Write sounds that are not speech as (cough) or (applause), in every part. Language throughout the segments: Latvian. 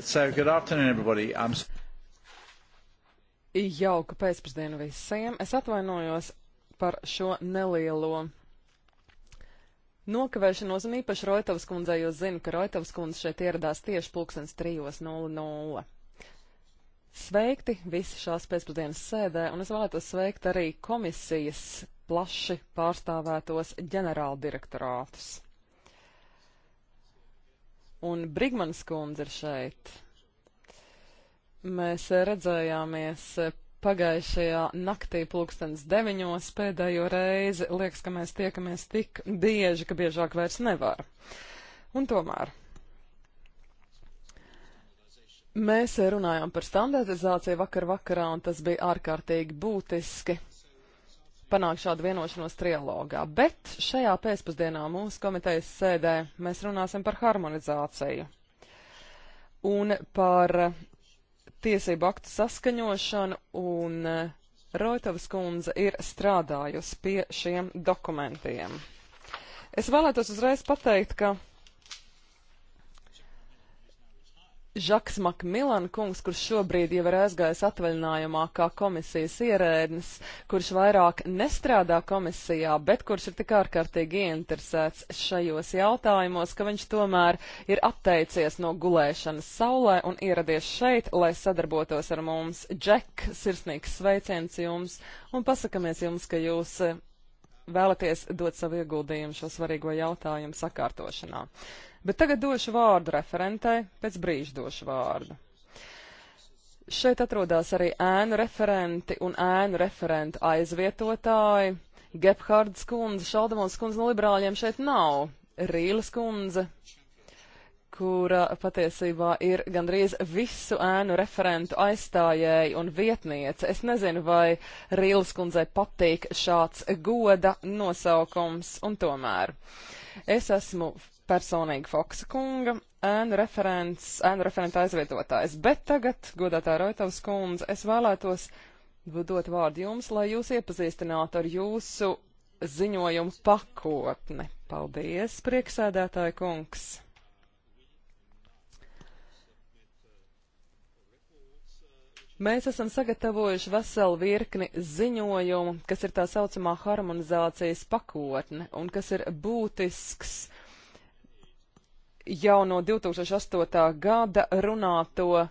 So, good afternoon, everybody. I'm... Jauka pēcpusdiena visiem. Es atvainojos par šo nelielo nokavēšanos, un īpaši Roitovas kundze, jo zinu, ka Roitovas kundze šeit ieradās tieši pulkstens 3.00. Sveikti visi šās pēcpusdienas sēdē, un es vēlētos sveikt arī komisijas plaši pārstāvētos ģenerāldirektorātus un Brigmanas kundze ir šeit. Mēs redzējāmies pagājušajā naktī pulkstens deviņos pēdējo reizi. Liekas, ka mēs tiekamies tik bieži, ka biežāk vairs nevar. Un tomēr. Mēs runājām par standartizāciju vakar vakarā, un tas bija ārkārtīgi būtiski panākt šādu vienošanos trilogā. Bet šajā pēcpusdienā mūsu komitejas sēdē mēs runāsim par harmonizāciju un par tiesību aktu saskaņošanu, un eh, Roitovas kundze ir strādājusi pie šiem dokumentiem. Es vēlētos uzreiz pateikt, ka Žaks Makmilana kungs, kurš šobrīd jau ir aizgājis atvaļinājumā kā komisijas ierēdnis, kurš vairāk nestrādā komisijā, bet kurš ir tik ārkārtīgi ieinteresēts šajos jautājumos, ka viņš tomēr ir atteicies no gulēšanas saulē un ieradies šeit, lai sadarbotos ar mums. Džek, sirsnīgs sveiciens jums un pasakamies jums, ka jūs eh, vēlaties dot savu ieguldījumu šo svarīgo jautājumu sakārtošanā. Bet tagad došu vārdu referentei, pēc brīža došu vārdu. Šeit atrodas arī ēnu referenti un ēnu referentu aizvietotāji. Gebhards kundze, Šaldemons kundze no liberāļiem šeit nav. Rīles kundze, kura patiesībā ir gandrīz visu ēnu referentu aizstājēja un vietniece. Es nezinu, vai Rīles kundzei patīk šāds goda nosaukums, un tomēr es esmu personīgi Foksa kunga, ēnu referents, ēnu referenta aizvietotājs. Bet tagad, godātā Roitovs kundze, es vēlētos dot vārdu jums, lai jūs iepazīstinātu ar jūsu ziņojumu pakotni. Paldies, prieksēdētāja kungs! Mēs esam sagatavojuši veselu virkni ziņojumu, kas ir tā saucamā harmonizācijas pakotne un kas ir būtisks uh, jau no 2008. gada runāto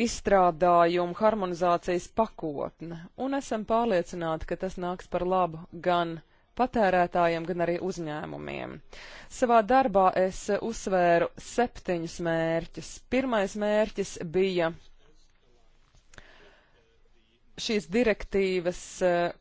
izstrādājumu harmonizācijas pakotne, un esam pārliecināti, ka tas nāks par labu gan patērētājiem, gan arī uzņēmumiem. Savā darbā es uzsvēru septiņus mērķus. Pirmais mērķis bija šīs direktīvas eh,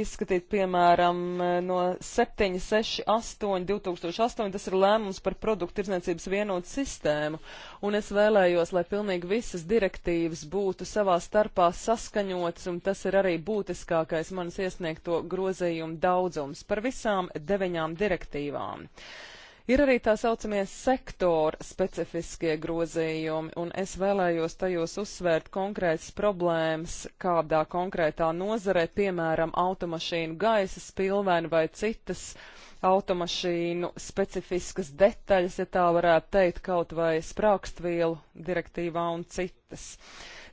izskatīt, piemēram, no 768 2008, tas ir lēmums par produktu tirdzniecības vienotu sistēmu, un es vēlējos, lai pilnīgi visas direktīvas būtu savā starpā saskaņotas, un tas ir arī būtiskākais manas iesniegto grozījumu daudzums par visām deviņām direktīvām. Uh, Ir arī tā saucamie sektora specifiskie grozījumi, un es vēlējos tajos uzsvērt konkrētas problēmas kādā konkrētā nozarē, piemēram, automašīnu gaisa spilveni vai citas automašīnu specifiskas detaļas, ja tā varētu teikt, kaut vai sprākstvielu direktīvā un citas.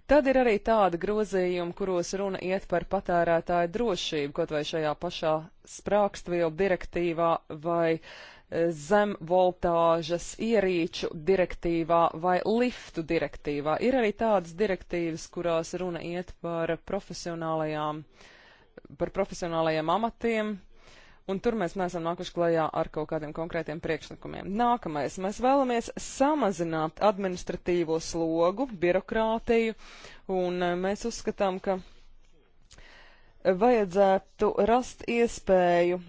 Tad ir arī tāda grozījuma, kuros runa iet par patērētāju drošību, kaut vai šajā pašā sprākstvielu direktīvā vai uh, zemvoltāžas ierīču direktīvā vai liftu direktīvā. Ir arī tādas direktīvas, kurās runa iet par profesionālajām, par profesionālajiem amatiem, un tur mēs neesam nākuši klajā ar kaut kādiem konkrētiem priekšlikumiem. Nākamais, mēs vēlamies samazināt administratīvo slogu, birokrātiju, un e, mēs uzskatām, ka vajadzētu rast iespēju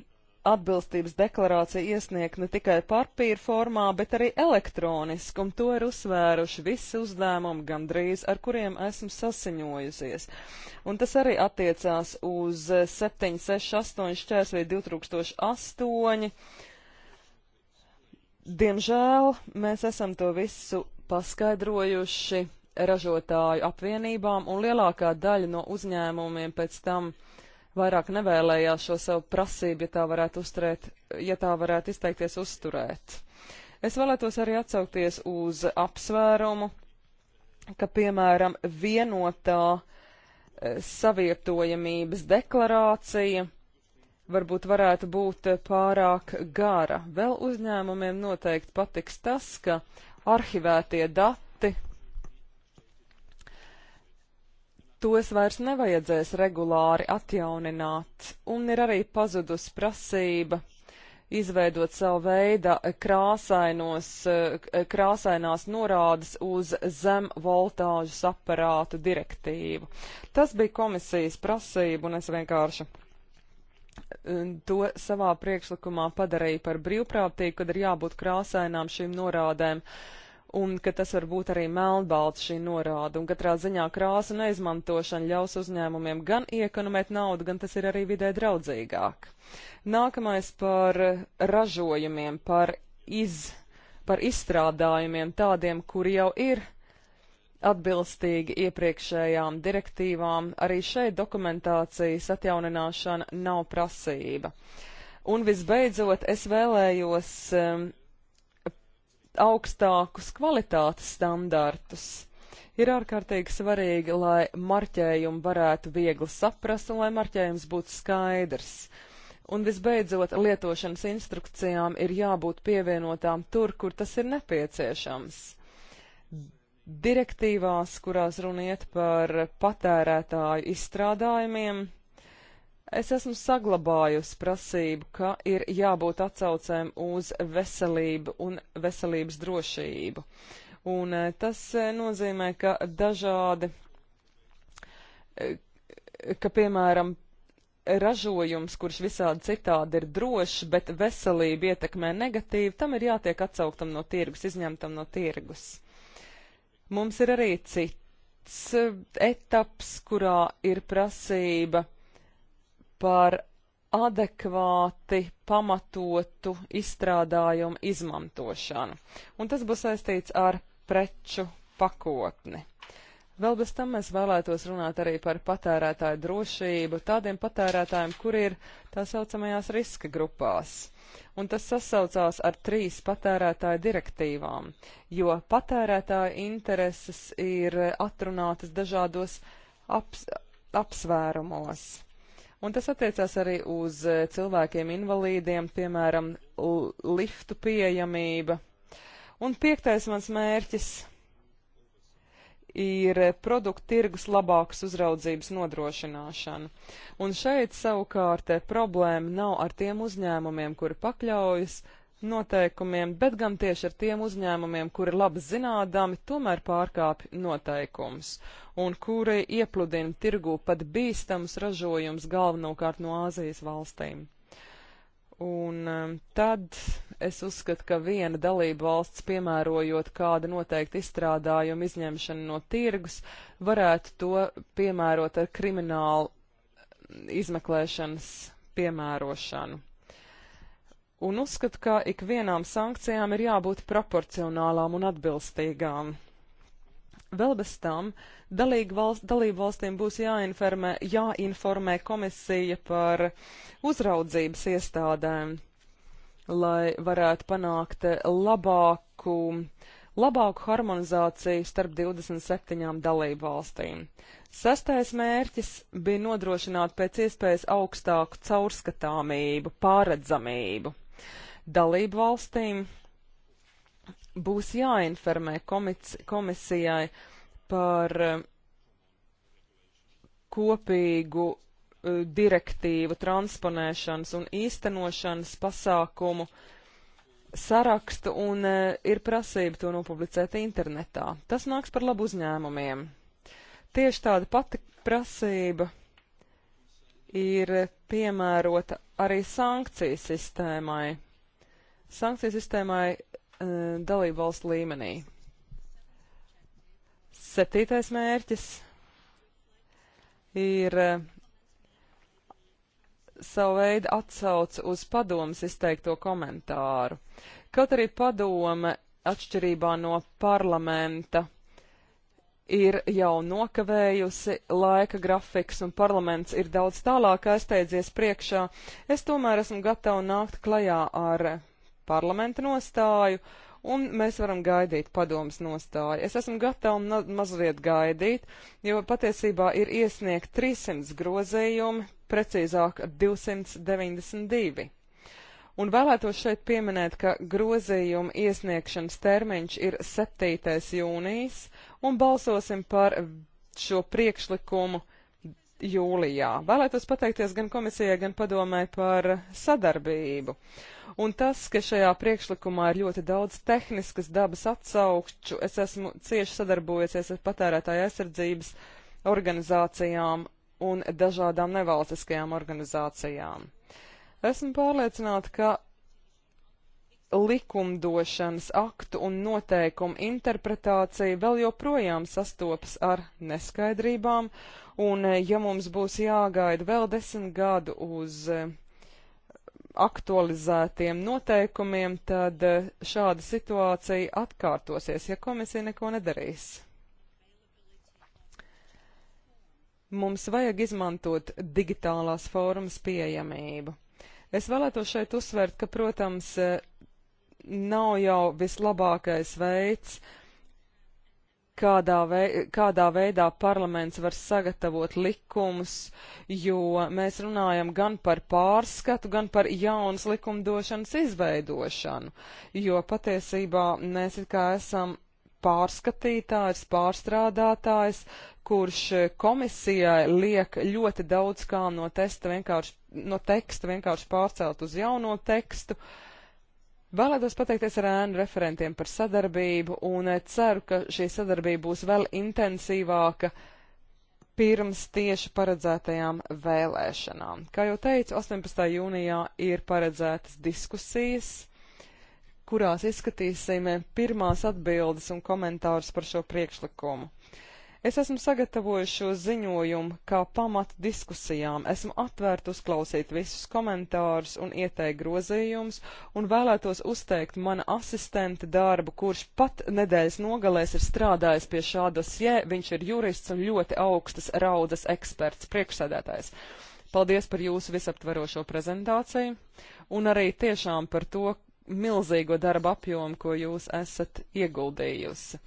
atbilstības deklarācija iesniegt ne tikai papīra formā, bet arī elektroniski, un to ir uzsvēruši visi uzņēmumi gandrīz, ar kuriem esmu sasiņojusies. Un tas arī attiecās uz 768 šķērslī 2008. Diemžēl mēs esam to visu paskaidrojuši ražotāju apvienībām, un lielākā daļa no uzņēmumiem pēc tam uh, vairāk nevēlējās šo savu prasību, ja tā varētu, uzturēt, ja tā varētu izteikties uzturēt. Es vēlētos arī atsaukties uz apsvērumu, ka, piemēram, vienotā e, savietojamības deklarācija varbūt varētu būt pārāk gara. Vēl uzņēmumiem noteikti patiks tas, ka arhivētie dati tos vairs nevajadzēs regulāri atjaunināt, un ir arī pazudusi prasība izveidot savu veidu krāsainos, eh, krāsainās norādes uz zem voltāžas aparātu direktīvu. Tas bija komisijas prasība, un es vienkārši eh, to savā priekšlikumā padarīju par brīvprātīgu, kad ir jābūt krāsainām šīm norādēm. Uh, un ka tas var būt arī melnbalts šī norāda, un katrā ziņā krāsu neizmantošana ļaus uzņēmumiem gan iekonomēt naudu, gan tas ir arī vidē draudzīgāk. Nākamais par ražojumiem, par, iz, par izstrādājumiem tādiem, kuri jau ir atbilstīgi iepriekšējām direktīvām, arī šeit dokumentācijas atjaunināšana nav prasība. Un visbeidzot, es vēlējos um, augstākus kvalitātes standartus. Ir ārkārtīgi svarīgi, lai marķējumu varētu viegli saprast un lai marķējums būtu skaidrs. Un visbeidzot, lietošanas instrukcijām ir jābūt pievienotām tur, kur tas ir nepieciešams. Direktīvās, kurās runiet par patērētāju izstrādājumiem, Es esmu saglabājusi prasību, ka ir jābūt atsaucēm uz veselību un veselības drošību. Un eh, tas eh, nozīmē, ka dažādi, eh, ka piemēram ražojums, kurš visādi citādi ir drošs, bet veselību ietekmē negatīvi, tam ir jātiek atsauktam no tirgus, izņemtam no tirgus. Mums ir arī cits etaps, kurā ir prasība par adekvāti pamatotu izstrādājumu izmantošanu. Un tas būs saistīts ar preču pakotni. Vēl bez tam mēs vēlētos runāt arī par patērētāju drošību tādiem patērētājiem, kur ir tā saucamajās riska grupās. Un tas sasaucās ar trīs patērētāju direktīvām, jo patērētāju intereses ir atrunātas dažādos aps, apsvērumos. Un tas attiecās arī uz e, cilvēkiem invalīdiem, piemēram, liftu pieejamība. Un piektais mans mērķis ir e, produktu tirgus labākas uzraudzības nodrošināšana. Un šeit savukārt e, problēma nav ar tiem uzņēmumiem, kuri pakļaujas noteikumiem, bet gan tieši ar tiem uzņēmumiem, kuri labi zinādami tomēr pārkāpj noteikums un kuri iepludina tirgu pat bīstams ražojums galvenokārt no Āzijas valstīm. Un um, tad es uzskatu, ka viena dalība valsts, piemērojot kādu noteiktu izstrādājumu izņemšanu no tirgus, varētu to piemērot ar kriminālu um, izmeklēšanas piemērošanu un uzskata, ka ikvienām sankcijām ir jābūt proporcionālām un atbilstīgām. Vēl bez tam valst, dalību valstīm būs jāinformē, jāinformē komisija par uzraudzības iestādēm, lai varētu panākt labāku, labāku harmonizāciju starp 27 dalību valstīm. Sastais mērķis bija nodrošināt pēc iespējas augstāku caurskatāmību, pāredzamību. Dalību valstīm būs jāinformē komisijai par eh, kopīgu eh, direktīvu transponēšanas un īstenošanas pasākumu sarakstu un eh, ir prasība to nopublicēt internetā. Tas nāks par labu uzņēmumiem. Tieši tāda pati prasība ir piemērota arī sankciju sistēmai. Sankciju sistēmai e, dalībvalstu līmenī. Septītais mērķis ir e, savu veidu atsauc uz padomas izteikto komentāru. Kaut arī padome atšķirībā no parlamenta ir jau nokavējusi laika grafiks un parlaments ir daudz tālāk aizteidzies priekšā, es tomēr esmu gatava nākt klajā ar parlamenta nostāju un mēs varam gaidīt padomas nostāju. Es esmu gatava mazliet gaidīt, jo patiesībā ir iesniegt 300 grozējumi, precīzāk 292. Un vēlētos šeit pieminēt, ka grozījuma iesniegšanas termiņš ir 7. jūnijas, un balsosim par šo priekšlikumu jūlijā. Vēlētos pateikties gan komisijai, gan padomē par sadarbību. Un tas, ka šajā priekšlikumā ir ļoti daudz tehniskas dabas atsaukšu, es esmu cieši sadarbojusies ar patērētāju aizsardzības organizācijām un dažādām nevalstiskajām organizācijām. Esmu pārliecināta, ka likumdošanas aktu un noteikumu interpretācija vēl joprojām sastopas ar neskaidrībām, un eh, ja mums būs jāgaida vēl desmit gadu uz eh, aktualizētiem noteikumiem, tad eh, šāda situācija atkārtosies, ja komisija neko nedarīs. Mums vajag izmantot digitālās formas pieejamību. Es vēlētos šeit uzsvērt, ka, protams, e, nav jau vislabākais veids, kādā, vei, kādā veidā parlaments var sagatavot likumus, jo mēs runājam gan par pārskatu, gan par jaunas likumdošanas izveidošanu, jo patiesībā mēs it kā esam pārskatītājs, pārstrādātājs, kurš eh, komisijai liek ļoti daudz kā no, vienkārši, no teksta vienkārši pārcelt uz jauno tekstu. Vēlētos pateikties ar ēnu referentiem par sadarbību un eh, ceru, ka šī sadarbība būs vēl intensīvāka pirms tieši paredzētajām vēlēšanām. Kā jau teicu, 18. jūnijā ir paredzētas diskusijas kurās izskatīsim pirmās atbildes un komentārus par šo priekšlikumu. Es esmu sagatavojis šo ziņojumu kā pamatu diskusijām, esmu atvērta uzklausīt visus komentārus un ieteikt grozījumus, un vēlētos uzteikt mana asistenta darbu, kurš pat nedēļas nogalēs ir strādājis pie šādas, ja viņš ir jurists un ļoti augstas raudas eksperts, priekšsēdētājs. Paldies par jūsu visaptverošo prezentāciju un arī tiešām par to, milzīgo darba apjomu, ko jūs esat ieguldījusi.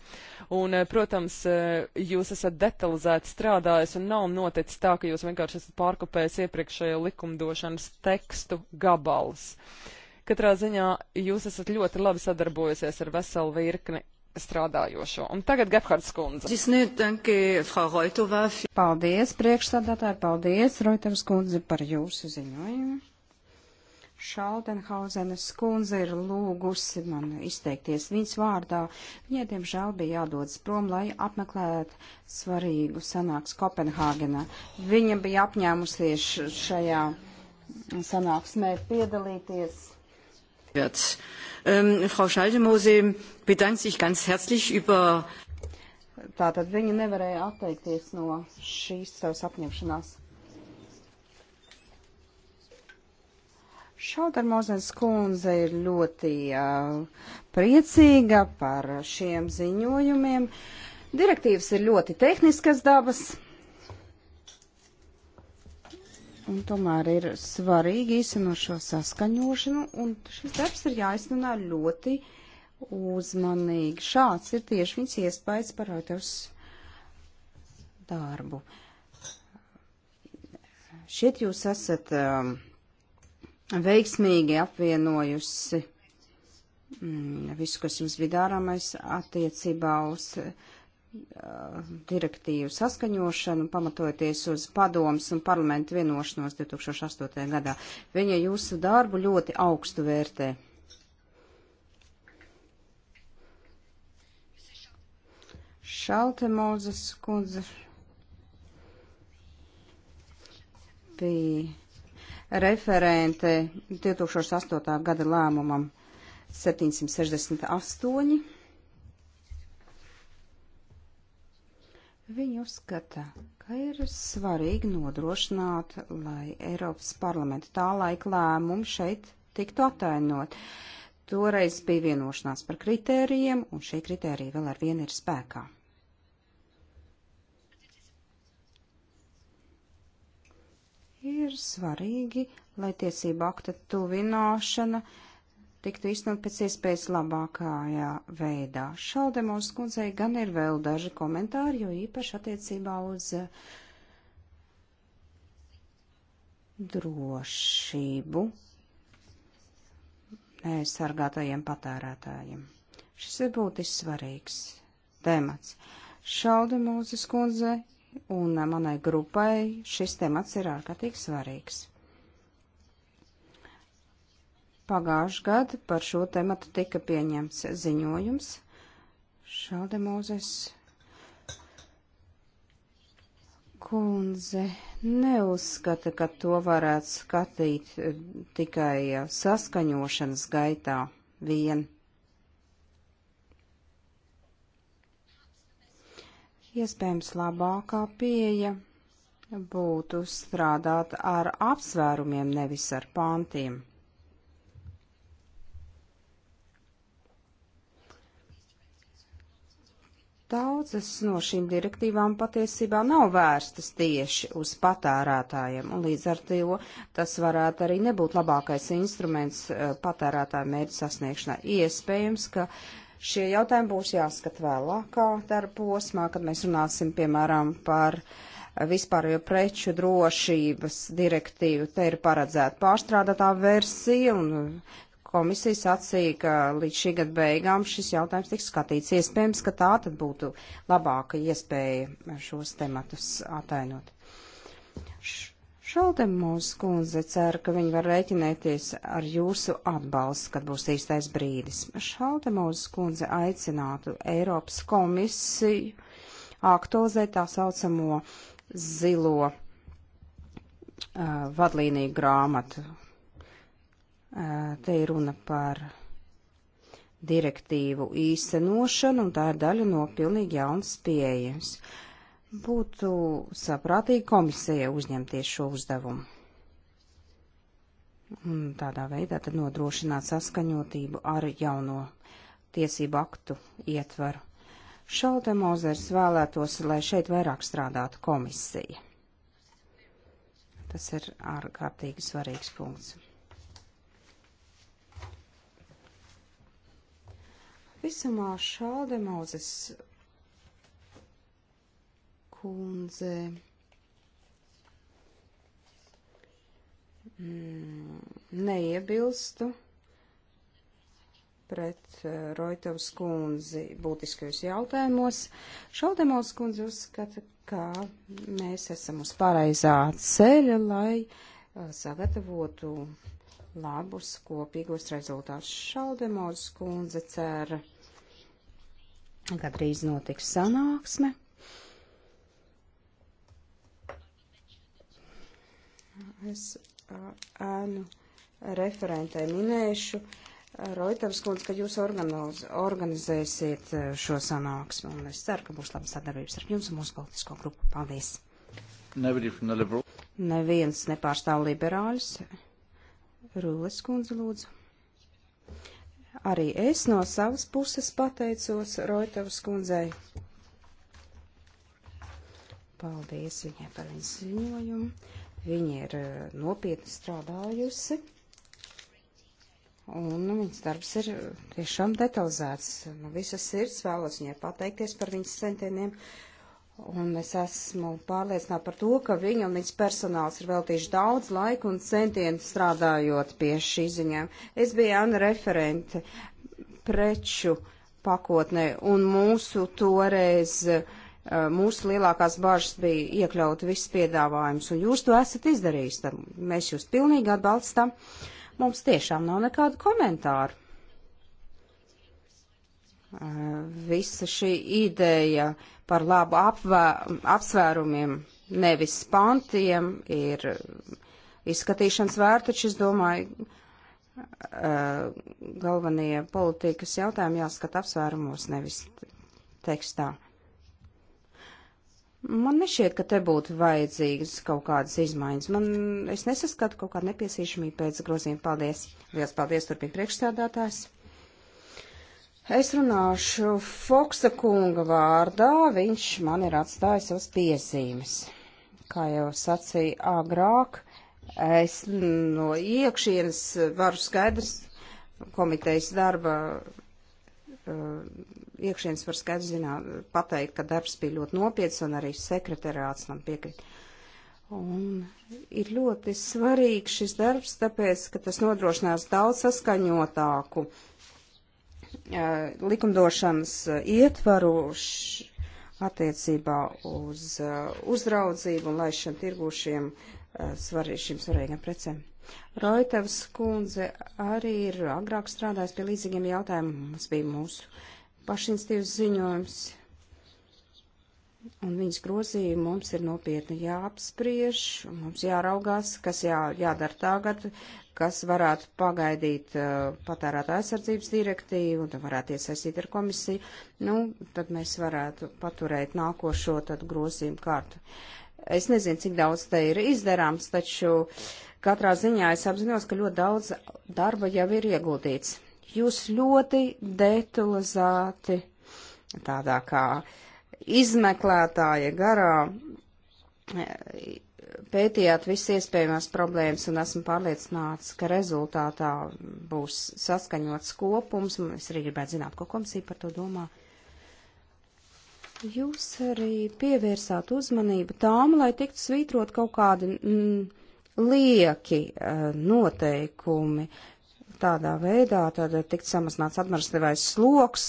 Un, eh, protams, eh, jūs esat detalizēti strādājis un nav noticis tā, ka jūs vienkārši esat pārkopējis iepriekšējo likumdošanas tekstu gabals. Katrā ziņā jūs esat ļoti labi sadarbojusies ar veselu virkni strādājošo. Un tagad Gebhards kundze. Paldies, priekšsādātāji, paldies, Roitavs kundze, par jūsu ziņojumu. Šaldenhausenes kundze ir lūgusi man izteikties viņas vārdā. Viņai, diemžēl, bija jādodas prom, lai apmeklētu svarīgu sanāks Kopenhāgenā. Viņa bija apņēmusies šajā sanāksmē piedalīties. Um, Frau Schaldemose bedankt sich ganz herzlich über. Tātad viņa nevarēja atteikties no šīs savas apņemšanās. Šādar Mozens kundze ir ļoti uh, priecīga par šiem ziņojumiem. Direktīvas ir ļoti tehniskas dabas. Un tomēr ir svarīgi īstenot šo saskaņošanu, un šis darbs ir jāiztenā ļoti uzmanīgi. Šāds ir tieši viņas iespējas par Reuters darbu. Šeit jūs esat. Um, uh, veiksmīgi apvienojusi mm, visu, kas jums bija dārāmais attiecībā uz uh, direktīvu saskaņošanu, pamatojoties uz padomus un parlamentu vienošanos 2008. gadā. Viņa jūsu darbu ļoti augstu vērtē. Šalte Mozes kundze bija referente 2008. gada lēmumam 768. Viņa uzskata, ka ir svarīgi nodrošināt, lai Eiropas parlamenta tā laika lēmumi šeit tiktu atainot. Toreiz bija vienošanās par kritērijiem, un šī kritērija vēl ar vienu ir spēkā. ir svarīgi, lai tiesība akta tuvināšana tiktu iznot pēc iespējas labākajā veidā. Šaldemos kundzei gan ir vēl daži komentāri, jo īpaši attiecībā uz eh, drošību neaizsargātajiem patērētājiem. Šis ir būtiski svarīgs temats. Šaldemūzes kundze un manai grupai šis temats ir ārkārtīgi svarīgs. Pagājuši gadu par šo tematu tika pieņemts ziņojums Šaldemūzes kundze neuzskata, ka to varētu skatīt tikai saskaņošanas gaitā vien. Iespējams, labākā pieeja būtu strādāt ar apsvērumiem, nevis ar pāntiem. Daudzas no šīm direktīvām patiesībā nav vērstas tieši uz patērētājiem, un līdz ar to tas varētu arī nebūt labākais instruments eh, patērētāju mērķu sasniegšanā. Iespējams, ka uh, Šie jautājumi būs jāskat vēlākā darba posmā, kad mēs runāsim, piemēram, par vispārējo preču drošības direktīvu. Te ir paredzēta pārstrādātā versija, un komisija sacīja, ka līdz šī gada beigām šis jautājums tiks skatīts. Iespējams, ka tā tad būtu labāka iespēja šos tematus atainot. Š Šaldemos kundze cer, ka viņi var rēķinēties ar jūsu atbalstu, kad būs īstais brīdis. Šaldemos kundze aicinātu Eiropas komisiju aktualizēt tā saucamo zilo uh, vadlīniju grāmatu. Uh, te ir runa par direktīvu īstenošanu, un tā ir daļa no pilnīgi jaunas pieejas. Uh, Būtu saprātīgi komisijai uzņemties šo uzdevumu. Un tādā veidā tad nodrošināt saskaņotību ar jauno tiesību aktu ietvaru. Šaute Mozers vēlētos, lai šeit vairāk strādātu komisija. Tas ir ārkārtīgi svarīgs punkts. Visumā Šaudemozes kundze. Mm, neiebilstu pret eh, Roitovas kundzi būtiskajos jautājumos. Šaldemos kundze uzskata, ka mēs esam uz pareizā ceļa, lai eh, sagatavotu labus kopīgos rezultātus. Šaldemos kundze cer, ka drīz notiks sanāksme Es ēnu referentē minēšu. Roitavs kundze, ka jūs organiz, organizēsiet šo sanāksmi, un es ceru, ka būs laba sadarbības ar jums un mūsu politisko grupu. Paldies! Neviens nepārstāv liberāļus. Rūles kundze, lūdzu. Arī es no savas puses pateicos Roitavas kundzei. Paldies viņai par viņas ziņojumu. Viņa ir eh, nopietni strādājusi, un viņas darbs ir eh, tiešām detalizēts. No visas sirds vēlos viņai pateikties par viņas centieniem, un es esmu pārliecināta par to, ka viņa un viņas personāls ir veltījuši daudz laika un centienu strādājot pie šī ziņām. Es biju Anna referente preču pakotnē, un mūsu toreiz uh, Eh, mūsu lielākās bāžas bija iekļaut visus piedāvājumus, un jūs to esat izdarījis. Tad mēs jūs pilnīgi atbalstam. Mums tiešām nav nekādu komentāru. Eh, visa šī ideja par labu apvē, apsvērumiem, nevis pantiem, ir izskatīšanas vērta, taču es domāju, eh, galvenie politikas jautājumi jāskat apsvērumos, nevis tekstā. Man nešķiet, ka te būtu vajadzīgas kaut kādas izmaiņas. Man, es nesaskatu kaut kādu nepieciešamību pēc grozījuma. Paldies! Lielas paldies, turpin priekšstādātājs! Es runāšu Foksa kunga vārdā, viņš man ir atstājis savas piezīmes. Kā jau sacīja agrāk, es no iekšienes varu skaidrs komitejas darba uh, iekšienes var skaidri zināt, pateikt, ka darbs bija ļoti nopietns un arī sekretariāts man piekrīt. Un ir ļoti svarīgs šis darbs, tāpēc, ka tas nodrošinās daudz saskaņotāku likumdošanas ietvaru attiecībā uz uzraudzību un laišanu tirgušiem svarīgiem svarīgiem precēm. Roitavs kundze arī ir agrāk strādājis pie līdzīgiem jautājumiem. Mums bija mūsu pašinstīvas ziņojums un viņas grozījumi mums ir nopietni jāapspriež, mums jāraugās, kas jā, jādara tagad, kas varētu pagaidīt uh, patērētā aizsardzības direktīvu, un varētu iesaistīt ar komisiju, nu, tad mēs varētu paturēt nākošo tad grozījumu kārtu. Es nezinu, cik daudz te ir izdarāms, taču katrā ziņā es apzinos, ka ļoti daudz darba jau ir ieguldīts. Jūs ļoti detalizēti, tādā kā izmeklētāja garā, pētījāt visas iespējamās problēmas un esmu pārliecināts, ka rezultātā būs saskaņots kopums. Es arī gribētu zināt, ko komisija par to domā. Jūs arī pievērsāt uzmanību tām, lai tiktu svītrot kaut kādi mm, lieki eh, noteikumi. Uh, tādā veidā tad tikt samazināts administratīvais sloks,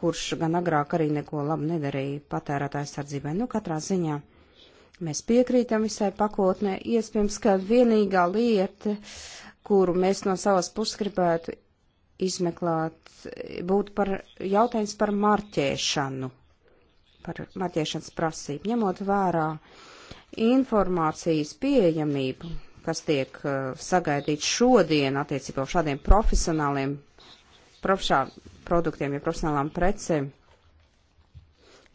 kurš gan agrāk arī neko labu nedarīja patērētāju sardzībai. Nu, katrā ziņā mēs piekrītam visai pakotnē. Iespējams, ka vienīgā lieta, kuru mēs no savas puses gribētu izmeklēt, būtu par jautājums par marķēšanu, par marķēšanas prasību, ņemot vērā informācijas pieejamību kas tiek uh, sagaidīts šodien attiecībā uz šādiem profesionāliem profšā, produktiem, ja profesionālām precēm.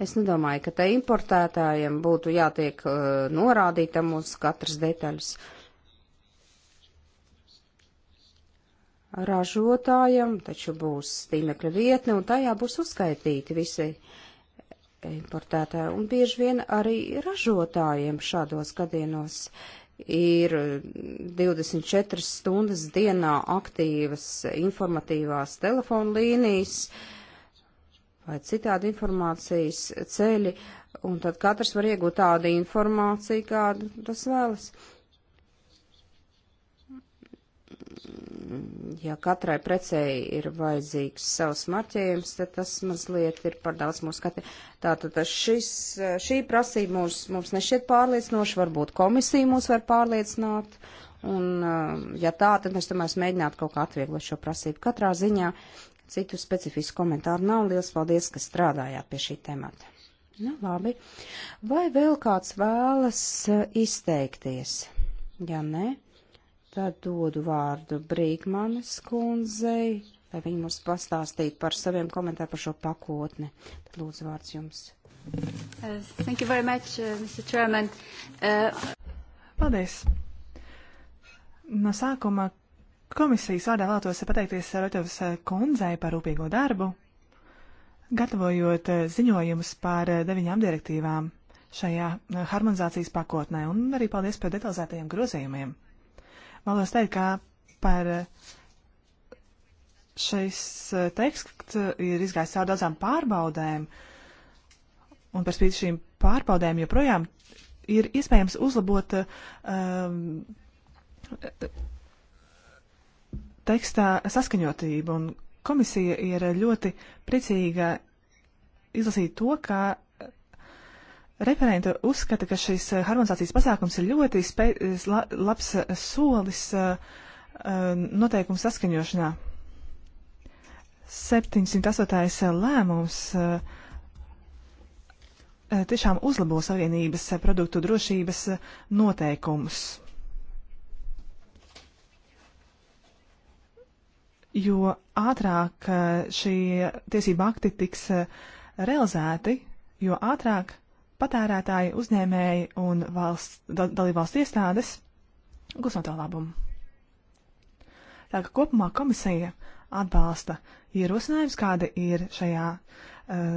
Es nedomāju, ka te importētājiem būtu jātiek uh, norādītam uz katras detaļas. Ražotājiem taču būs tīmekļa vietne, un tajā būs uzskaitīti visi importētāji, un bieži vien arī ražotājiem šādos gadienos uh, ir 24 eh, stundas dienā aktīvas informatīvās telefonu līnijas vai citādi informācijas ceļi, un tad katrs var iegūt tādu informāciju, kādu tas vēlas ja katrai precei ir vajadzīgs savs marķējums, tad tas mazliet ir par daudz mūsu skatiem. Tātad šis, šī prasība mūs, mums nešķiet pārliecinoša, varbūt komisija mūs var pārliecināt, un um, ja tā, tad mēs tomēr mēģinātu kaut kā atvieglot šo prasību. Katrā ziņā citu specifisku komentāru nav, liels paldies, ka strādājāt pie šī temata. Nu, labi. Vai vēl kāds vēlas uh, izteikties? Ja nē. Ne? Tad dodu vārdu Brīkmanis kundzei, lai viņi mums pastāstītu par saviem komentāriem par šo pakotni. Tad lūdzu vārds jums. Uh, thank you very much, uh, Mr. Chairman. Uh... Paldies. No sākuma komisijas vārdā vēlētos pateikties Rotovas uh, kundzei par rūpīgo darbu, gatavojot uh, ziņojumus par uh, deviņām direktīvām šajā harmonizācijas pakotnē, un arī paldies par detalizētajiem grozījumiem. Vēlos teikt, ka par eh, šis eh, teksts eh, ir izgājis cauri daudzām pārbaudēm, un par spīti šīm pārbaudēm joprojām ir iespējams uzlabot um, ehm, tekstā saskaņotību, un komisija ir ļoti priecīga izlasīt to, ka Referenta uzskata, ka šis eh, harmonizācijas pasākums ir ļoti spē, eh, la, labs eh, solis noteikumu saskaņošanā. 708. lēmums tiešām uzlabo Savienības produktu drošības noteikumus. Jo ātrāk šie tiesība akti tiks realizēti, jo ātrāk patērētāji, uzņēmēji un valsts, da, dalībvalstu iestādes gūs no tā labumu. Tā ka kopumā komisija atbalsta ierosinājums, kāda ir šajā, eh,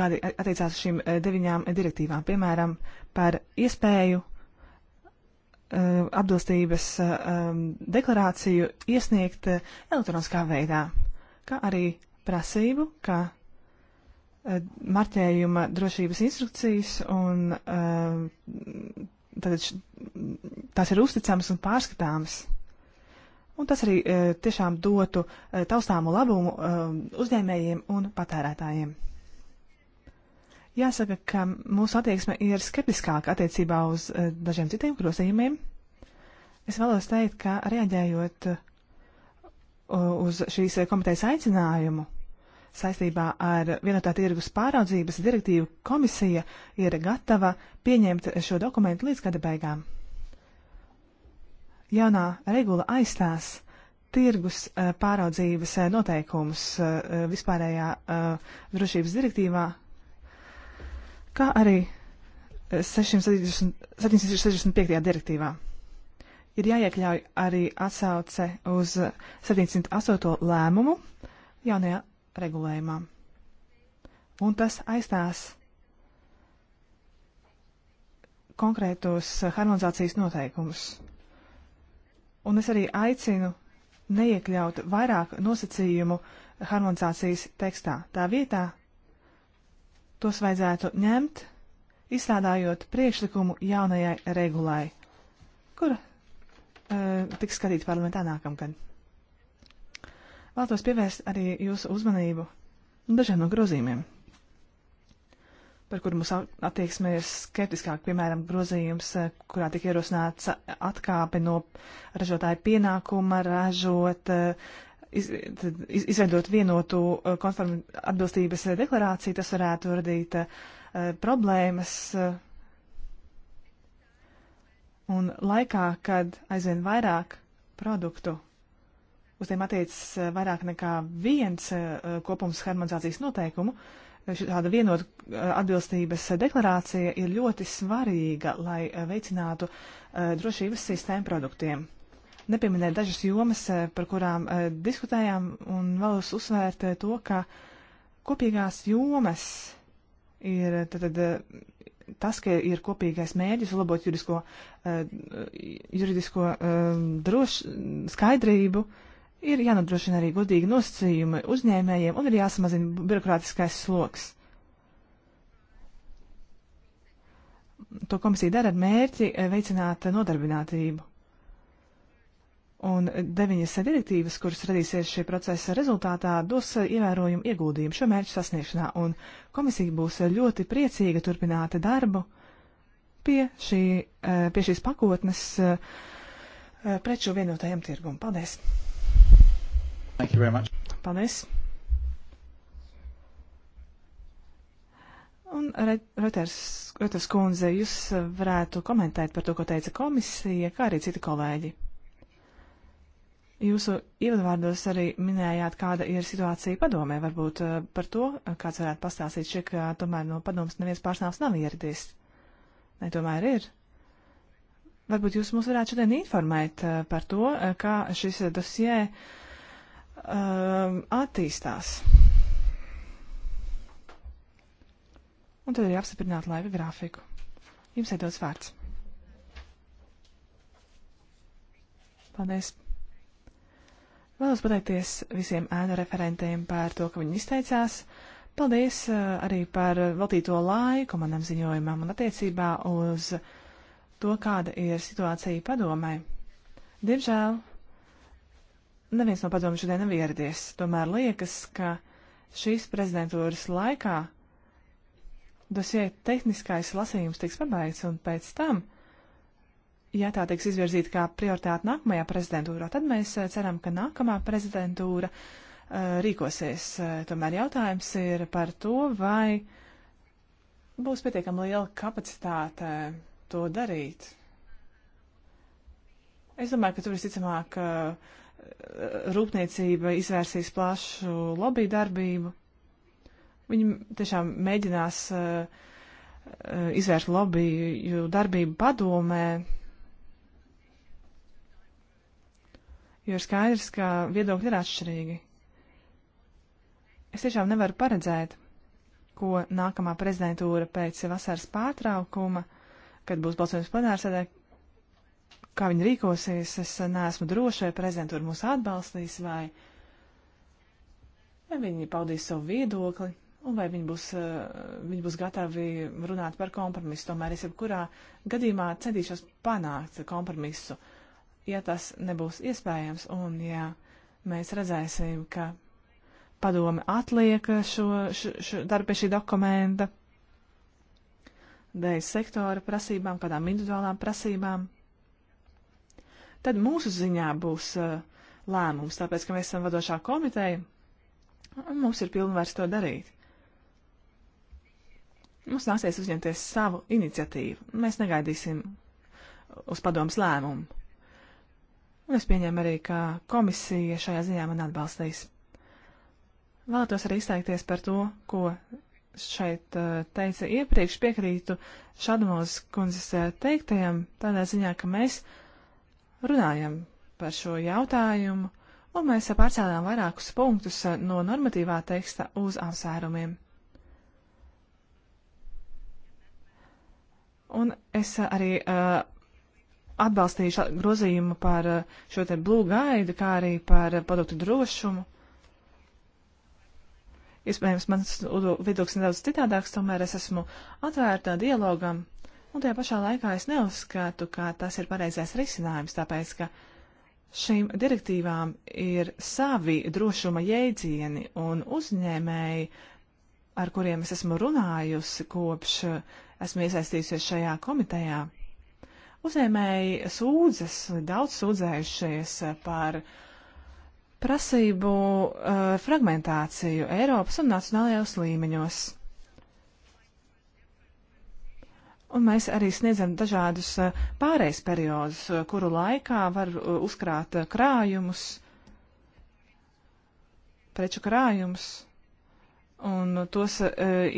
kādi attiecās šīm eh, deviņām direktīvām, piemēram, par iespēju eh, atbilstības deklarāciju iesniegt elektroniskā veidā, kā arī prasību, ka marķējuma drošības instrukcijas, un eh, tātad tās ir uzticamas un pārskatāmas. Un tas arī eh, tiešām dotu eh, taustāmu labumu uzņēmējiem un patērētājiem. Jāsaka, ka mūsu attieksme ir skeptiskāka attiecībā uz dažiem citiem grozījumiem. Es vēlos teikt, ka reaģējot uz šīs komitejas aicinājumu, saistībā ar vienotā tirgus pāraudzības direktīvu komisija ir gatava pieņemt šo dokumentu līdz gada beigām. Jaunā regula aizstās tirgus eh, pāraudzības eh, noteikumus eh, vispārējā drošības direktīvā, kā arī 765. direktīvā. Ir jāiekļauj arī atsauce uz 708. lēmumu jaunajā regulējumā. Un tas aizstās konkrētos harmonizācijas noteikumus. Un es arī aicinu neiekļaut vairāk nosacījumu harmonizācijas tekstā. Tā vietā tos vajadzētu ņemt, izstrādājot priekšlikumu jaunajai regulai, kur uh, eh, tiks skatīta parlamentā nākamgad. Vēlos pievērst arī jūsu uzmanību dažiem no grozījumiem, par kur mums attieksme ir skeptiskāk, piemēram, grozījums, eh, kurā tika ierosināts atkāpe no ražotāja pienākuma ražot, eh, iz, iz, izveidot vienotu eh, konformu atbilstības deklarāciju, tas varētu radīt uh, problēmas. Un laikā, kad aizvien vairāk produktu uz tiem attiecas eh, vairāk nekā viens eh, kopums harmonizācijas noteikumu. Eh, Šāda vienota atbilstības deklarācija ir ļoti svarīga, lai veicinātu drošības sistēmu produktiem. Nepieminēju dažas jomas, par kurām diskutējām, un vēlos uzsvērt to, ka kopīgās jomas ir tad, tad, tas, ka ir kopīgais mērķis uzlabot juridisko, juridisko droš, skaidrību, uh, Ir jānodrošina arī godīgi nosacījumi uzņēmējiem un ir jāsamazina birokrātiskais sloks. To komisija dara ar mērķi eh, veicināt nodarbinātību. Un deviņas direktīvas, kuras radīsies šī procesa rezultātā, dos eh, ievērojumu ieguldījumu šo mērķu sasniegšanā, un komisija būs eh, ļoti priecīga turpināt darbu pie, šī, pie šīs pakotnes preču vienotajam tirgumam. Paldies! Thank you very much. Paldies. Un, Reuters, Reuters kundze, jūs varētu komentēt par to, ko teica komisija, kā arī citi kolēģi. Jūsu ievadvārdos arī minējāt, kāda ir situācija padomē. Varbūt eh, par to eh, kāds varētu pastāstīt, šķiet, ka tomēr no padomas neviens pārstāvs nav ieradies. Nē, tomēr ir. Varbūt jūs mūs varētu šodien informēt eh, par to, kā šis dosie um, attīstās. Un tad ir jāapstiprināt laiva grafiku. Jums ir dots vārds. Paldies. Vēlos pateikties visiem ēnu referentiem par to, ka viņi izteicās. Paldies uh, arī par veltīto laiku manam ziņojumam un attiecībā uz to, kāda ir situācija padomē. Diemžēl neviens no padomu šodien nav ieradies. Tomēr liekas, ka šīs prezidentūras laikā dosie tehniskais lasījums tiks pabeigts un pēc tam, ja tā tiks izvirzīta kā prioritāte nākamajā prezidentūrā, tad mēs eh, ceram, ka nākamā prezidentūra uh, rīkosies. Eh, tomēr jautājums ir par to, vai būs pietiekami liela kapacitāte to darīt. Es domāju, ka tur visticamāk uh, rūpniecība izvērsīs plašu lobby darbību. Viņi tiešām mēģinās uh, eh, eh, izvērst lobby darbību padomē. Jo ir skaidrs, ka viedokļi ir atšķirīgi. Es tiešām nevaru paredzēt, ko nākamā prezidentūra pēc vasaras pārtraukuma, kad būs balsojums plenārsēdē, kā viņi rīkosies, es neesmu droši, vai prezidentūra mūs atbalstīs, vai, vai viņi paudīs savu viedokli, un vai viņi būs, eh, viņi būs gatavi runāt par kompromisu. Tomēr es jebkurā gadījumā centīšos panākt kompromisu, ja tas nebūs iespējams, un ja mēs redzēsim, ka padome atliek šo, šo, šo darbu pie šī dokumenta, dēļ sektora prasībām, kādām individuālām prasībām tad mūsu ziņā būs uh, lēmums, tāpēc, ka mēs esam vadošā komiteja, un mums ir pilnvērs to darīt. Mums nāksies uzņemties savu iniciatīvu, mēs negaidīsim uz padomus lēmumu. Un es pieņēmu arī, ka komisija šajā ziņā man atbalstīs. Vēlētos arī izteikties par to, ko šeit uh, teica iepriekš, piekrītu Šadmozes kundzes uh, teiktajam, tādā ziņā, ka mēs runājam par šo jautājumu, un mēs pārcēlām vairākus punktus no normatīvā teksta uz apsvērumiem. Un es arī uh, atbalstīšu grozījumu par uh, šo te blue guide, kā arī par produktu drošumu. Iespējams, mans viedoklis nedaudz citādāks, tomēr es esmu atvērta dialogam un tajā pašā laikā es neuzskatu, ka tas ir pareizais risinājums, tāpēc ka šīm direktīvām ir savi drošuma jēdzieni un uzņēmēji, ar kuriem es esmu runājusi kopš esmu iesaistījusies šajā komitejā. Uzņēmēji sūdzas, daudz sūdzējušies par prasību uh, fragmentāciju Eiropas un nacionālajos līmeņos. Un mēs arī sniedzam dažādus eh, pārejas periodus, eh, kuru laikā var eh, uzkrāt krājumus, preču krājumus un tos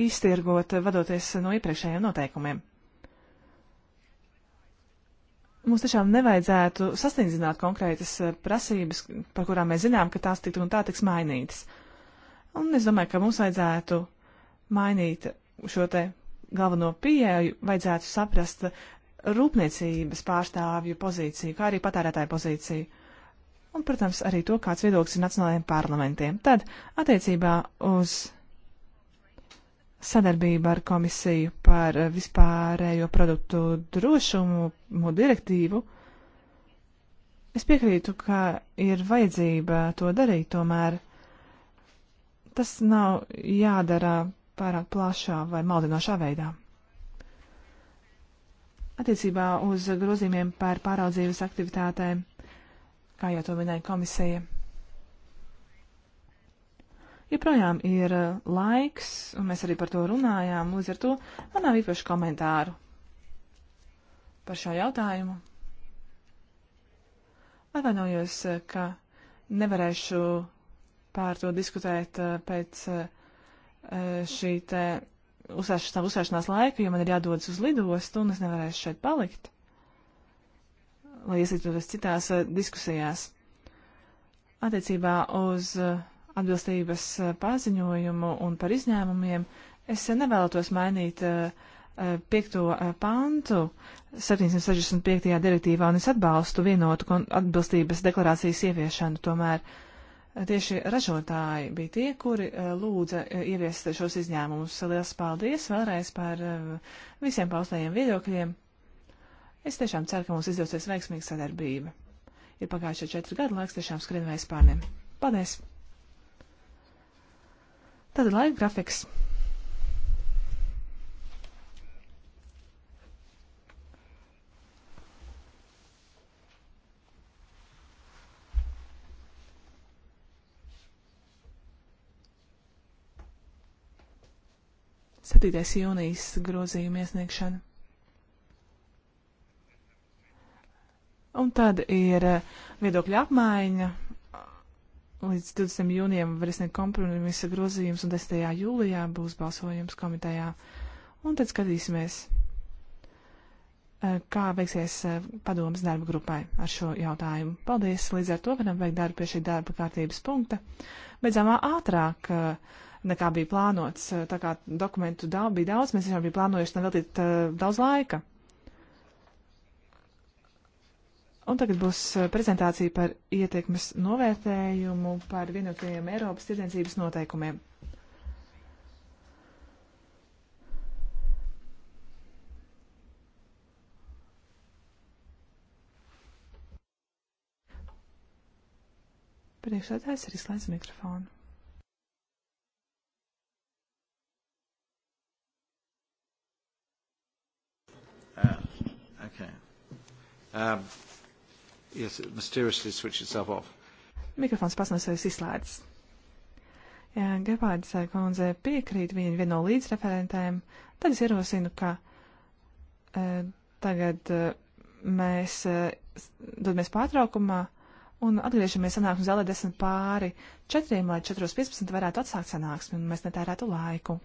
iztirgot, vadoties no iepriekšējiem noteikumiem. Mums tiešām nevajadzētu sasniedzināt konkrētas prasības, par kurām mēs zinām, ka tās tik un tā tiks mainītas. Un es domāju, ka mums vajadzētu mainīt šo te galveno pieeju vajadzētu saprast rūpniecības pārstāvju pozīciju, kā arī patērētāju pozīciju. Un, protams, arī to, kāds viedoklis ir nacionālajiem parlamentiem. Tad, attiecībā uz sadarbību ar komisiju par vispārējo produktu drošumu direktīvu, es piekrītu, ka ir vajadzība to darīt, tomēr tas nav jādara pārāk plašā vai maldinošā veidā. Attiecībā uz grozījumiem par pāraudzības aktivitātēm, kā jau to minēja komisija, joprojām ja ir uh, laiks, un mēs arī par to runājām, līdz ar to man nav īpaši komentāru par šo jautājumu. Atvainojos, uh, ka nevarēšu pār to diskutēt uh, pēc uh, E, šī te uzsāšanās, uzsāšanās laika, jo man ir jādodas uz lidostu un es nevarēšu šeit palikt, lai iesaistītos citās e, diskusijās. Attiecībā uz e, atbilstības paziņojumu un par izņēmumiem es nevēlētos mainīt piekto pantu 765. direktīvā un es atbalstu vienotu atbilstības deklarācijas ieviešanu tomēr. Uh, tieši ražotāji bija tie, kuri eh, lūdza eh, ieviest šos izņēmumus. Lielas paldies vēlreiz par eh, visiem paustajiem viedokļiem. Es tiešām ceru, ka mums izdosies veiksmīga sadarbība. Ir pagājuši četri gadi, laiks tiešām skrien vēl spārniem. Paldies! Tad laika grafiks. 7. jūnijas grozījuma iesniegšana. Un tad ir eh, viedokļa apmaiņa. Līdz 20. jūnijam var iesniegt kompromisa grozījums, un 10. jūlijā būs balsojums komitejā. Un tad skatīsimies, eh, kā veiksies eh, padomas darba grupai ar šo jautājumu. Paldies! Līdz ar to varam veikt darbu pie šī darba kārtības punkta. Beidzamā ātrāk. Uh, nekā bija plānots. Eh, tā kā dokumentu daudz, bija daudz, mēs tiešām bijām plānojuši tam veltīt uh, daudz laika. Un tagad būs eh, prezentācija par ietekmes novērtējumu par vienotajiem Eiropas tirdzniecības noteikumiem. Priekšsēdētājs ir izslēdzis mikrofonu. Um, yes, it mysteriously switched itself off. Mikrofons pasnesējis izslēdzas. Gepārdas eh, kundze piekrīt viņa vieno līdzreferentēm, tad es ierosinu, ka e, tagad e, mēs e, dodamies pārtraukumā un atgriežamies sanāksmes zālē 10 pāri 4, lai 4.15 varētu atsākt sanāksmi un mēs netērētu laiku.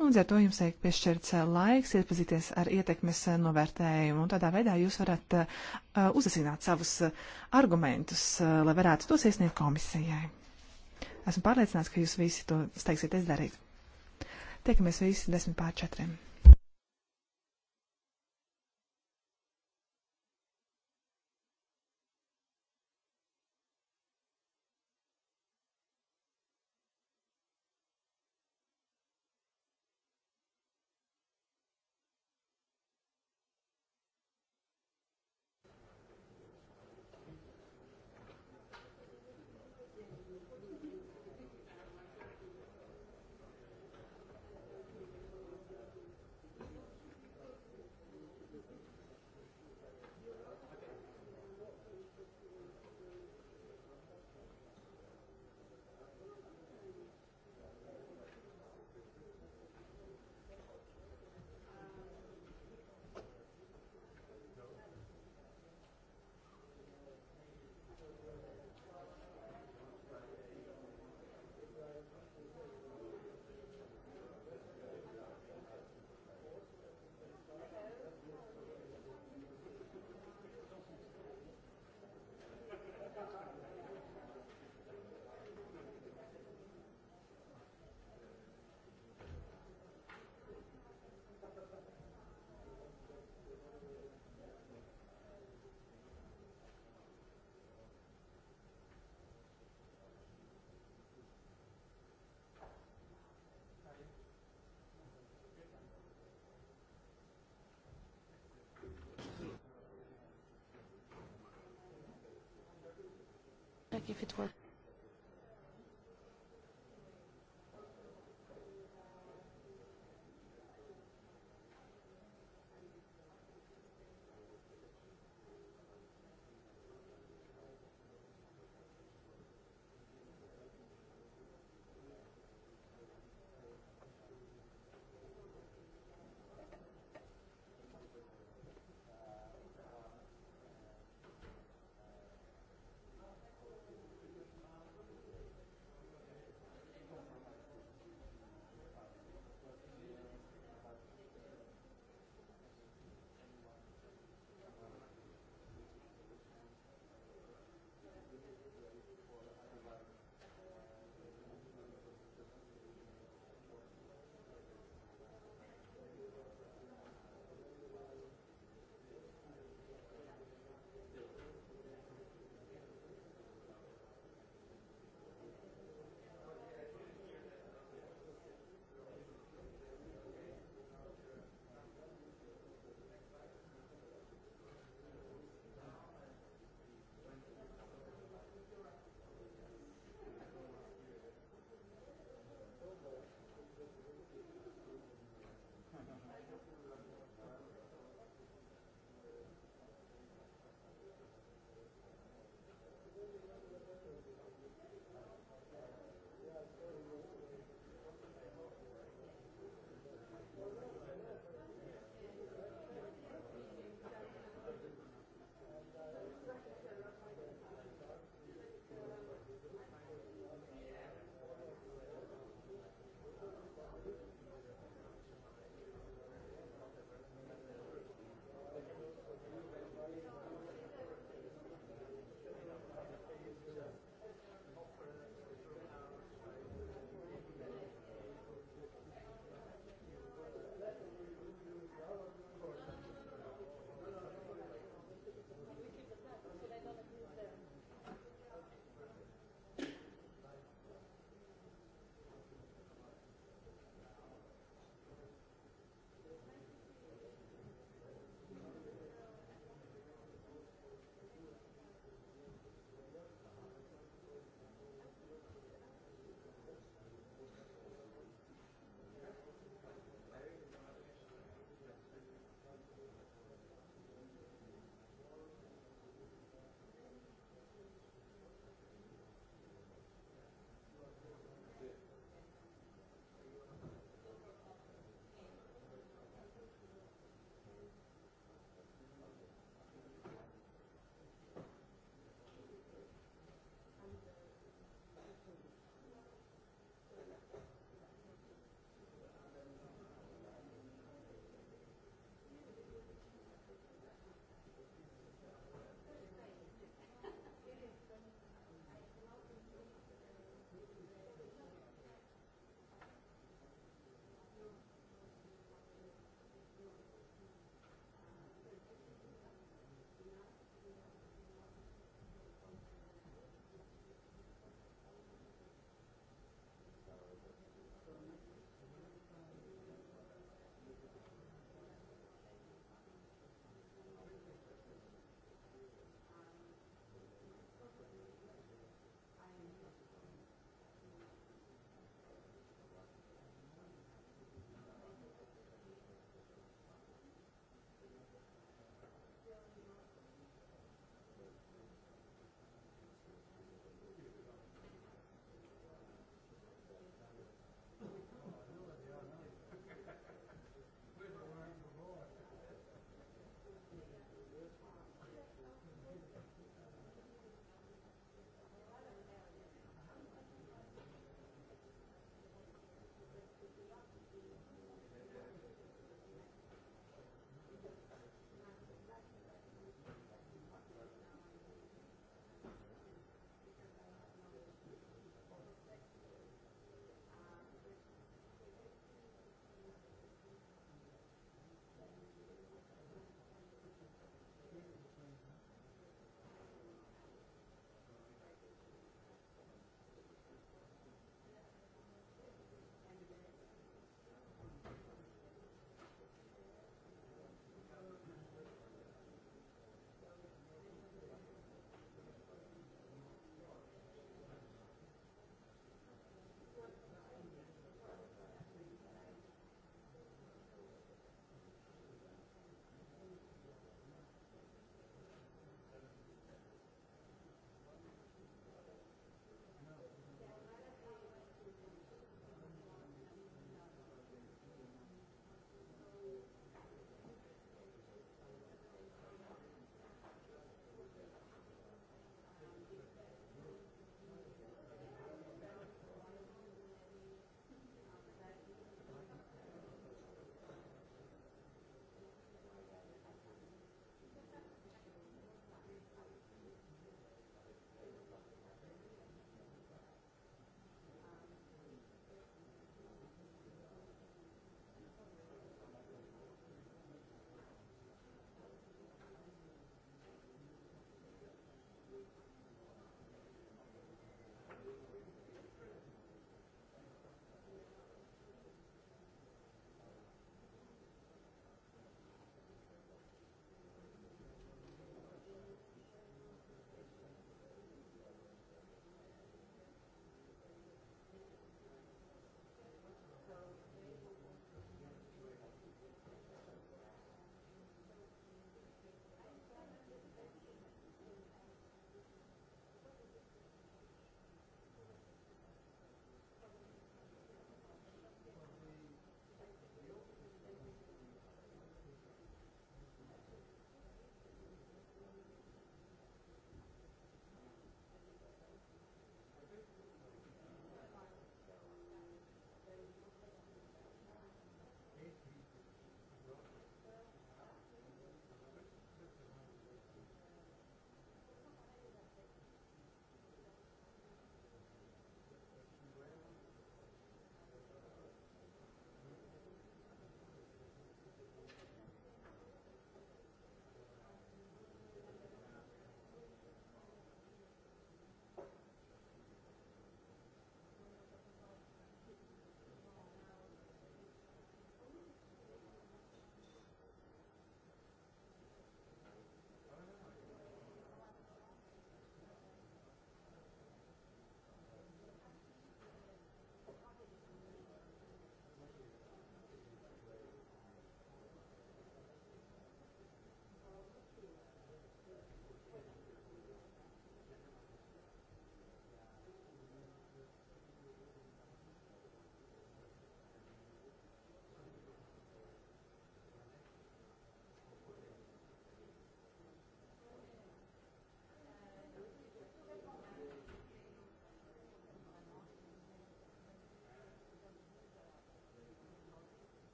Nu, līdz ar to jums tiek piešķirts eh, laiks iepazīties ar ietekmes eh, novērtējumu, un tādā veidā jūs varat uh, eh, uzasināt savus argumentus, uh, lai varētu tos iesniegt komisijai. Esmu pārliecināts, ka jūs visi to steigsiet izdarīt. Tiekamies visi desmit pār četriem. if it were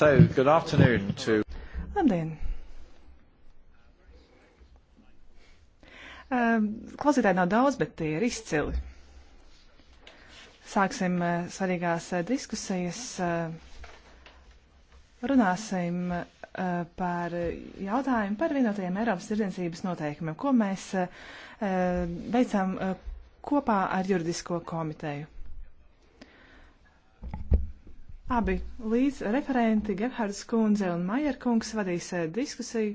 So, good afternoon to... Labdien! Ehm, klausītāji nav daudz, bet tie ir izcili. Sāksim eh, svarīgās eh, diskusijas. Eh, runāsim par jautājumu par vienotajiem Eiropas tirdzniecības noteikumiem, ko mēs veicam kopā ar juridisko komiteju. Abi līdz referenti Gerhards Kundze un Maier kungs vadīs eh, diskusiju.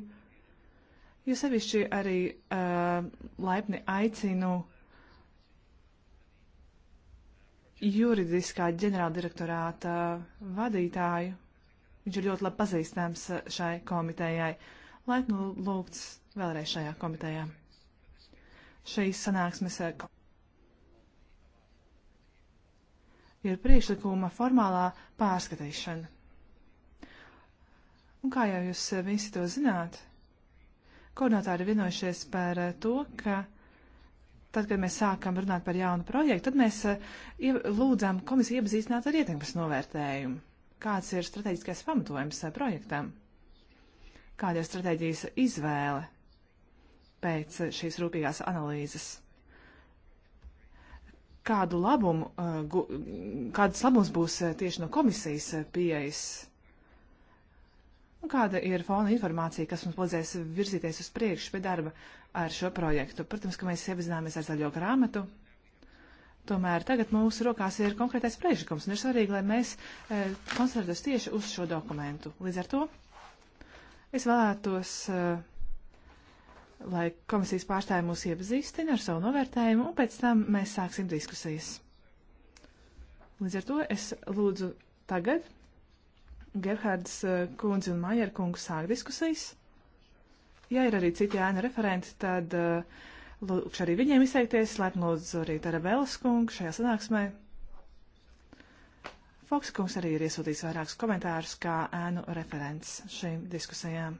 Jūs sevišķi arī uh, laipni aicinu juridiskā ģenerāldirektorāta vadītāju. Viņš ir ļoti labi pazīstams eh, šai komitejai. Laipni lūgts vēlreiz šajā komitejā. Šīs sanāksmes. Uh, ir priekšlikuma formālā pārskatīšana. Un kā jau jūs eh, visi to zināt, koordinātāri vienojušies par eh, to, ka tad, kad mēs sākam runāt par jaunu projektu, tad mēs eh, lūdzām komisiju iepazīstināt ar ietekmes novērtējumu. Kāds ir strateģiskais pamatojums projektam? Kāda ir strateģijas izvēle pēc šīs rūpīgās analīzes? kādu labumu, eh, kādas labums būs eh, tieši no komisijas eh, pieejas? Nu, kāda ir fona informācija, kas mums palīdzēs virzīties uz priekšu pie darba ar šo projektu? Protams, ka mēs iepazināmies ar zaļo grāmatu. Tomēr tagad mūsu rokās ir konkrētais priekšlikums, un ir svarīgi, lai mēs koncentrētos tieši uz šo dokumentu. Līdz ar to es vēlētos uh, lai komisijas pārstāvi mūs iepazīstina ar savu novērtējumu, un pēc tam mēs sāksim diskusijas. Līdz ar to es lūdzu tagad Gerhards eh, kundzi un Maier kungu sāk diskusijas. Ja ir arī citi ēna referenti, tad eh, lūkšu arī viņiem izteikties, laipni lūdzu arī Tarabēlas kungu šajā sanāksmē. Foksa kungs arī ir iesūtījis vairākus komentārus kā ēnu referents šīm diskusijām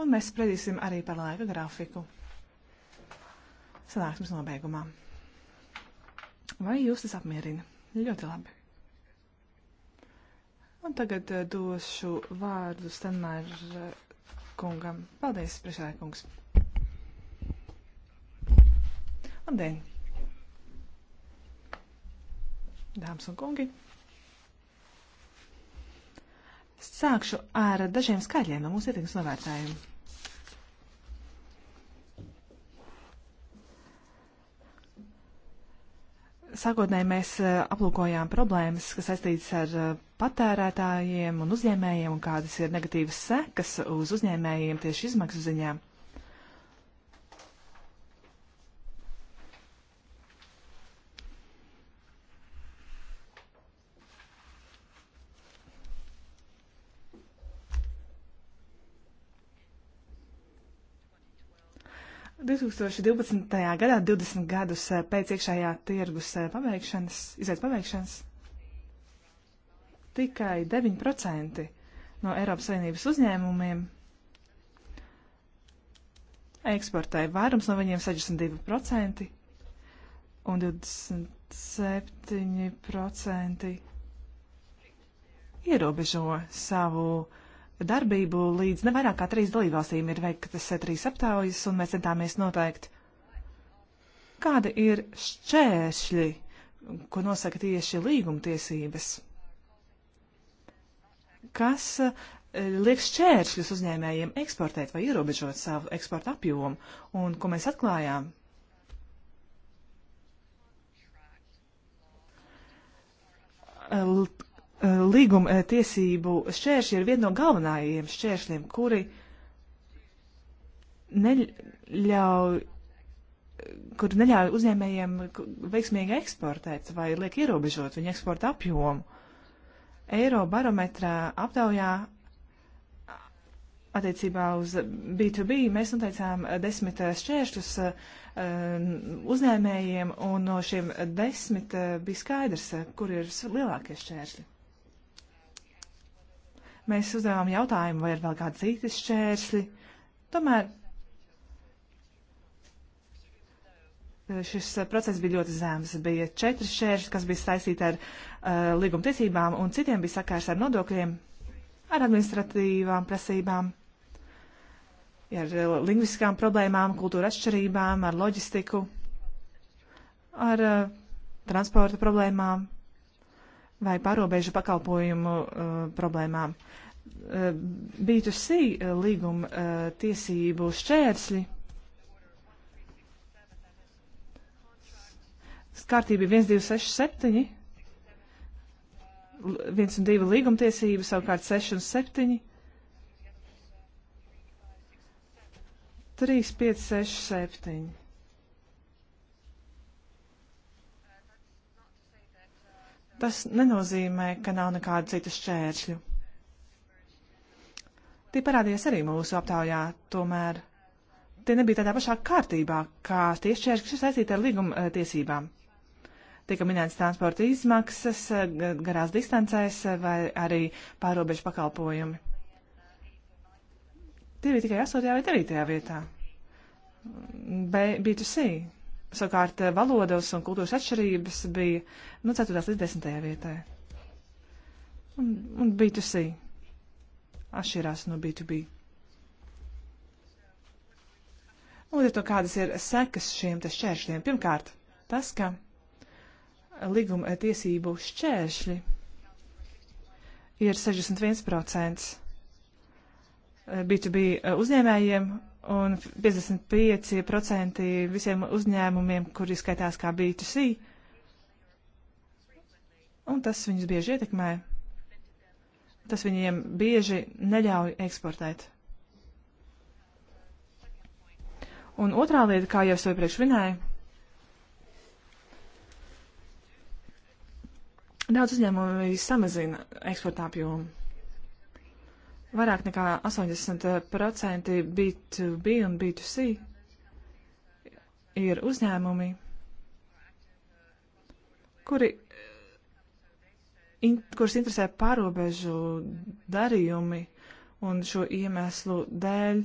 un mēs spredīsim arī par laika grafiku sanāksmes nobeigumā. Vai jūs tas apmierina? Ļoti labi. Un tagad eh, došu vārdu Stenmēra eh, kungam. Paldies, priekšsēdē kungs. Labdien! Dāmas un kungi! Sākšu ar dažiem skaļiem no mūsu ietekmes novērtējumu. Sākotnēji mēs eh, aplūkojām problēmas, kas saistītas ar eh, patērētājiem un uzņēmējiem un kādas ir negatīvas sekas uz uzņēmējiem tieši izmaksu ziņā. 2012. gadā, 20 gadus eh, pēc iekšējā tirgus eh, pabeigšanas, izveids pabeigšanas, tikai 9% no Eiropas Savienības uzņēmumiem eksportē. Vairums no viņiem 62% un 27% ierobežo savu uh, darbību līdz nevairāk kā trīs dalībvalstīm ir veiktas trīs aptaujas, un mēs centāmies noteikt, kādi ir šķēršļi, ko nosaka tieši līgumtiesības, kas eh, liek šķēršļus uzņēmējiem eksportēt vai ierobežot savu eksporta apjomu, un ko mēs atklājām līguma eh, tiesību šķēršļi ir viena no galvenajiem šķēršļiem, kuri neļauj kur neļauj uzņēmējiem veiksmīgi eksportēt vai liek ierobežot viņu eksporta apjomu. Eiro barometrā aptaujā attiecībā uz B2B mēs noteicām eh, desmit eh, šķēršļus uzņēmējiem, un no šiem desmit bija skaidrs, kur ir lielākie šķēršļi. Mēs uzdevām jautājumu, vai ir vēl kādi citi šķērsli. Tomēr eh, šis eh, process bija ļoti zems. Bija četri šķēršļi, kas bija saistīti ar uh, līgumtiesībām, un citiem bija sakārs ar nodokļiem, ar administratīvām prasībām, ar lingviskām problēmām, kultūra atšķirībām, ar loģistiku, ar uh, transporta problēmām, vai pārobežu pakalpojumu uh, problēmām. Uh, B2C uh, līguma uh, tiesību šķērsļi kārtība 1267, 1 un 2 līgumtiesība, savukārt 6 un 7, 3, 5, 6, 7. Tas nenozīmē, ka nav nekādu citu šķēršļu. Tie parādījās arī mūsu aptaujā, tomēr tie nebija tādā pašā kārtībā, kā tie šķēršļi, kas ir saistīti ar līguma eh, tiesībām. Tika minētas transporta izmaksas, eh, garās distancēs eh, vai arī pārobežu pakalpojumi. Tie bija tikai 8. vai 9. vietā. B, B2C Savukārt eh, valodas un kultūras atšķirības bija no nu, 4. līdz 10. vietā. Un, un B2C atšķirās no B2B. Un līdz ar to kādas ir sekas šiem te šķēršļiem? Pirmkārt, tas, ka līguma tiesību šķēršļi ir 61% eh, B2B eh, uzņēmējiem un 55% visiem uzņēmumiem, kuri skaitās kā B2C. Un tas viņus bieži ietekmē. Tas viņiem bieži neļauj eksportēt. Un otrā lieta, kā jau es iepriekš minēju, daudz uzņēmumu samazina eksporta apjomu. Vairāk nekā 80% B2B un B2C ir uzņēmumi, kuri, in, kurus interesē pārobežu darījumi, un šo iemeslu dēļ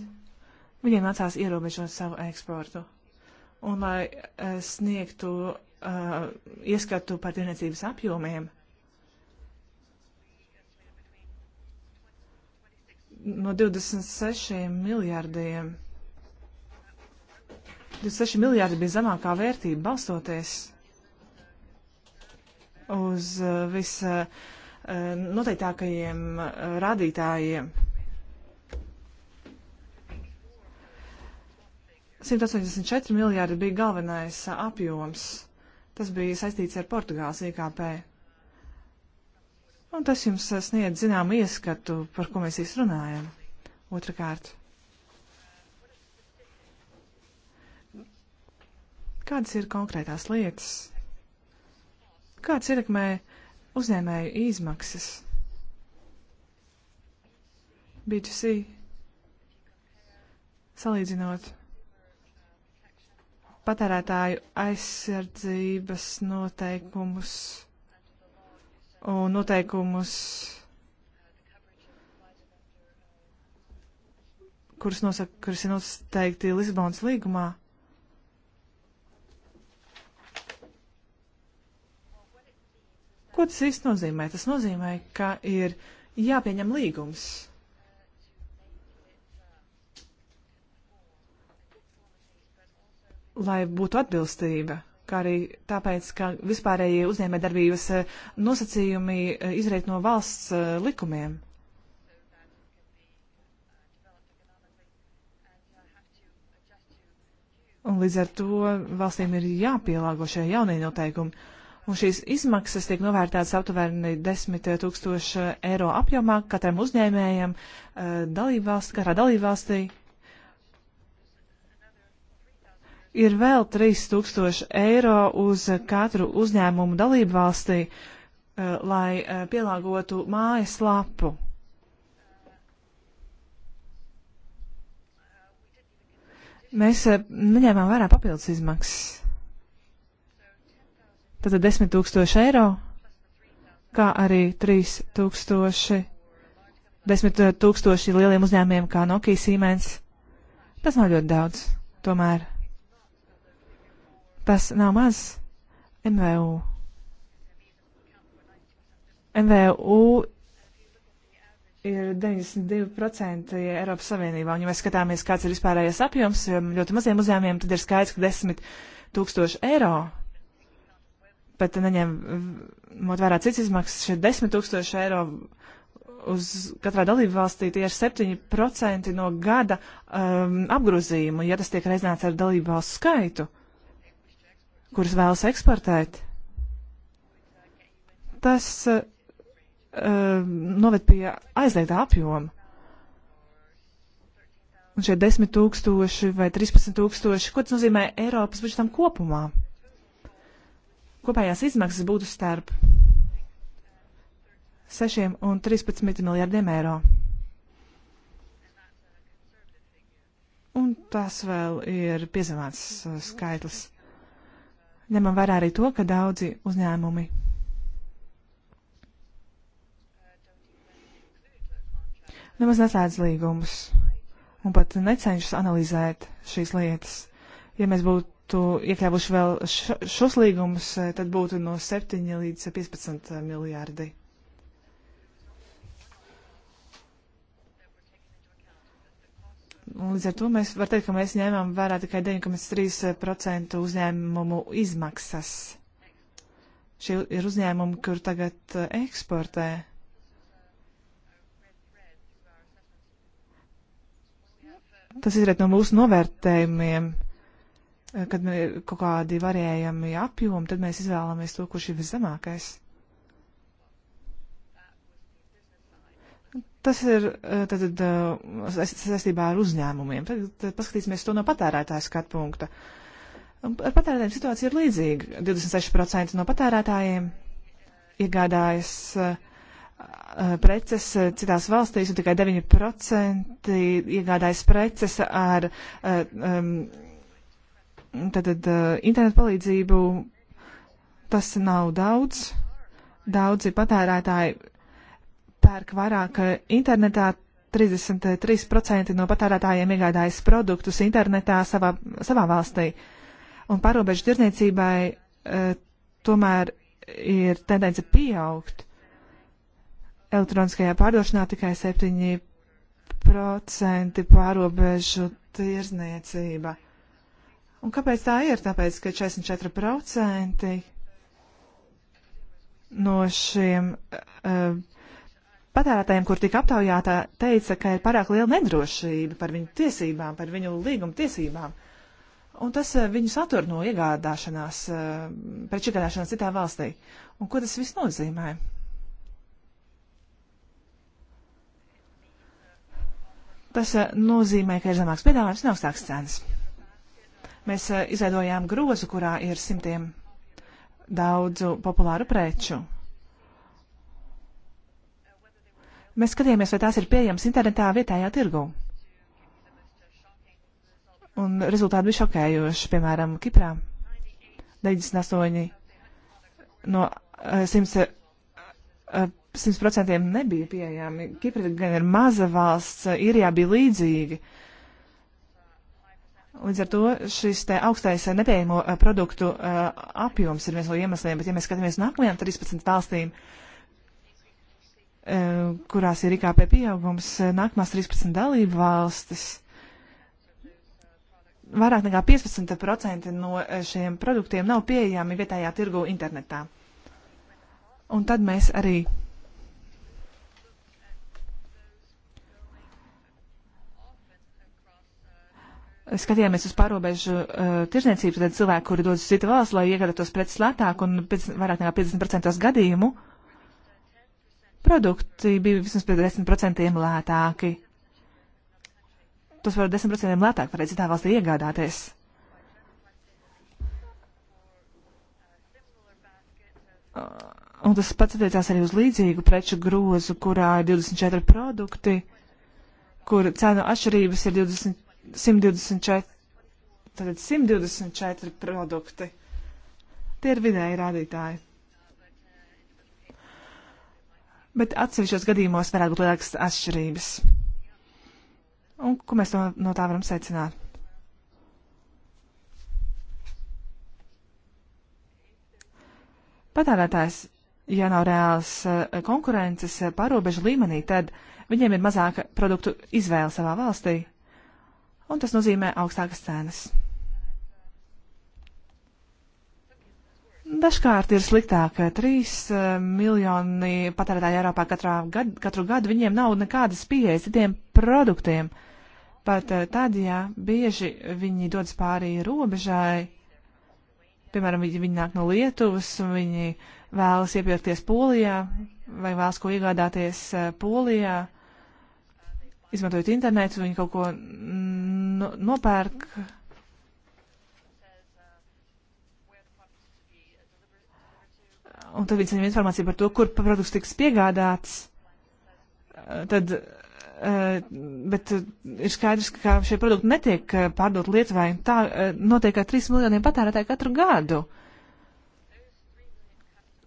viņiem nācās ierobežot savu eksportu. Un, lai eh, sniegtu uh, ieskatu par tirniecības apjomiem, no 26 miljārdiem. 26 miljārdi bija zemākā vērtība balstoties uz uh, visa uh, noteiktākajiem uh, rādītājiem. 184 miljārdi bija galvenais apjoms. Tas bija saistīts ar Portugāles IKP. Un tas jums eh, sniedz zinām ieskatu, par ko mēs īsti runājam. Otrakārt. Kādas ir konkrētās lietas? Kāds ietekmē uzņēmēju izmaksas? B2C salīdzinot patērētāju aizsardzības noteikumus un noteikumus, kuras, nosaka, kuras ir noteikti Lisbonas līgumā. Ko tas īsti nozīmē? Tas nozīmē, ka ir jāpieņem līgums. Lai būtu atbilstība kā arī tāpēc, ka vispārējie uzņēmējdarbības eh, nosacījumi eh, izriet no valsts eh, likumiem. Un līdz ar to valstīm ir jāpielāgo šie jaunie noteikumi. Un šīs izmaksas tiek novērtētas aptuveni 10 tūkstoši eiro apjomā katram uzņēmējam dalībvalsts, katrā dalībvalstī. Dalība ir vēl 3000 eiro uz katru uzņēmumu dalību valstī, eh, lai eh, pielāgotu mājas lapu. Mēs eh, neņēmām vērā papildus izmaksas. Tātad 10 tūkstoši eiro, kā arī 3 tūkstoši, 10 tūkstoši lieliem uzņēmiem kā Nokia Siemens. Tas nav ļoti daudz, tomēr tas nav maz MVU. MVU ir 92% Eiropas Savienībā, un ja mēs skatāmies, kāds ir vispārējais apjoms ļoti maziem uzņēmiem, tad ir skaidrs, ka 10 tūkstoši eiro pat neņemot vērā cits izmaksas, šie 10 tūkstoši eiro uz katrā dalību valstī tie ir 7% no gada um, apgrozījuma, ja tas tiek reizināts ar dalību valstu skaitu. Uh, kurus vēlas eksportēt, tas uh, noved pie aizliegtā apjoma. Un šie 10 tūkstoši vai 13 tūkstoši, ko tas nozīmē Eiropas budžetam kopumā? Kopējās izmaksas būtu starp 6 un 13 miljardiem eiro. Un tas vēl ir piezemēts eh, skaitlis ņemam vērā arī to, ka daudzi uzņēmumi nemaz neslēdz līgumus un pat necenšas analizēt šīs lietas. Ja mēs būtu iekļāvuši vēl šos līgumus, tad būtu no 7 līdz 15 miljārdi. Līdz ar to mēs varam teikt, ka mēs ņēmām vērā tikai 9,3% uzņēmumu izmaksas. Šie ir uzņēmumi, kur tagad eh, eksportē. Tas izriet no mūsu novērtējumiem, eh, kad ir kaut kādi varējami apjomi, tad mēs izvēlamies to, kurš ir viszemākais. Tas ir tātad eh, eh, saistībā ar uzņēmumiem. Tad paskatīsimies to no patērētāja skatu punkta. Ar patērētājiem situācija ir līdzīga. 26% no patērētājiem iegādājas eh, preces citās valstīs, un tikai 9% iegādājas preces ar tātad, internetu palīdzību. Tas nav daudz. Daudzi patērētāji pērk vairāk internetā. 33% no patērētājiem iegādājas produktus internetā savā, savā valstī. Un pārobežu tirdzniecībai e, tomēr ir tendence pieaugt. Elektroniskajā pārdošanā tikai 7% pārobežu tirdzniecība. Un kāpēc tā ir? Tāpēc, ka 44% no šiem uh, patērētājiem, kur tika aptaujāta, teica, ka ir pārāk liela nedrošība par viņu tiesībām, par viņu līguma tiesībām. Un tas eh, viņu satur no iegādāšanās, eh, pret iegādāšanās citā valstī. Un ko tas viss nozīmē? Tas eh, nozīmē, ka ir zemāks piedāvājums un augstāks cenas. Mēs izveidojām grozu, kurā ir simtiem daudzu populāru preču. Mēs skatījāmies, vai tās ir pieejamas internetā vietējā tirgū. Un rezultāti bija šokējoši, piemēram, Kiprā. 98 no 100, eh, 100% eh, nebija pieejami. Kipra gan ir maza valsts, Irijā eh, bija līdzīgi. Līdz ar to šis augstais nepieejamo produktu apjoms ir viens no iemesliem, bet ja mēs skatāmies nākamajām 13 valstīm, uh, Eh, kurās ir IKP pieaugums, eh, nākamās 13 dalību valstis. Vairāk nekā 15% no eh, šiem produktiem nav pieejami vietējā tirgu internetā. Un tad mēs arī skatījāmies uz pārobežu uh, tirzniecību, tad cilvēki, kuri dodas uz citu valsts, lai iegādātos preces lētāk un pēc, vairāk nekā 50% gadījumu uh, produkti bija vismaz par 10% lētāki. Tos var 10% lētāk varēja citā valstī iegādāties. Uh, un tas pats attiecās arī uz līdzīgu preču grozu, kurā ir 24 produkti, kur cenu atšķirības ir 20, 124, tātad 124 produkti. Tie ir vidēji rādītāji. bet atsevišķos gadījumos varētu būt lielākas atšķirības. Un ko mēs no, no tā varam secināt? Patērētājs, ja nav reāls eh, konkurences eh, pārobežu līmenī, tad viņiem ir mazāka produktu izvēle savā valstī, un tas nozīmē augstākas cenas. Dažkārt ir sliktāk. 3 eh, miljoni patērētāji Eiropā gadu, katru gadu viņiem nav nekādas pieejas citiem produktiem. Pat eh, tad, ja bieži viņi dodas pāri robežai, piemēram, viņi, viņi nāk no Lietuvas, viņi vēlas iepirkties Polijā vai vēlas ko iegādāties eh, Polijā, izmantojot internetu, viņi kaut ko nopērk un tad viņi saņem informāciju par to, kur produkts tiks piegādāts, eh, tad, eh, bet eh, ir skaidrs, ka šie produkti netiek pārdot Lietuvai. Tā notiek ar 3 miljoniem patērētāju katru gadu.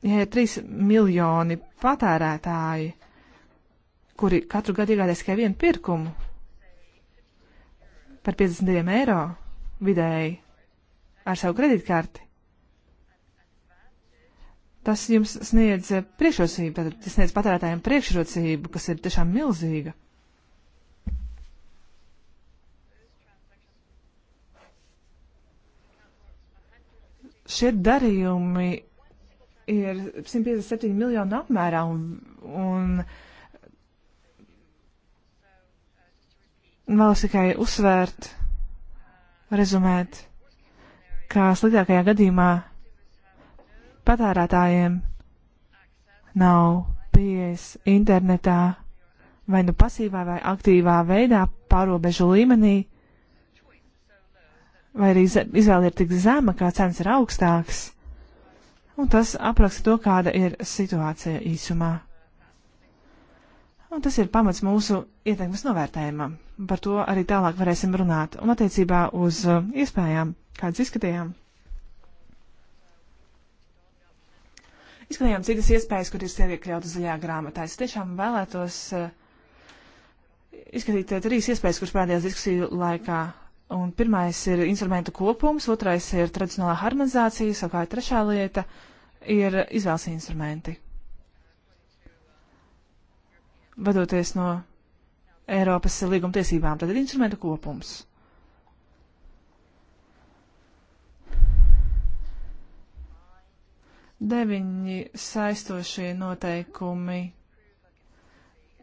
Ja ir 3 miljoni patērētāji, kuri katru gadu iegādājas tikai vienu pirkumu par 52 eiro vidēji ar savu kredītkarti, tas jums sniedz priekšrocību, tad tas sniedz patērētājiem priekšrocību, kas ir tiešām milzīga. Šie darījumi ir 157 miljonu apmērā un, un vēlos tikai uzsvērt, rezumēt, kā sliktākajā gadījumā patērētājiem nav pieejas internetā vai nu pasīvā vai aktīvā veidā pārobežu līmenī, vai arī izvēle ir tik zema, kā cenas ir augstāks, un tas apraksta to, kāda ir situācija īsumā. Un tas ir pamats mūsu ieteikums novērtējumam. Par to arī tālāk varēsim runāt. Un attiecībā uz uh, iespējām, kādas izskatījām, izskatījām citas iespējas, kur ir sevi iekļauta zaļā grāmatā. Es tiešām vēlētos eh, izskatīt eh, trīs iespējas, kuras parādījās diskusiju laikā. Un pirmais ir instrumentu kopums, otrais ir tradicionālā harmonizācija, savukārt trešā lieta ir izvēles instrumenti. Vadoties no Eiropas līguma tiesībām, tad ir instrumentu kopums. deviņi saistošie noteikumi.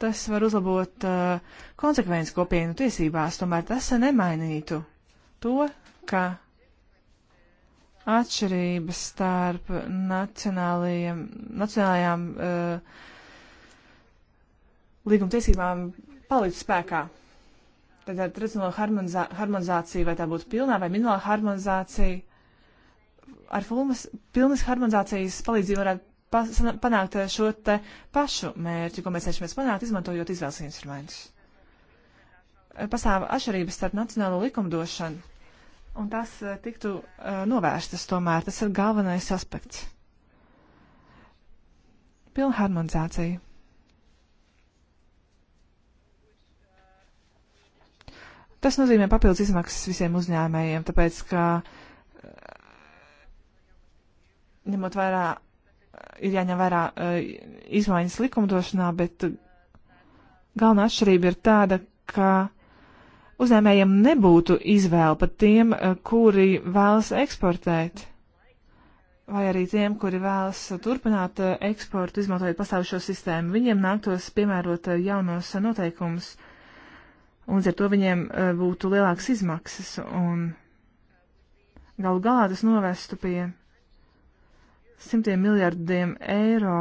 Tas var uzlabot uh, konsekvences kopienu tiesībās, tomēr tas nemainītu to, ka atšķirības starp nacionālajām uh, līgumtiesībām palīdz spēkā. Tad ar tradicionālo harmonizā, harmonizāciju, vai tā būtu pilnā vai minimāla harmonizācija, ar filmas pilnas harmonizācijas palīdzību varētu panākt eh, šo te pašu mērķi, ko mēs cenšamies panākt, izmantojot izvēles instrumentus. Eh, Pastāv atšķirības starp nacionālo likumdošanu, un tās eh, tiktu uh, novērstas tomēr. Tas ir galvenais aspekts. Pilna harmonizācija. Tas nozīmē papildus izmaksas visiem uzņēmējiem, tāpēc, ka uh, ņemot vērā, ir jāņem vērā eh, izmaiņas likumdošanā, bet galvenā atšķirība ir tāda, ka uzņēmējiem nebūtu izvēle pat tiem, eh, kuri vēlas eksportēt vai arī tiem, kuri vēlas turpināt eh, eksportu, izmantojot pastāvušo sistēmu, viņiem nāktos piemērot jaunos noteikumus, un ar to viņiem būtu lielākas izmaksas, un galu galā tas novestu pie simtiem miljardiem eiro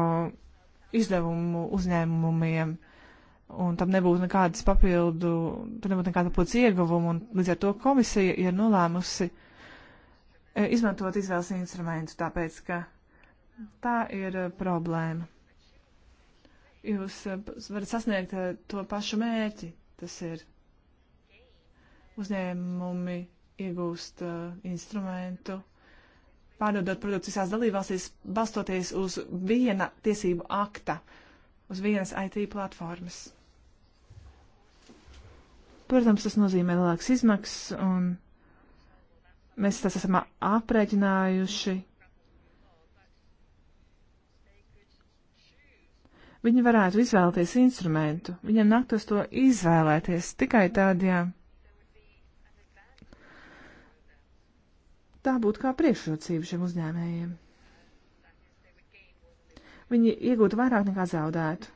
izdevumu uzņēmumiem, un tam nebūtu nekādas papildu, tam nebūtu nekāda papildus ieguvuma, un līdz ar to komisija ir nolēmusi e, izmantot izvēles instrumentu, tāpēc, ka tā ir e, problēma. Jūs e, varat sasniegt to pašu mērķi, tas ir uzņēmumi iegūst instrumentu pārdodot produktus visās dalībvalstīs, balstoties uz viena tiesību akta, uz vienas IT platformas. Protams, tas nozīmē lielākas izmaksas, un mēs tas esam aprēķinājuši. Viņi varētu izvēlēties instrumentu, viņam naktos to izvēlēties tikai tādā. Ja tā būtu kā priekšrocība šiem uzņēmējiem. Viņi iegūtu vairāk nekā zaudētu.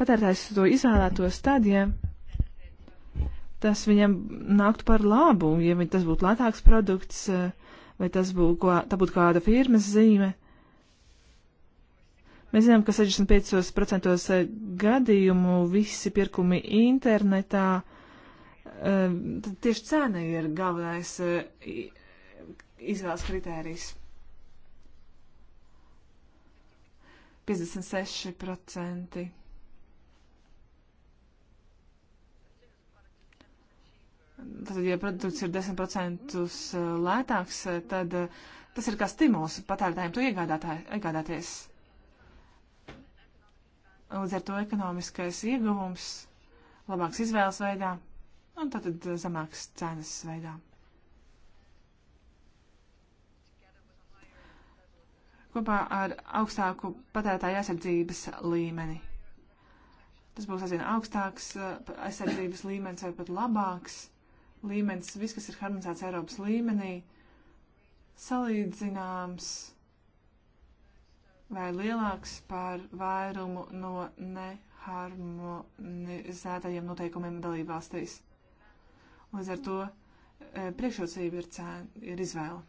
Patērtājs to izvēlētos tad, ja tas viņam nāktu par labu, ja tas būtu lētāks produkts, eh, vai tas būtu, tā būtu kāda firmas zīme. Mēs zinām, ka 65% eh, gadījumu visi pirkumi internetā eh, tieši cena ir galvenais eh, izvēles kritērijs. 56%. Tad, ja produkts ir 10% lētāks, tad tas ir kā stimuls patērētājiem to iegādāties. Līdz ar to ekonomiskais ieguvums labāks izvēles veidā un tātad zemāks cenas veidā. Kopā ar augstāku patērētāju aizsardzības līmeni. Tas būs aizvien augstāks eh, aizsardzības līmenis vai pat labāks līmenis, viss, kas ir harmonizēts Eiropas līmenī, salīdzināms vai lielāks par vairumu no neharmonizētajiem noteikumiem dalībvalstīs. Līdz ar to e, priekšrocība ir, cēn, ir izvēle.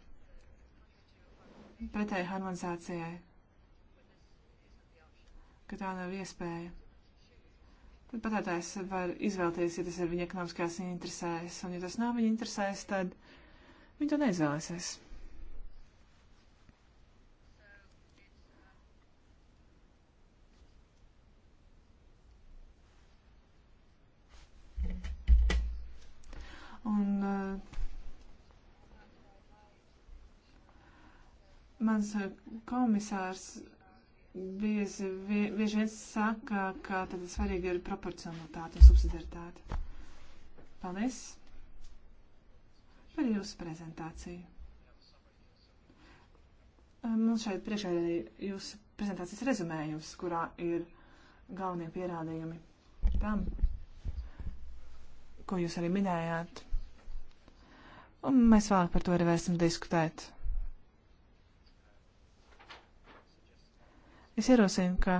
Pretēji harmonizācijai, ka tā nav iespēja. Tad patērētājs var izvēlēties, ja tas ir viņa ekonomiskās interesēs, un ja tas nav viņa interesēs, tad viņi to neizvēlēsies. Un uh, mans eh, komisārs bieži, bieži vien saka, ka tad svarīgi ir proporcionalitāte un subsidiaritāte. Paldies par jūsu prezentāciju. Eh, Mums šeit priekšā ir jūsu prezentācijas rezumējums, kurā ir galvenie pierādījumi tam, ko jūs arī minējāt un mēs vēlāk par to arī vēsim diskutēt. Es ierosinu, ka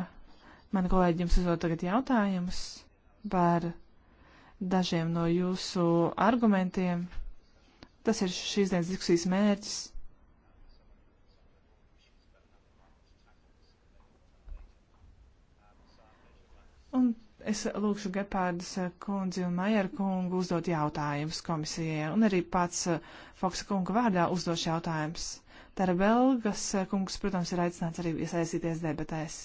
mani kolēģi jums uzdod tagad jautājumus par dažiem no jūsu argumentiem. Tas ir šīs dienas diskusijas mērķis. Un Es lūkšu Gepārdas eh, kundzi un Majer kungu uzdot jautājumus komisijai, un arī pats eh, Foksa kunga vārdā uzdošu jautājumus. Tāra Belgas eh, kungs, protams, ir aicināts arī iesaistīties debatēs.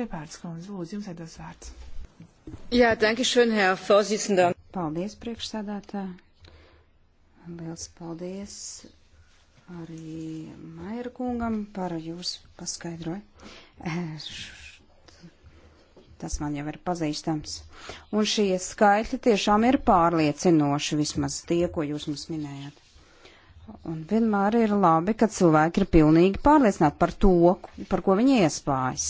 Gepārdas kundze, lūdzu, jums iedos vārds. Jā, danke schön, Herr Vorsitzender. Paldies, priekšsēdētā. Liels paldies arī Maira kungam par jūs paskaidroju. Eh, tas man jau ir pazīstams. Un šie skaitļi tiešām ir pārliecinoši, vismaz tie, ko jūs mums minējāt. Un vienmēr ir labi, ka cilvēki ir pilnīgi pārliecināti par to, par ko viņi iespājas.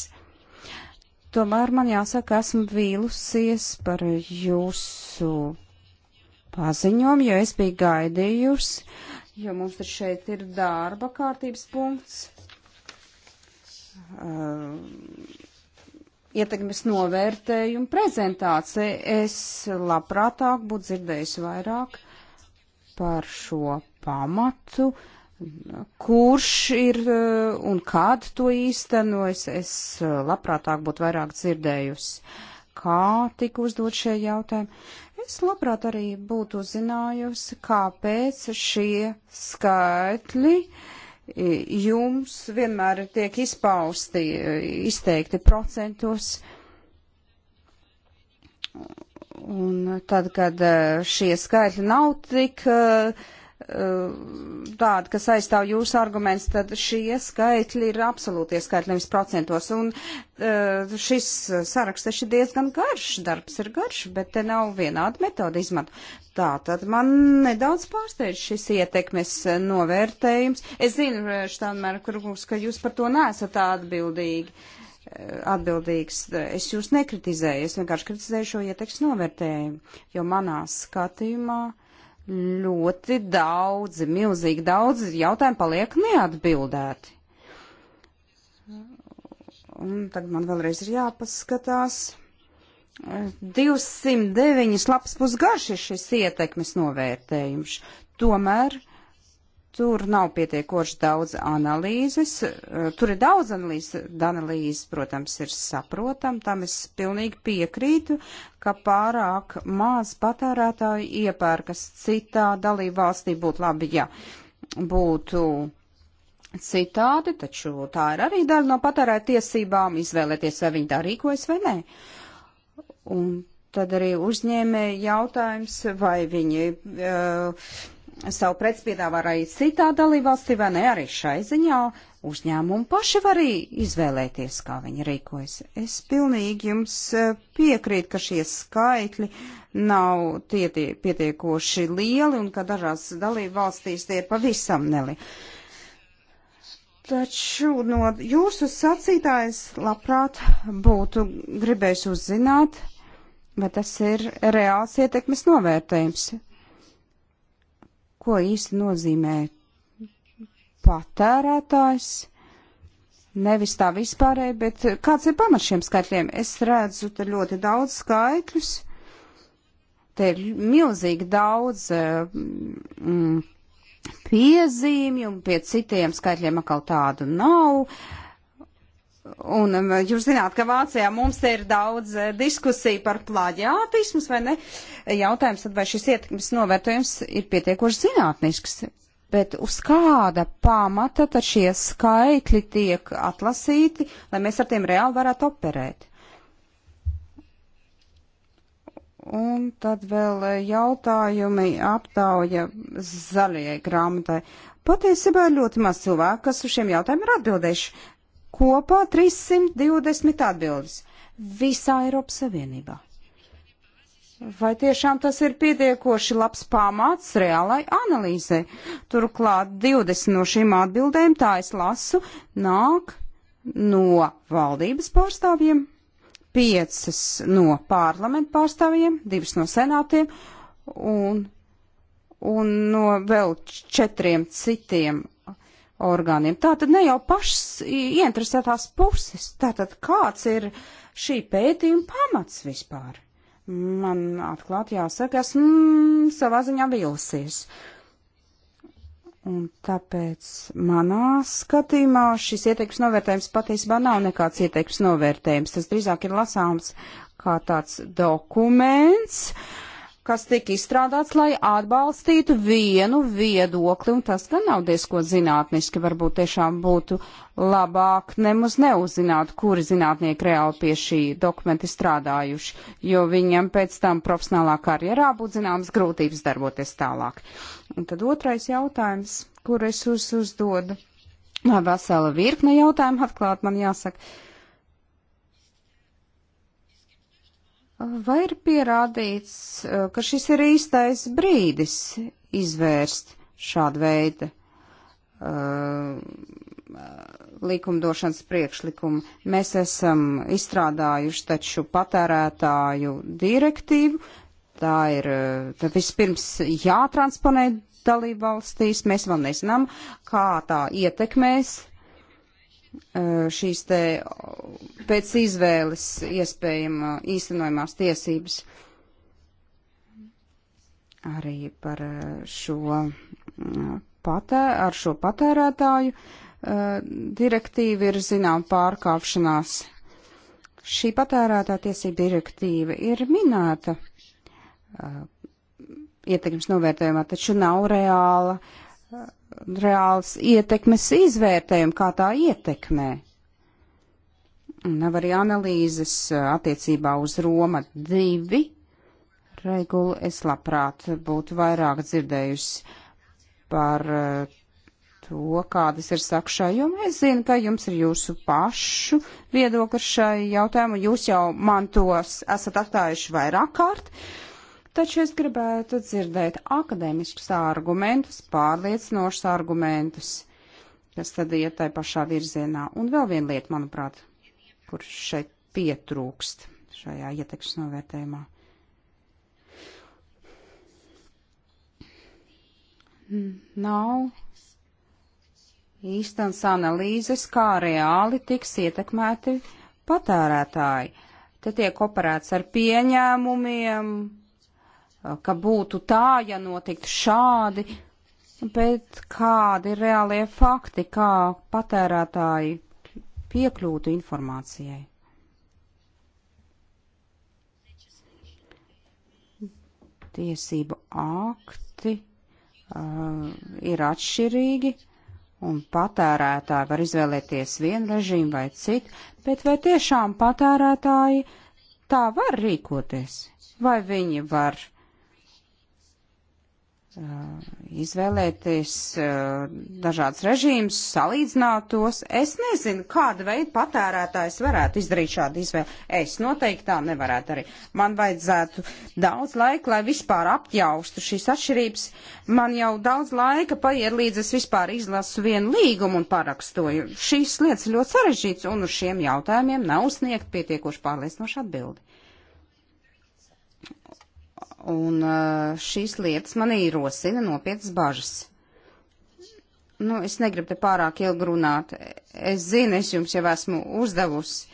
Tomēr man jāsaka, esmu vīlusies par jūsu paziņojumu, jo es biju gaidījusi, jo mums taču šeit ir darba kārtības punkts. Uh, ietekmes novērtējumu prezentācija. Es labprātāk būtu dzirdējis vairāk par šo pamatu, kurš ir uh, un kad to īstenojas. Es uh, labprātāk būtu vairāk dzirdējusi, kā tika uzdot šie jautājumi. Es labprāt arī būtu uzzinājusi, kāpēc šie skaitļi jums vienmēr tiek izpausti, izteikti procentos. Un tad, kad eh, šie skaitļi nav tik uh, Uh, tādi, kas aizstāv jūsu arguments, tad šie skaitļi ir absolūtie skaitļi, nevis procentos. Un uh, šis saraksts taču ir diezgan garš, darbs ir garš, bet te nav vienāda metoda izmanto. Tā tad man nedaudz pārsteidz šis ietekmes novērtējums. Es zinu, Štānmēr, Kurkungs, ka jūs par to neesat atbildīgi. Uh, atbildīgs. Es jūs nekritizēju, es vienkārši kritizēju šo ietekmes novērtējumu, jo manā skatījumā uh, ļoti daudzi, milzīgi daudzi jautājumi paliek neatbildēti. Un tagad man vēlreiz ir jāpaskatās. 209 lapas pusgarš ir šis ietekmes novērtējums. Tomēr Tur nav pietiekoši daudz analīzes. Eh, tur ir daudz analīzes, analīzes protams, ir saprotam. Tam es pilnīgi piekrītu, ka pārāk maz patērētāju iepērkas citā dalība valstī būtu labi, ja būtu citādi, taču tā ir arī daļa no patērētāju tiesībām izvēlēties, vai viņi tā rīkojas vai nē. Un tad arī uzņēmēja jautājums, vai viņi. Uh, savu pretspiedāvu arī citā dalībvalstī, vai ne? Arī šai ziņā uzņēmumi paši var arī izvēlēties, kā viņi rīkojas. Es pilnīgi jums e, piekrītu, ka šie skaitļi nav tie, tie pietiekoši lieli un ka dažās dalībvalstīs tie pavisam neli. Taču no jūsu sacītājs labprāt būtu gribējis uzzināt, vai tas ir reāls ietekmes novērtējums ko īsti nozīmē patērētājs. Nevis tā vispārēji, bet kāds ir pamats šiem skaitļiem? Es redzu te ļoti daudz skaitļus. Te ir milzīgi daudz eh, mm, piezīmju, un pie citiem skaitļiem atkal tādu nav. Uh, Un um, jūs zināt, ka Vācijā mums te ir daudz eh, diskusiju par plaģiātismus, vai ne? Jautājums tad, vai šis ietekmes novērtējums ir pietiekoši zinātnisks. Bet uz kāda pamata tad šie skaitļi tiek atlasīti, lai mēs ar tiem reāli varētu operēt? Un tad vēl eh, jautājumi aptauja zaļajai grāmatai. Patiesībā ir ļoti maz cilvēku, kas uz šiem jautājumiem ir atbildējuši. Kopā 320 atbildes visā Eiropas Savienībā. Vai tiešām tas ir pietiekoši labs pamats reālai analīzē? Turklāt 20 no šīm atbildēm, tā es lasu, nāk no valdības pārstāvjiem, 5 no parlamenta pārstāvjiem, 2 no senātiem un, un no vēl 4 citiem orgāniem. Tātad ne jau pašas ieinteresētās puses. Tātad kāds ir šī pētījuma pamats vispār? Man atklāti jāsaka, esmu mm, savā ziņā vīlusies. Un tāpēc manā skatījumā šis ieteikums novērtējums patiesībā nav nekāds ieteikums novērtējums. Tas drīzāk ir lasāms kā tāds dokuments. Uh, kas tika izstrādāts, lai atbalstītu vienu viedokli, un tas gan nav diezko zinātniski, varbūt tiešām būtu labāk nemaz neuzzināt, kuri zinātnieki reāli pie šī dokumenta strādājuši, jo viņam pēc tam profesionālā karjerā būtu zināmas grūtības darboties tālāk. Un tad otrais jautājums, kur es uz uzdodu. Vesela virkne jautājumu atklāt man jāsaka. Uh, Vai ir pierādīts, eh, ka šis ir īstais brīdis izvērst šādu veidu uh, eh, likumdošanas priekšlikumu? Mēs esam izstrādājuši taču patērētāju direktīvu. Tā ir eh, tā vispirms jātransponē dalību valstīs. Mēs vēl nezinām, kā tā ietekmēs Uh, šīs te pēc izvēles iespējama īstenojumās tiesības arī par uh, šo mm, patē, ar šo patērētāju uh, direktīvu ir zinām pārkāpšanās. Šī patērētā tiesība direktīva ir minēta ietekmes novērtējumā, taču nav reāla uh, reāls ietekmes izvērtējumu, kā tā ietekmē. Nav arī analīzes uh, attiecībā uz Roma 2 regulu. Es labprāt būtu vairāk dzirdējusi par uh, to, kādas ir sakšā, jo es zinu, ka jums ir jūsu pašu viedokli šai jautājumu. Jūs jau man tos esat atstājuši vairāk kārt. Uh, Taču es gribētu dzirdēt akadēmiskus argumentus, pārliecinošus argumentus, kas tad iet tai pašā virzienā. Un vēl viena lieta, manuprāt, kur šeit pietrūkst šajā ietekmes novērtējumā. Nav īstenas analīzes, kā reāli tiks ietekmēti patērētāji. Te tiek operēts ar pieņēmumiem, Eh, ka būtu tā, ja notiktu šādi, bet kādi ir reālie fakti, kā patērētāji piekļūtu informācijai? Tiesību akti uh, ir atšķirīgi, un patērētāji var izvēlēties vienu režīmu vai citu, bet vai tiešām patērētāji tā var rīkoties? Vai viņi var uh, izvēlēties dažādas režīmas, salīdzināt tos. Es nezinu, kāda veida patērētājs varētu izdarīt šādu izvēli. Es noteikti tā nevarētu arī. Man vajadzētu daudz laika, lai vispār apjaustu šīs atšķirības. Man jau daudz laika paiet līdz es vispār izlasu vienu līgumu un parakstoju. Šīs lietas ir ļoti sarežģītas un uz šiem jautājumiem nav sniegt pietiekoši pārliecinoši atbildi. Un eh, šīs lietas man īrosina nopietnas bažas. Nu, es negribu te pārāk ilgi runāt. Es zinu, es jums jau esmu uzdevusi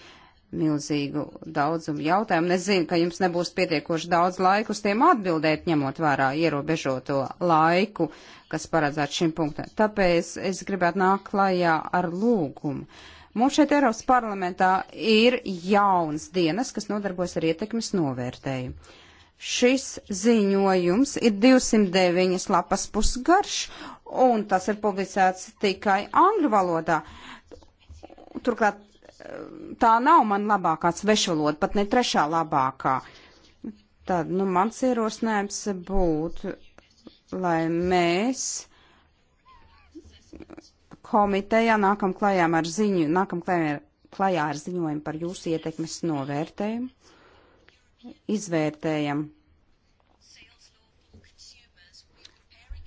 milzīgu daudzumu jautājumu. Es zinu, ka jums nebūs pietiekoši daudz laiku uz tiem atbildēt, ņemot vērā ierobežoto laiku, kas paredzēts šim punktam. Tāpēc es gribētu nākt klajā ar lūgumu. Mums šeit Eiropas parlamentā ir jauns dienas, kas nodarbojas ar ietekmes novērtējumu. Šis ziņojums ir 209 lapas pusgarš, un tas ir publicēts tikai angļu valodā. Turklāt tā nav man labākā svešvaloda, pat ne trešā labākā. Tad, nu, mans ierosinājums būtu, lai mēs komitejā nākam klajām ar ziņu, nākam klajām ar, klajā ar ziņojumu par jūsu ietekmes novērtējumu izvērtējam.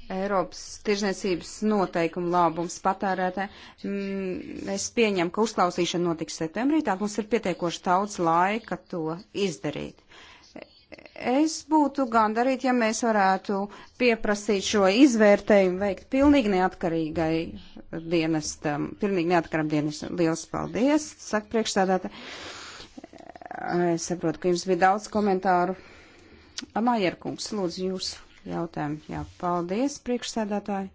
Eiropas tirzniecības noteikumu labums patērētē. Mm, es pieņemu, ka uzklausīšana notiks septembrī, tā mums ir pietiekoši daudz laika to izdarīt. Es būtu gandarīt, ja mēs varētu pieprasīt šo izvērtējumu veikt pilnīgi neatkarīgai dienestam, pilnīgi neatkaram dienestam. Liels paldies, saka priekšstādātāji. Es saprotu, ka jums bija daudz komentāru. Amajerkungs, lūdzu, jūsu jautājumu. Jā, paldies, priekšsēdētāji.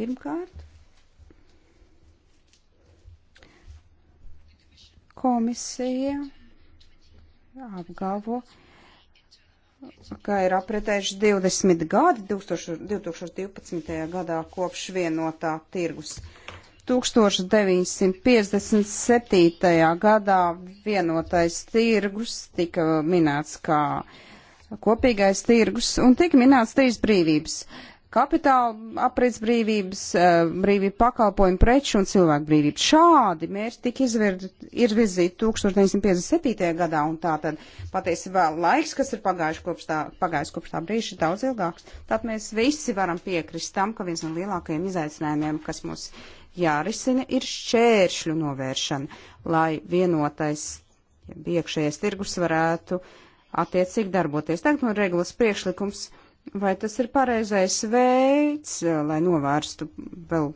Pirmkārt, komisija apgalvo, ka ir apretējuši 20 gadi 2012. gadā kopš vienotā tirgus 1957. gadā vienotais tirgus tika minēts kā kopīgais tirgus un tika minēts trīs brīvības kapitāla aprits brīvības, eh, brīvība pakalpojumu preču un cilvēku brīvību. Šādi mērķi tika izvirzīti 1957. gadā, un tā tad patiesībā laiks, kas ir pagājuši kopš tā, pagājuši kopš tā brīža, ir daudz ilgāks. Tad mēs visi varam piekrist tam, ka viens no lielākajiem izaicinājumiem, kas mūs jārisina, ir šķēršļu novēršana, lai vienotais iekšējais tirgus varētu attiecīgi darboties. Tagad no regulas priekšlikums, vai tas ir pareizais veids, eh, lai novērstu vēl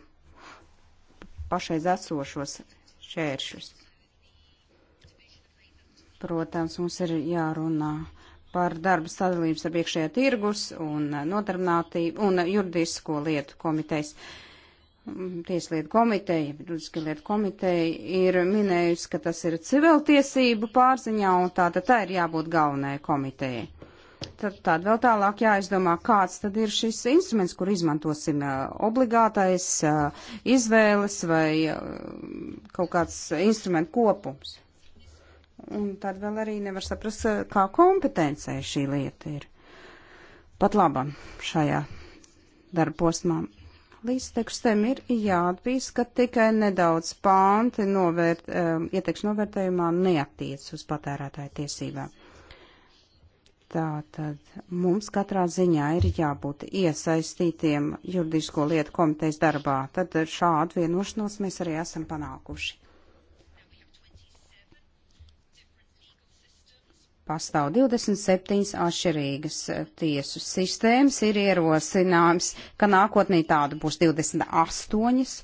pašreiz esošos šķēršļus. Protams, mums ir jārunā par darba sadalības ar iekšējā tirgus un eh, nodarbinātību un eh, juridisko lietu komitejas. Uh, Tieslietu komiteja, Rudskilietu komiteja ir minējusi, ka tas ir civiltiesību pārziņā un tāda tā ir jābūt galvenajai komitejai. Tad, tad vēl tālāk jāizdomā, kāds tad ir šis instruments, kur izmantosim obligātais izvēles vai kaut kāds instrumentu kopums. Un tad vēl arī nevar saprast, kā kompetencē šī lieta ir. Pat labam šajā darba posmā līdztekstiem ir jāatbīst, ka tikai nedaudz pānti novērt, um, ietekšu novērtējumā neatiec uz patērētāju tiesībām. Tātad mums katrā ziņā ir jābūt iesaistītiem juridisko lietu komitejas darbā. Tad šādu vienošanos mēs arī esam panākuši. pastāv 27 atšķirīgas eh, tiesu sistēmas, ir ierosinājums, ka nākotnī tāda būs 28.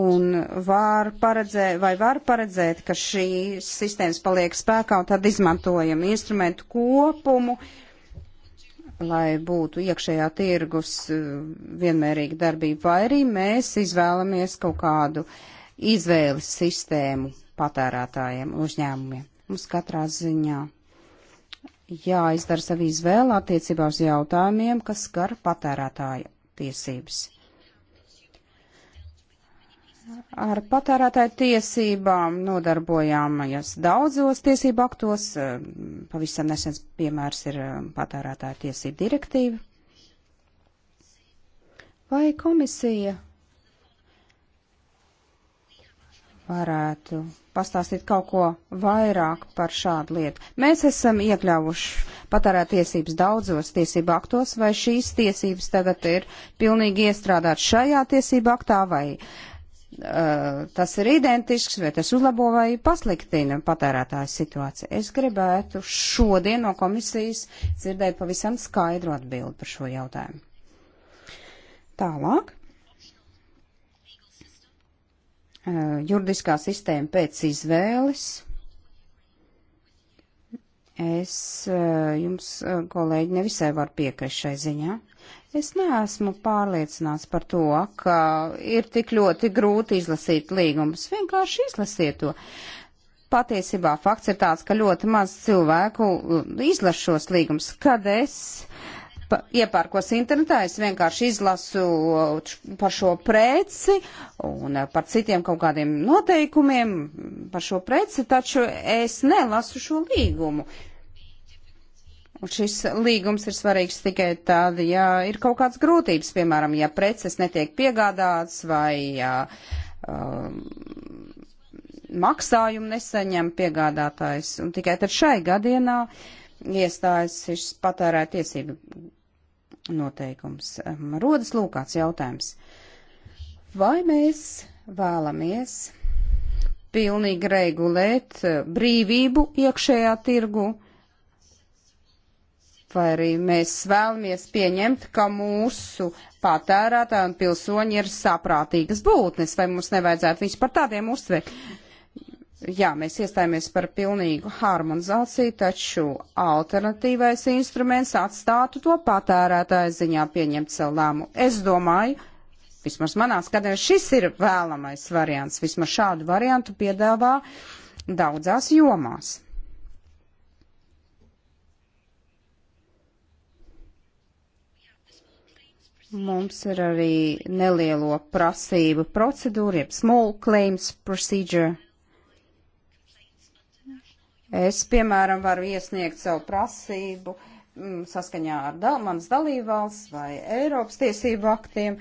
Un var paredzēt, vai var paredzēt, ka šīs sistēmas paliek spēkā un tad izmantojam instrumentu kopumu, lai būtu iekšējā tirgus eh, vienmērīga darbība, vai arī mēs izvēlamies kaut kādu izvēles sistēmu patērētājiem, uzņēmumiem. Mums katrā ziņā jāizdara savu izvēlu attiecībā uz jautājumiem, kas skar patērētāju tiesības. Ar patērētāju tiesībām nodarbojāmies daudzos tiesību aktos. Eh, pavisam nesens piemērs ir eh, patērētāju tiesību direktīva. Vai komisija varētu pastāstīt kaut ko vairāk par šādu lietu. Mēs esam iekļāvuši patērētiesības daudzos tiesību aktos, vai šīs tiesības tagad ir pilnīgi iestrādāt šajā tiesību aktā, vai uh, tas ir identisks, vai tas uzlabo vai pasliktina patērētāju situāciju. Es gribētu šodien no komisijas dzirdēt pavisam skaidru atbildi par šo jautājumu. Tālāk. Eh, juridiskā sistēma pēc izvēles. Es eh, jums, eh, kolēģi, nevisai varu piekrist šai ziņā. Es neesmu pārliecināts par to, ka ir tik ļoti grūti izlasīt līgumus. Vienkārši izlasiet to. Patiesībā fakts ir tāds, ka ļoti maz cilvēku izlas šos līgumus. Kad es iepērkos internetā, es vienkārši izlasu par šo preci un par citiem kaut kādiem noteikumiem par šo preci, taču es nelasu šo līgumu. Un šis līgums ir svarīgs tikai tad, ja ir kaut kādas grūtības, piemēram, ja preces netiek piegādāts vai ja, um, maksājumu nesaņem piegādātājs. Un tikai tad šai gadienā iestājas šis patērētiesību noteikums. Rodas lūkāts jautājums. Vai mēs vēlamies pilnīgi regulēt eh, brīvību iekšējā tirgu? Vai arī mēs vēlamies pieņemt, ka mūsu patērētāji un pilsoņi ir saprātīgas būtnes, vai mums nevajadzētu viņus par tādiem uztvert? Jā, mēs iestājāmies par pilnīgu harmonizāciju, taču alternatīvais instruments atstātu to patērētāju ziņā pieņemt savu lēmu. Es domāju, vismaz manā skatījumā, šis ir vēlamais variants. Vismaz šādu variantu piedāvā daudzās jomās. Mums ir arī nelielo prasību procedūra, jeb small claims procedure Es, piemēram, varu iesniegt savu prasību mm, saskaņā ar dal manas dalībvalsts vai Eiropas tiesību aktiem.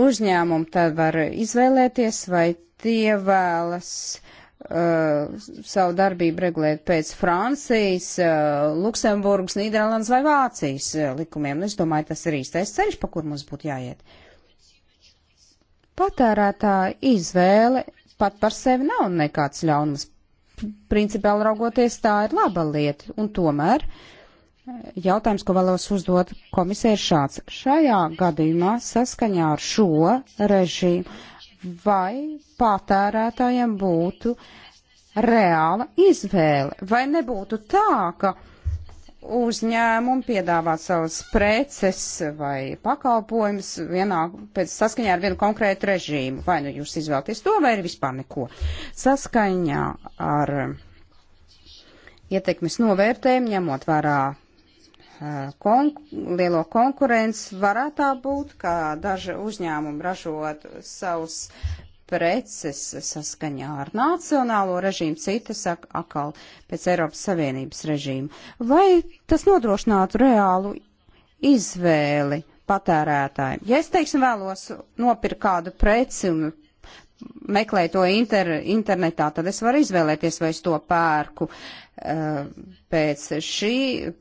Uzņēmumi tad var izvēlēties, vai tie vēlas uh, savu darbību regulēt pēc Francijas, uh, Luksemburgas, Nīderlandes vai Vācijas uh, likumiem. Es domāju, tas ir īstais ceļš, pa kur mums būtu jāiet. Patērētāja izvēle pat par sevi nav nekāds ļaunums principiāli raugoties, tā ir laba lieta. Un tomēr eh, jautājums, ko vēlos uzdot komisē, ir šāds. Šajā gadījumā saskaņā ar šo režīmu vai patērētājiem būtu reāla izvēle, vai nebūtu tā, ka uzņēmumi piedāvāt savas preces vai pakalpojumus vienā pēc saskaņā ar vienu konkrētu režīmu. Vai nu jūs izvēlaties to, vai ir vispār neko. Saskaņā ar ietekmes novērtējumu, ņemot vērā konk lielo konkurenci, varētu tā būt, ka daži uzņēmumi ražot savus preces saskaņā ar nacionālo režīmu, citi saka akal pēc Eiropas Savienības režīmu. Vai tas nodrošinātu reālu izvēli patērētājiem? Ja es, teiksim, vēlos nopirkt kādu preci un meklēju to inter, internetā, tad es varu izvēlēties, vai es to pērku uh, pēc šī,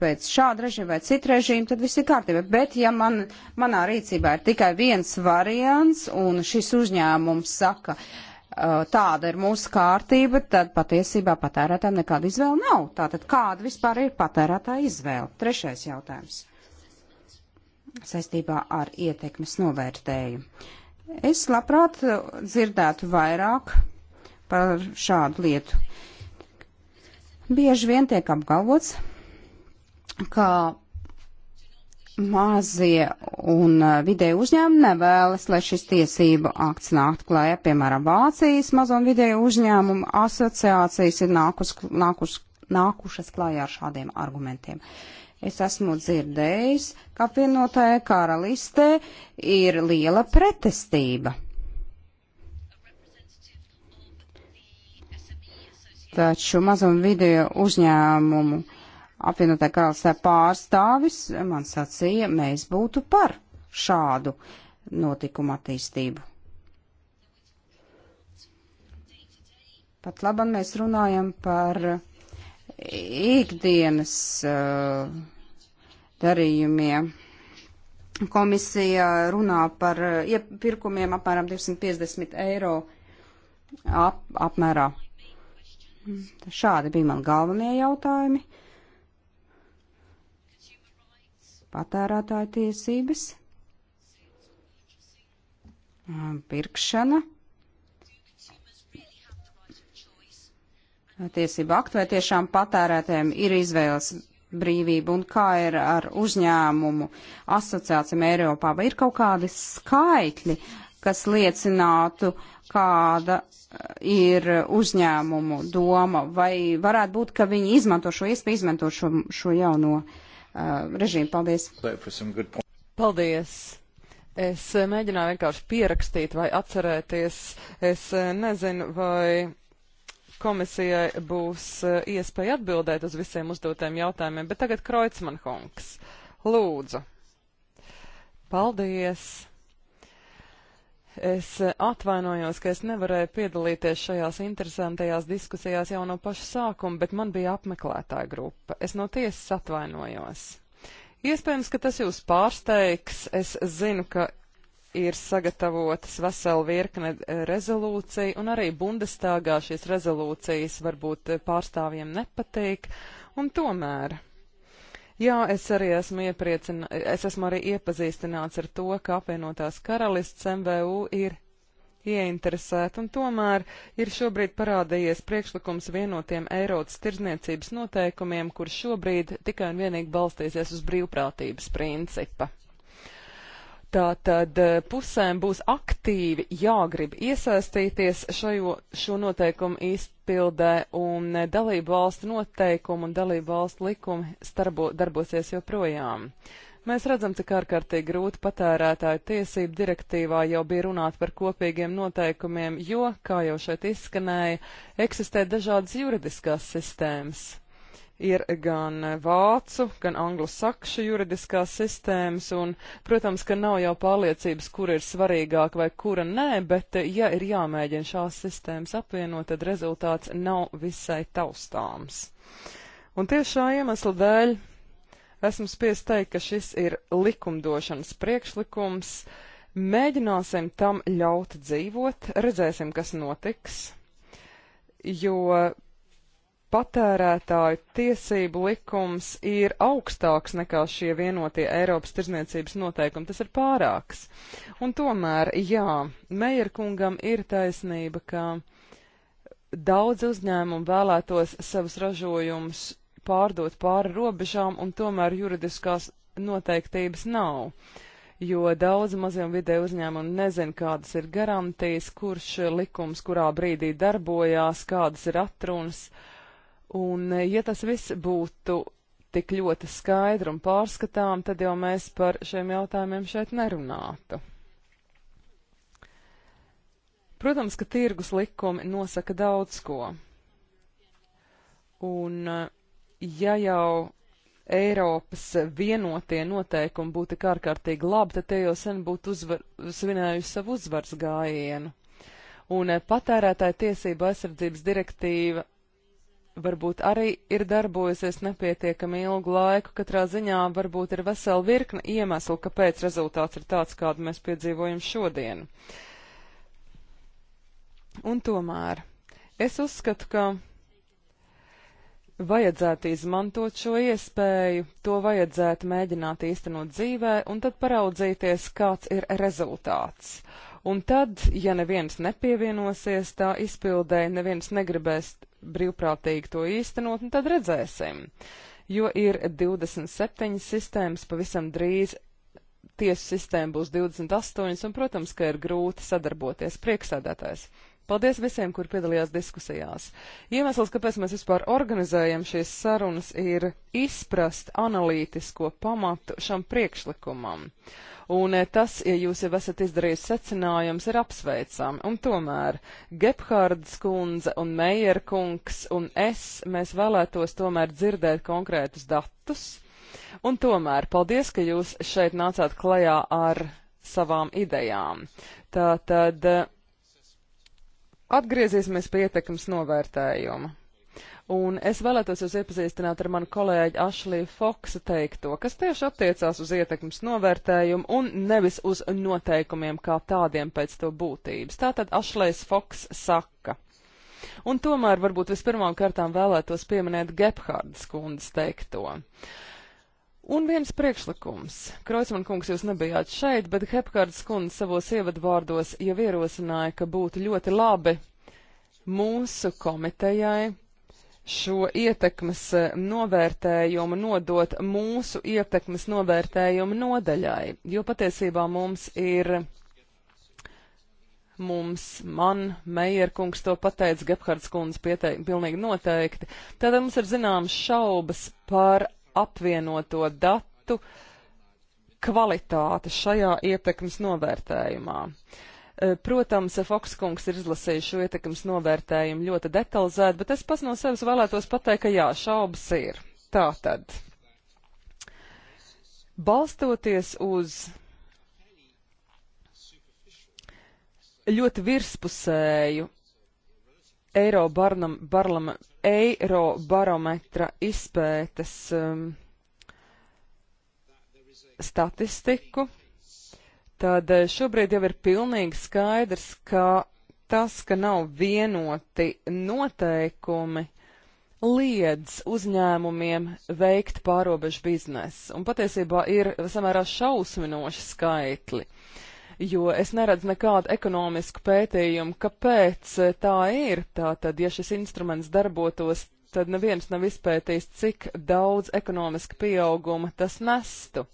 pēc šāda režīma vai cita režīma, tad viss ir kārtībā. Bet ja man, manā rīcībā ir tikai viens variants un šis uzņēmums saka, uh, tāda ir mūsu kārtība, tad patiesībā patērētājiem nekāda izvēle nav. Tātad kāda vispār ir patērētāja izvēle? Trešais jautājums saistībā ar ietekmes novērtējumu. Es labprāt eh, dzirdētu vairāk par šādu lietu. Bieži vien tiek apgalvots, ka mazie un eh, vidēji uzņēmumi nevēlas, lai šis tiesību akts nākt klājā. Piemēram, Vācijas mazo un vidēju uzņēmumu asociācijas ir nākus, nākus, nākušas klājā ar šādiem argumentiem. Uh, Es esmu dzirdējis, ka apvienotāja karalistē ir liela pretestība. Taču mazo un video uzņēmumu apvienotāja karalistē pārstāvis man sacīja, mēs būtu par šādu notikumu attīstību. Pat labam mēs runājam par ikdienas uh, darījumiem. Komisija runā par iepirkumiem apmēram 250 eiro ap, apmērā. Šādi bija man galvenie jautājumi. Patērētāja tiesības, pirkšana, tiesība aktu, vai tiešām patērētājiem ir izvēles brīvību un kā ir ar uzņēmumu asociācijām Eiropā? Vai ir kaut kādi skaitļi, kas liecinātu, kāda eh, ir uzņēmumu doma? Vai varētu būt, ka viņi izmanto šo iespēju, izmanto šo, šo jauno uh, režīmu? Paldies! Paldies! Es eh, mēģināju vienkārši pierakstīt vai atcerēties. Es nezinu, vai komisijai būs eh, iespēja atbildēt uz visiem uzdotiem jautājumiem, bet tagad Kreutzmannhungs. Lūdzu. Paldies. Es atvainojos, ka es nevarēju piedalīties šajās interesantajās diskusijās jau no paša sākuma, bet man bija apmeklētāja grupa. Es no tiesas atvainojos. Iespējams, ka tas jūs pārsteigs. Es zinu, ka ir sagatavotas vesela virkne e, rezolūcija, un arī Bundestāgā šīs rezolūcijas varbūt e, pārstāvjiem nepatīk, un tomēr. Jā, es arī esmu, es esmu arī iepazīstināts ar to, ka apvienotās karalists MVU ir ieinteresēta, un tomēr ir šobrīd parādījies priekšlikums vienotiem Eiropas tirzniecības noteikumiem, kur šobrīd tikai un vienīgi balstīsies uz brīvprātības principa. Tātad eh, pusēm būs aktīvi jāgrib iesaistīties šajo, šo noteikumu izpildē, un eh, dalību valstu noteikumu un dalību valstu likumi starbo, darbosies joprojām. Mēs redzam, cik ārkārtīgi grūti patērētāju tiesību direktīvā jau bija runāt par kopīgiem noteikumiem, jo, kā jau šeit izskanēja, eksistē dažādas juridiskās sistēmas ir gan vācu, gan anglu sakšu juridiskās sistēmas, un, protams, ka nav jau pārliecības, kura ir svarīgāka vai kura nē, bet, ja ir jāmēģina šās sistēmas apvienot, tad rezultāts nav visai taustāms. Un tieši šā iemesla dēļ esmu spiest teikt, ka šis ir likumdošanas priekšlikums. Mēģināsim tam ļaut dzīvot, redzēsim, kas notiks, jo patērētāju tiesību likums ir augstāks nekā šie vienotie Eiropas tirzniecības noteikumi. Tas ir pārāks. Un tomēr, jā, Meierkungam ir taisnība, ka daudz uzņēmumu vēlētos savus ražojumus pārdot pāri robežām, un tomēr juridiskās noteiktības nav. Jo daudz maziem vidēju uzņēmumu nezin, kādas ir garantijas, kurš likums kurā brīdī darbojās, kādas ir atrunas. Uh, Un, eh, ja tas viss būtu tik ļoti skaidri un pārskatām, tad jau mēs par šiem jautājumiem šeit nerunātu. Protams, ka tirgus likumi nosaka daudz ko. Un, eh, ja jau Eiropas vienotie noteikumi būtu tik ārkārtīgi labi, tad tie jau sen būtu uzvar, svinējuši savu uzvaras gājienu. Un eh, patērētāja tiesība aizsardzības direktīva varbūt arī ir darbojusies nepietiekami ilgu laiku. Katrā ziņā varbūt ir vesela virkne iemeslu, kāpēc rezultāts ir tāds, kādu mēs piedzīvojam šodien. Un tomēr es uzskatu, ka vajadzētu izmantot šo iespēju, to vajadzētu mēģināt īstenot dzīvē un tad paraudzīties, kāds ir rezultāts. Uh, Un tad, ja neviens nepievienosies tā izpildē, neviens negribēs brīvprātīgi to īstenot, tad redzēsim. Jo ir 27 sistēmas, pavisam drīz tiesu sistēma būs 28, un, protams, ka ir grūti sadarboties priekšsēdētājs. Paldies visiem, kur piedalījās diskusijās. Iemesls, kāpēc mēs vispār organizējam šīs sarunas, ir izprast analītisko pamatu šam priekšlikumam. Un eh, tas, ja jūs jau esat izdarījis secinājums, ir apsveicami. Un tomēr Gebhards kundze un Meijer kungs un es, mēs vēlētos tomēr dzirdēt konkrētus datus. Un tomēr paldies, ka jūs šeit nācāt klajā ar savām idejām. Tātad eh, Atgriezīsimies pie ietekmes novērtējuma. Un es vēlētos jūs iepazīstināt ar manu kolēģi Ašliju Foksa teikto, kas tieši attiecās uz ietekmes novērtējumu un nevis uz noteikumiem kā tādiem pēc to būtības. Tātad Ašlējs Foks saka. Un tomēr varbūt vispirmām kārtām vēlētos pieminēt Gebhardas kundas teikto. Uh, Un viens priekšlikums. Kreuzman kungs, jūs nebijāt šeit, bet Hepkārds kundze savos ievadvārdos jau ierosināja, ka būtu ļoti labi mūsu komitejai šo ietekmes eh, novērtējumu nodot mūsu ietekmes novērtējumu nodaļai, jo patiesībā mums ir mums, man, Meierkungs to pateica, Gebhards kundze pietei, pilnīgi noteikti. Tātad mums ir zināmas šaubas par apvienoto datu kvalitāti šajā ietekmes novērtējumā. E, protams, Fokskungs ir izlasījis šo ietekmes novērtējumu ļoti detalizēti, bet es pats no sevis vēlētos pateikt, ka jā, šaubas ir. Tātad, balstoties uz ļoti virspusēju Eiro, barnam, barlama, eiro barometra izpētes um, statistiku, tad eh, šobrīd jau ir pilnīgi skaidrs, ka tas, ka nav vienoti noteikumi, liedz uzņēmumiem veikt pārobežu biznesu. Un patiesībā ir samērā šausminoši skaitļi. Uh, jo es neredzu nekādu ekonomisku pētījumu, kāpēc e, tā ir. Tātad, ja šis instruments darbotos, tad neviens nav izpētījis, cik daudz ekonomiska pieauguma tas nestu.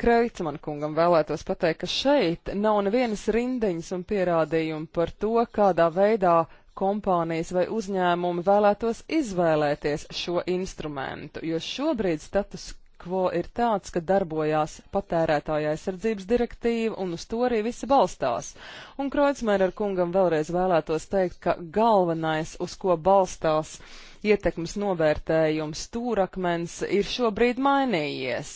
Kreicman kungam vēlētos pateikt, ka šeit nav nevienas rindiņas un pierādījumu par to, kādā veidā kompānijas vai uzņēmumi vēlētos izvēlēties šo instrumentu, jo šobrīd status quo ir tāds, ka darbojās patērētāja aizsardzības direktīva, un uz to arī visi balstās. Un Kreutzmēra kungam vēlreiz vēlētos teikt, ka galvenais, uz ko balstās ietekmes novērtējums stūrakmens, ir šobrīd mainījies.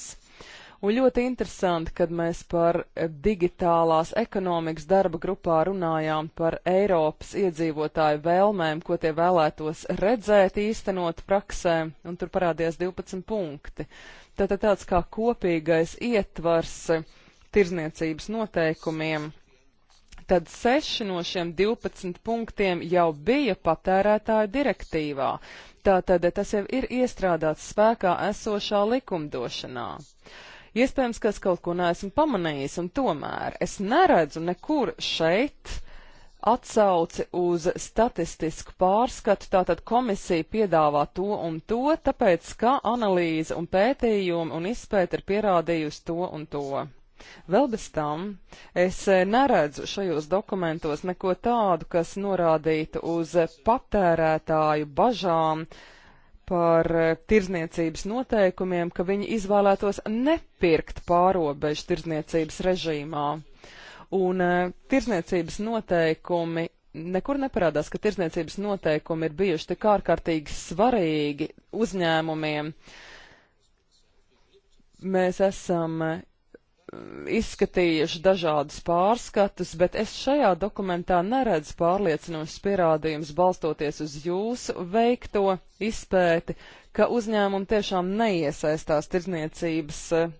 Un ļoti interesanti, kad mēs par digitālās ekonomikas darba grupā runājām par Eiropas iedzīvotāju vēlmēm, ko tie vēlētos redzēt īstenot praksē, un tur parādījās 12 punkti. Tātad tāds kā kopīgais ietvars tirzniecības noteikumiem. Tad seši no šiem 12 punktiem jau bija patērētāja direktīvā. Tātad tas jau ir iestrādāts spēkā esošā likumdošanā. Iespējams, ka es kaut ko neesmu pamanījis, un tomēr es neredzu nekur šeit atsauci uz statistisku pārskatu, tātad komisija piedāvā to un to, tāpēc, ka analīze un pētījumi un izpēta ir pierādījusi to un to. Vēl bez tam es eh, neredzu šajos dokumentos neko tādu, kas norādītu uz patērētāju bažām par eh, tirzniecības noteikumiem, ka viņi izvēlētos nepirkt pārobežu tirzniecības režīmā. Un uh, eh, tirsniecības noteikumi nekur neparādās, ka tirsniecības noteikumi ir bijuši tik ārkārtīgi svarīgi uzņēmumiem. Mēs esam eh, izskatījuši dažādus pārskatus, bet es šajā dokumentā neredzu pārliecinošas pierādījumus balstoties uz jūsu veikto izpēti, ka uzņēmumi tiešām neiesaistās tirzniecības eh,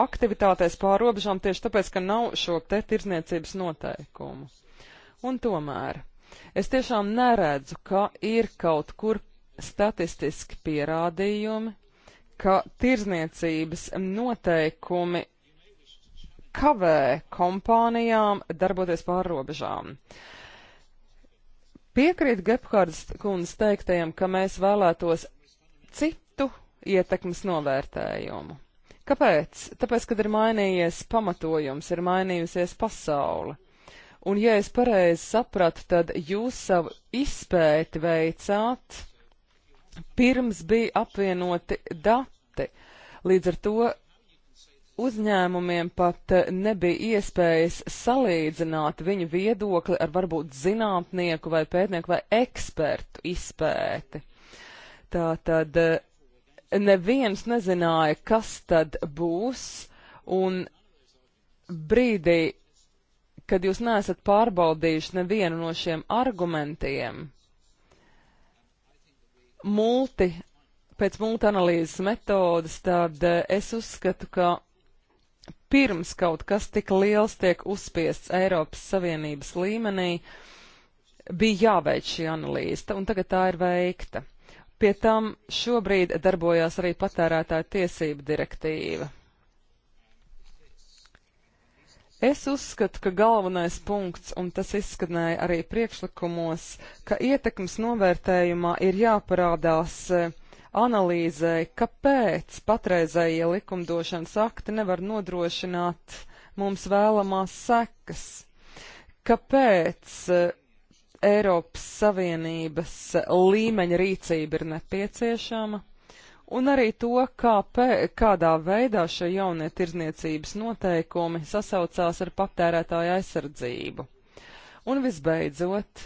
aktivitātēs pār robežām tieši tāpēc, ka nav šo te tirzniecības noteikumu. Un tomēr es tiešām neredzu, ka ir kaut kur statistiski pierādījumi, ka tirzniecības noteikumi kavē kompānijām darboties pār robežām. Piekrīt Gephards kundze teiktajam, ka mēs vēlētos citu ietekmes novērtējumu. Kāpēc? Tāpēc, kad ir mainījies pamatojums, ir mainījusies pasaule. Un, ja es pareizi sapratu, tad jūs savu izpēti veicāt, pirms bija apvienoti dati. Līdz ar to uzņēmumiem pat eh, nebija iespējas salīdzināt viņu viedokli ar varbūt zinātnieku vai pētnieku vai ekspertu izpēti. Tātad eh, neviens nezināja, kas tad būs, un brīdī, kad jūs neesat pārbaudījuši nevienu no šiem argumentiem, multi, pēc multi analīzes metodas, tad eh, es uzskatu, ka pirms kaut kas tik liels tiek uzspiests Eiropas Savienības līmenī, bija jāveic šī analīze, un tagad tā ir veikta. Pie tam šobrīd darbojās arī patērētāja tiesība direktīva. Es uzskatu, ka galvenais punkts, un tas izskanēja arī priekšlikumos, ka ietekmes novērtējumā ir jāparādās e, analīzē, kāpēc patreizējie likumdošanas akti nevar nodrošināt mums vēlamās sekas, kāpēc e, Eiropas Savienības līmeņa rīcība ir nepieciešama, un arī to, kā pē, kādā veidā šie jaunie tirzniecības noteikumi sasaucās ar patērētāju aizsardzību. Un visbeidzot,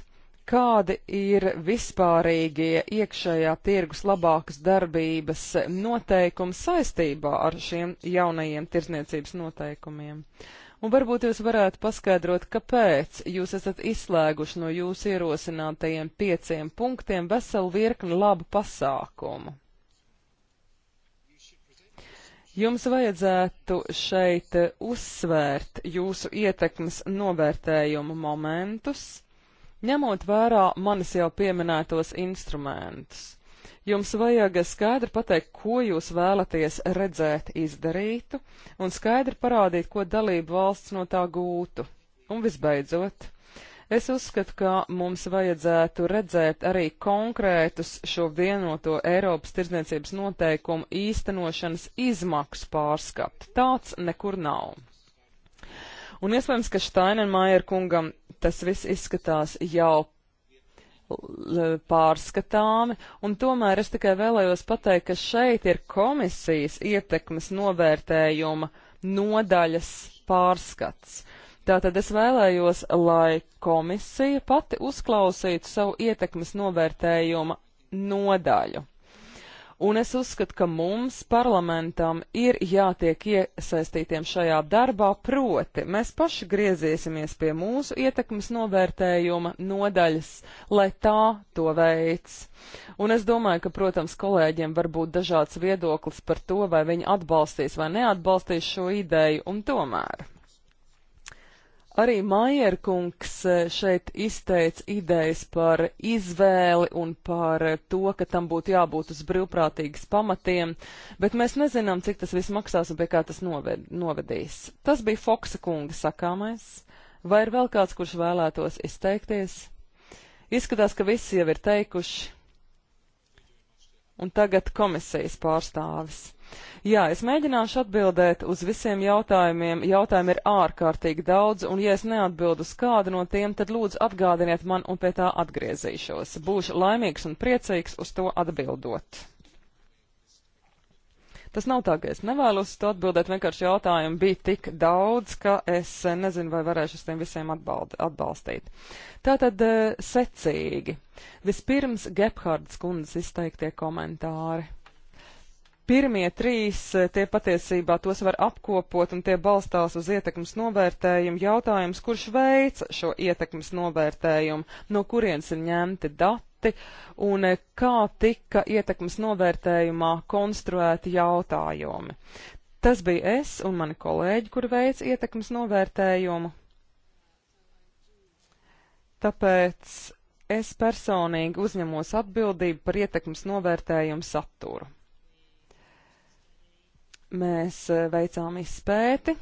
kādi ir vispārīgie iekšējā tirgus labākas darbības noteikumi saistībā ar šiem jaunajiem tirzniecības noteikumiem? Uh, Un varbūt jūs varētu paskaidrot, kāpēc jūs esat izslēguši no jūsu ierosinātajiem pieciem punktiem veselu virkni labu pasākumu. Jums vajadzētu šeit uzsvērt jūsu ietekmes novērtējumu momentus, ņemot vērā manis jau pieminētos instrumentus. Jums vajag skaidri pateikt, ko jūs vēlaties redzēt izdarītu, un skaidri parādīt, ko dalību valsts no tā gūtu. Un visbeidzot, es uzskatu, ka mums vajadzētu redzēt arī konkrētus šo vienoto Eiropas tirdzniecības noteikumu īstenošanas izmaksu pārskatu. Tāds nekur nav. Un iespējams, ka Steinenmajer kungam tas viss izskatās jau pārskatāmi, un tomēr es tikai vēlējos pateikt, ka šeit ir komisijas ietekmes novērtējuma nodaļas pārskats. Tātad es vēlējos, lai komisija pati uzklausītu savu ietekmes novērtējuma nodaļu un es uzskatu, ka mums parlamentam ir jātiek iesaistītiem šajā darbā, proti mēs paši griezīsimies pie mūsu ietekmes novērtējuma nodaļas, lai tā to veids. Un es domāju, ka, protams, kolēģiem var būt dažāds viedoklis par to, vai viņi atbalstīs vai neatbalstīs šo ideju, un tomēr. Arī Maierkungs e, šeit izteica idejas par izvēli un par to, ka tam būtu jābūt uz brīvprātīgas pamatiem, bet mēs nezinām, cik tas viss maksās un pie kā tas noved, novedīs. Tas bija Foksa kunga sakāmais. Vai ir vēl kāds, kurš vēlētos izteikties? Izskatās, ka visi jau ir teikuši. Un tagad komisijas pārstāvis. Jā, es mēģināšu atbildēt uz visiem jautājumiem. Jautājumi ir ārkārtīgi daudz, un ja es neatbildu uz kādu no tiem, tad lūdzu atgādiniet man un pie tā atgriezīšos. Būšu laimīgs un priecīgs uz to atbildot. Tas nav tā, ka es nevēlos uz to atbildēt, vienkārši jautājumi bija tik daudz, ka es eh, nezinu, vai varēšu uz tiem visiem atbaldi, atbalstīt. Tātad eh, secīgi. Vispirms Gebhards kundzes izteiktie komentāri. Pirmie trīs, eh, tie patiesībā tos var apkopot un tie balstās uz ietekmes novērtējumu. Jautājums, kurš veic šo ietekmes novērtējumu, no kurienes ir ņemti dati un eh, kā tika ietekmes novērtējumā konstruēti jautājumi. Tas bija es un mani kolēģi, kur veic ietekmes novērtējumu. Tāpēc es personīgi uzņemos atbildību par ietekmes novērtējumu saturu. Mēs eh, veicām izpēti,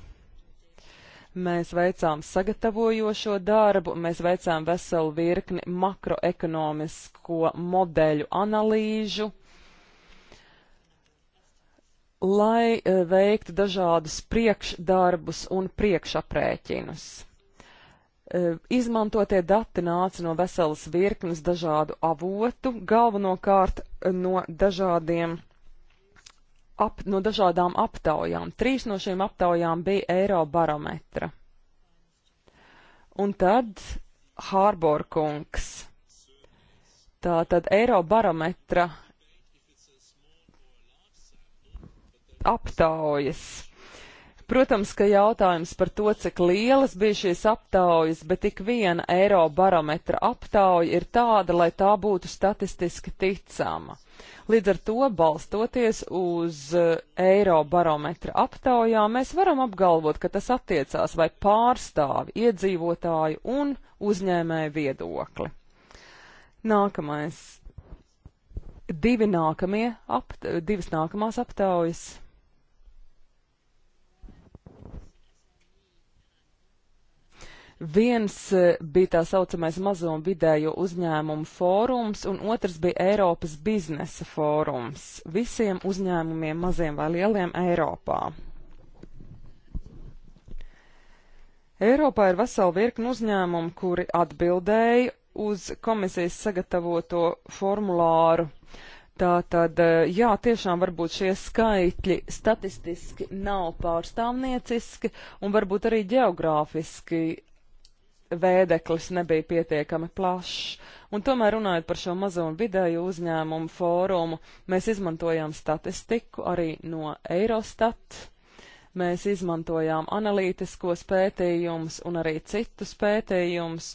mēs veicām sagatavojošo darbu, mēs veicām veselu virkni makroekonomisko modeļu analīžu, lai eh, veiktu dažādus priekšdarbus un priekšaprēķinus. Eh, izmantotie dati nāca no veselas virknes dažādu avotu, galvenokārt no dažādiem uh, ap, no dažādām aptaujām. Trīs no šīm aptaujām bija Eirobarometra. Un tad Hārborkungs. Tātad Eirobarometra aptaujas Protams, ka jautājums par to, cik lielas bija šīs aptaujas, bet ik viena eiro barometra aptauja ir tāda, lai tā būtu statistiski ticama. Līdz ar to, balstoties uz eh, eiro barometra aptaujām, mēs varam apgalvot, ka tas attiecās vai pārstāv iedzīvotāju un uzņēmēju viedokli. Nākamais. Divi nākamie apt, divas nākamās aptaujas. Viens e, bija tā saucamais mazo un vidējo uzņēmumu fórums, un otrs bija Eiropas biznesa fórums visiem uzņēmumiem, maziem vai lieliem, Eiropā. Eiropā ir vesela virkni uzņēmumu, kuri atbildēja uz komisijas sagatavoto formulāru. Tātad, e, jā, tiešām varbūt šie skaitļi statistiski nav pārstāvnieciski un varbūt arī geogrāfiski vēdeklis nebija pietiekami plašs. Un tomēr runājot par šo mazo un vidēju uzņēmumu fórumu, mēs izmantojām statistiku arī no Eurostat. Mēs izmantojām analītiskos pētījumus un arī citus pētījumus,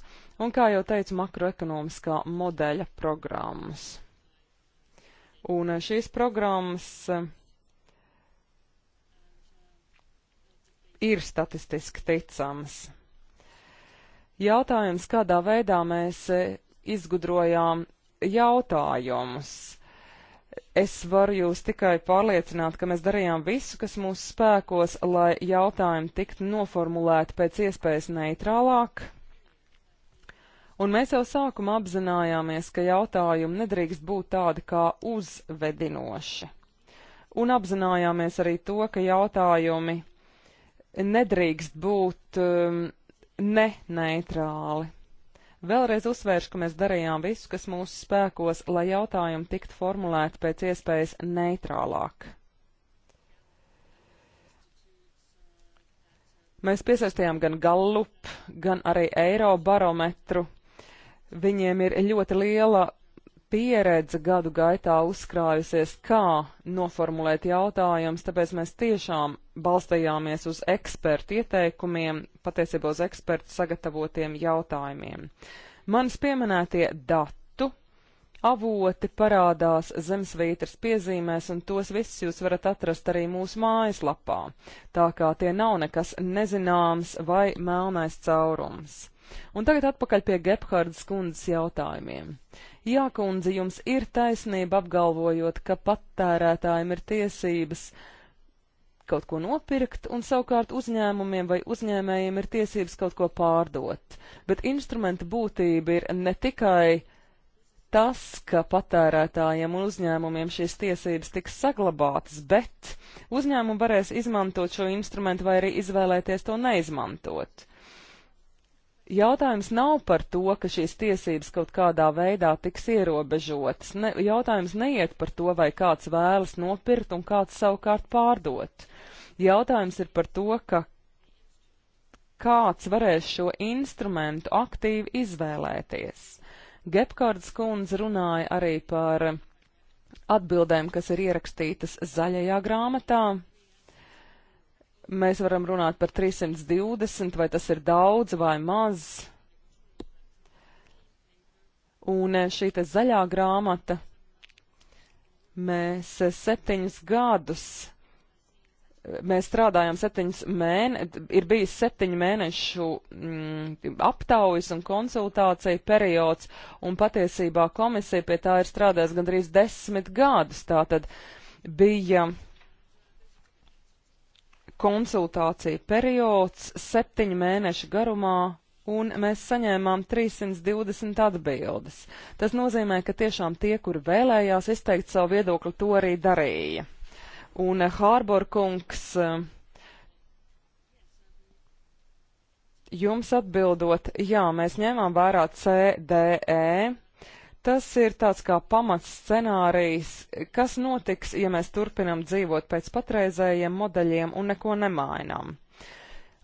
un, kā jau teicu, makroekonomiskā modeļa programmas. Un eh, šīs programmas eh, ir statistiski ticamas. Jautājums, kādā veidā mēs e, izgudrojām jautājumus. Es varu jūs tikai pārliecināt, ka mēs darījām visu, kas mūsu spēkos, lai jautājumi tiktu noformulēti pēc iespējas neitrālāk. Un mēs jau sākumā apzinājāmies, ka jautājumi nedrīkst būt tādi kā uzvedinoši. Un apzinājāmies arī to, ka jautājumi nedrīkst būt um, ne neitrāli. Vēlreiz uzsvēršu, ka mēs darījām visu, kas mūsu spēkos, lai jautājumu tiktu formulēti pēc iespējas neitrālāk. Mēs piesaistījām gan Gallup, gan arī Eirobarometru. Viņiem ir ļoti liela pieredze gadu gaitā uzkrājusies, kā noformulēt jautājumus, tāpēc mēs tiešām balstījāmies uz ekspertu ieteikumiem, patiesībā uz ekspertu sagatavotiem jautājumiem. Manas pieminētie datu avoti parādās zemesvītras piezīmēs, un tos visus jūs varat atrast arī mūsu mājaslapā, tā kā tie nav nekas nezināms vai melnais caurums. Un tagad atpakaļ pie Gephardas kundzes jautājumiem. Jā, kundze, jums ir taisnība apgalvojot, ka patērētājiem ir tiesības kaut ko nopirkt, un savukārt uzņēmumiem vai uzņēmējiem ir tiesības kaut ko pārdot. Bet instrumenta būtība ir ne tikai tas, ka patērētājiem un uzņēmumiem šīs tiesības tiks saglabātas, bet uzņēmumi varēs izmantot šo instrumentu vai arī izvēlēties to neizmantot. Jautājums nav par to, ka šīs tiesības kaut kādā veidā tiks ierobežotas. Ne, jautājums neiet par to, vai kāds vēlas nopirkt un kāds savukārt pārdot. Jautājums ir par to, ka kāds varēs šo instrumentu aktīvi izvēlēties. Gepkārds kundze runāja arī par atbildēm, kas ir ierakstītas zaļajā grāmatā. Mēs varam runāt par 320, vai tas ir daudz vai maz. Un šī te zaļā grāmata mēs septiņus gadus mēs strādājam septiņus mēnešus, ir bijis septiņu mēnešu mm, aptaujas un konsultācija periods, un patiesībā komisija pie tā ir strādājusi gandrīz desmit gadus. Tā tad bija konsultācija periods septiņu mēnešu garumā. Un mēs saņēmām 320 atbildes. Tas nozīmē, ka tiešām tie, kuri vēlējās izteikt savu viedokli, to arī darīja. Un eh, Hārborkungs, eh, jums atbildot, jā, mēs ņēmām vērā CDE. Tas ir tāds kā pamats scenārijs, kas notiks, ja mēs turpinam dzīvot pēc patreizējiem modeļiem un neko nemainām.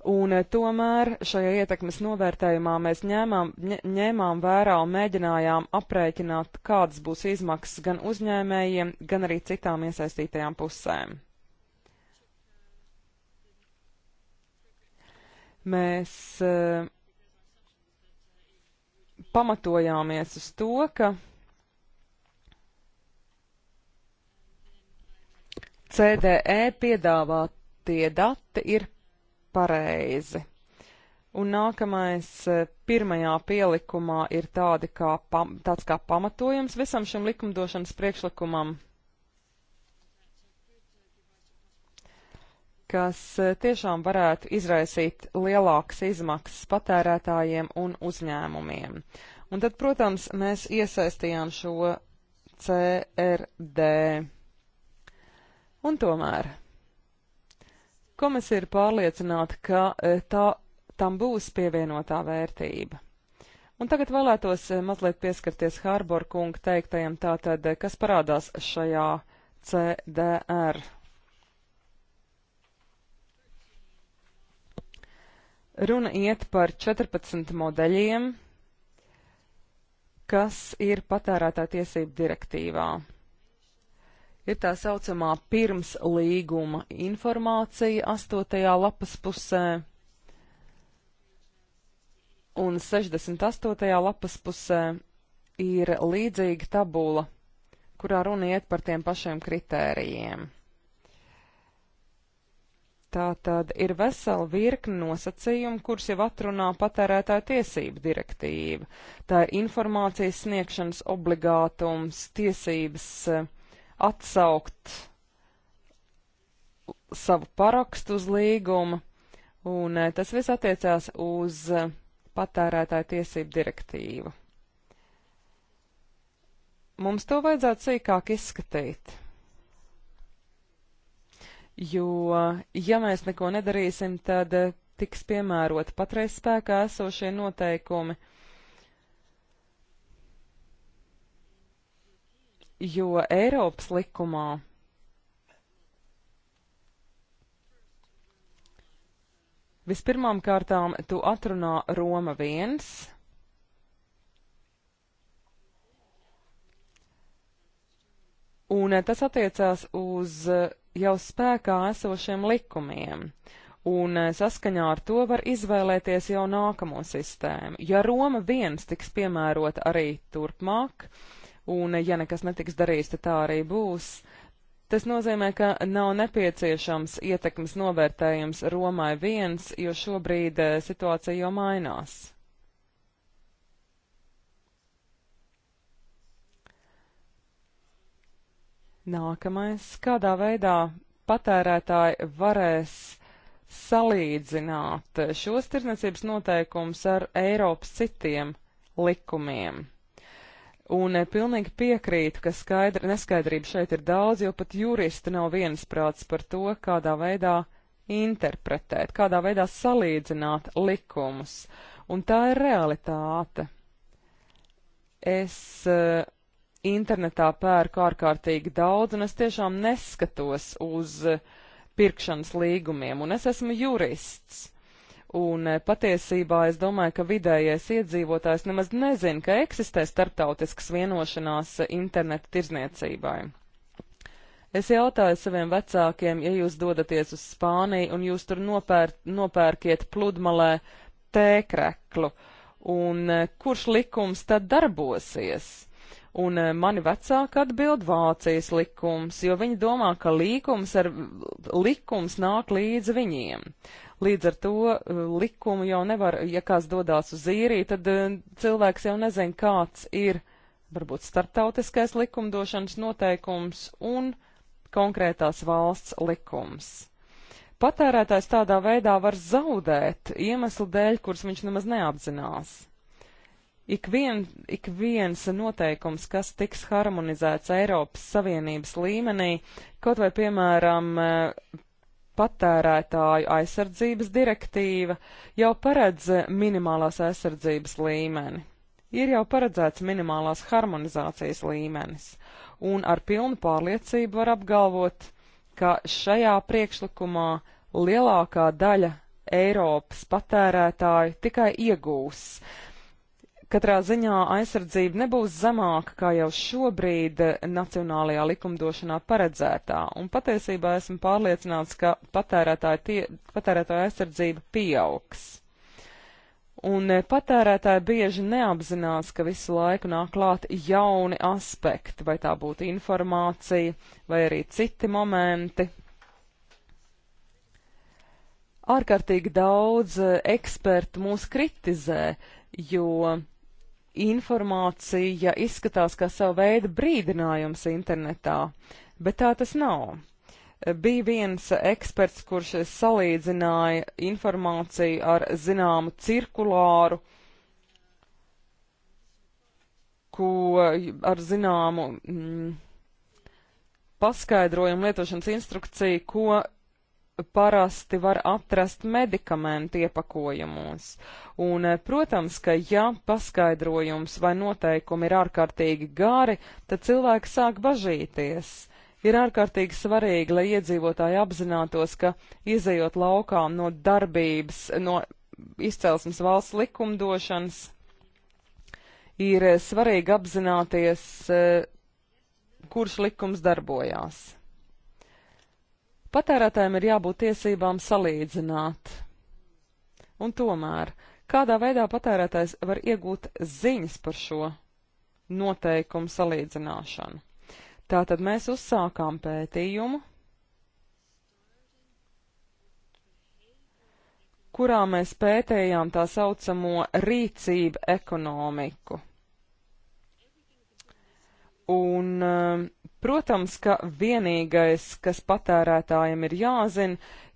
Un eh, tomēr šajā ietekmes novērtējumā mēs ņēmām, ņēmām vērā un mēģinājām aprēķināt, kādas būs izmaksas gan uzņēmējiem, gan arī citām iesaistītajām pusēm. Mēs uh, pamatojāmies uz to, ka CDE piedāvātie dati ir pareizi. Un nākamais eh, pirmajā pielikumā ir tādi kā, pam, tāds kā pamatojums visam šim likumdošanas priekšlikumam, kas eh, tiešām varētu izraisīt lielākas izmaksas patērētājiem un uzņēmumiem. Un tad, protams, mēs iesaistījām šo CRD. Un tomēr Komisija ir pārliecināta, ka e, tā, tam būs pievienotā vērtība. Un tagad vēlētos e, mazliet pieskarties Hārbor kunga teiktajam tātad, e, kas parādās šajā CDR. Runa iet par 14 modeļiem, kas ir patērētā tiesība direktīvā ir tā saucamā pirms līguma informācija 8. lapas pusē un 68. lapas pusē ir līdzīga tabula, kurā runa iet par tiem pašiem kritērijiem. Tā tad ir vesela virkni nosacījumu, kurus jau atrunā patērētāja tiesība direktīva. Tā ir informācijas sniegšanas obligātums, tiesības uh, atsaukt savu parakstu uz līgumu, un eh, tas viss attiecās uz eh, patērētāju tiesību direktīvu. Mums to vajadzētu sīkāk izskatīt. Jo, ja mēs neko nedarīsim, tad eh, tiks piemēroti patreiz spēkā esošie noteikumi, uh, jo Eiropas likumā vispirmām kārtām tu atrunā Roma 1. Un tas attiecās uz jau spēkā esošiem likumiem un eh, saskaņā ar to var izvēlēties jau nākamo sistēmu. Ja Roma viens tiks piemērota arī turpmāk, un ja nekas netiks darīts, tad tā arī būs. Tas nozīmē, ka nav nepieciešams ietekmes novērtējums Romai viens, jo šobrīd eh, situācija jau mainās. Nākamais, kādā veidā patērētāji varēs salīdzināt šos tirdzniecības noteikumus ar Eiropas citiem likumiem? Un eh, pilnīgi piekrītu, ka skaidra, neskaidrība šeit ir daudz, jo pat juristi nav viensprāts par to, kādā veidā interpretēt, kādā veidā salīdzināt likumus. Un tā ir realitāte. Es uh, internetā pērku ārkārtīgi daudz, un es tiešām neskatos uz eh, pirkšanas līgumiem, un es esmu jurists. Un eh, patiesībā es domāju, ka vidējais iedzīvotājs nemaz nezina, ka eksistē starptautiskas vienošanās eh, interneta tirzniecībai. Es jautāju saviem vecākiem, ja jūs dodaties uz Spāniju un jūs tur nopēr, nopērkiet pludmalē tēkreklu, un eh, kurš likums tad darbosies? Un mani vecāki atbild Vācijas likums, jo viņi domā, ka līkums ar likums nāk līdz viņiem. Līdz ar to eh, likumu jau nevar, ja kāds dodās uz īriju, tad eh, cilvēks jau nezin, kāds ir varbūt starptautiskais likumdošanas noteikums un konkrētās valsts likums. Patērētājs tādā veidā var zaudēt iemeslu dēļ, kurus viņš nemaz neapzinās. Ik, vien, ik viens noteikums, kas tiks harmonizēts Eiropas Savienības līmenī, kaut vai piemēram eh, patērētāju aizsardzības direktīva jau paredz minimālās aizsardzības līmeni. Ir jau paredzēts minimālās harmonizācijas līmenis, un ar pilnu pārliecību var apgalvot, ka šajā priekšlikumā lielākā daļa Eiropas patērētāju tikai iegūs. Uh, Katrā ziņā aizsardzība nebūs zemāka, kā jau šobrīd eh, nacionālajā likumdošanā paredzētā, un patiesībā esmu pārliecināts, ka patērētāja, tie, patērētāja aizsardzība pieaugs. Un eh, patērētāji bieži neapzinās, ka visu laiku nāk klāt jauni aspekti, vai tā būtu informācija, vai arī citi momenti, ārkārtīgi daudz eh, ekspertu mūs kritizē, jo informācija izskatās kā sava veida brīdinājums internetā, bet tā tas nav. Bija viens eksperts, kurš salīdzināja informāciju ar zināmu cirkulāru, ko ar zināmu mm, paskaidrojumu lietošanas instrukciju, ko parasti var atrast medikamentu iepakojumos. Un, eh, protams, ka ja paskaidrojums vai noteikumi ir ārkārtīgi gari, tad cilvēki sāk bažīties. Ir ārkārtīgi svarīgi, lai iedzīvotāji apzinātos, ka izējot laukā no darbības, no izcelsmes valsts likumdošanas, ir eh, svarīgi apzināties, eh, kurš likums darbojās. Patērētājiem ir jābūt tiesībām salīdzināt. Un tomēr, kādā veidā patērētājs var iegūt ziņas par šo noteikumu salīdzināšanu? Tātad mēs uzsākām pētījumu, kurā mēs pētējām tā saucamo rīcību ekonomiku. Un um, Protams, ka vienīgais, kas patērētājiem ir jāzina,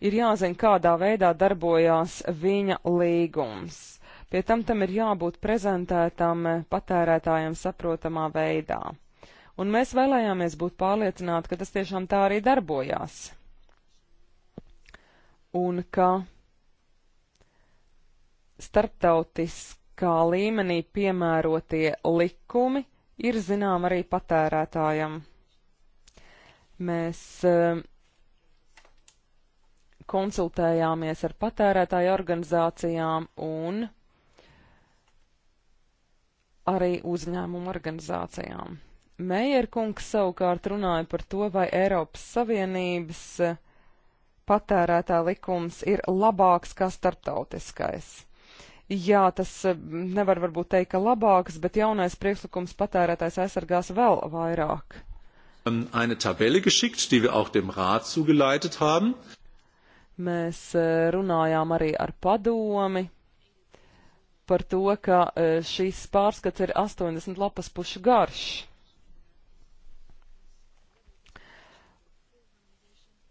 ir jāzina, kādā veidā darbojās viņa līgums. Pie tam tam ir jābūt prezentētam patērētājiem saprotamā veidā. Un mēs vēlējāmies būt pārliecināti, ka tas tiešām tā arī darbojās. Un ka starptautiskā līmenī piemērotie likumi ir zinām arī patērētājam. Mēs eh, konsultējāmies ar patērētāju organizācijām un arī uzņēmumu organizācijām. Meierkungs savukārt runāja par to, vai Eiropas Savienības eh, patērētā likums ir labāks kā starptautiskais. Jā, tas eh, nevar varbūt teikt, ka labāks, bet jaunais priekšlikums patērētājs aizsargās vēl vairāk eine Tabelle geschickt, die wir auch dem Rat zugeleitet haben. Mēs äh, runājām arī ar padomi par to, ka äh, šīs pārskats ir 80 lapas pušu garš.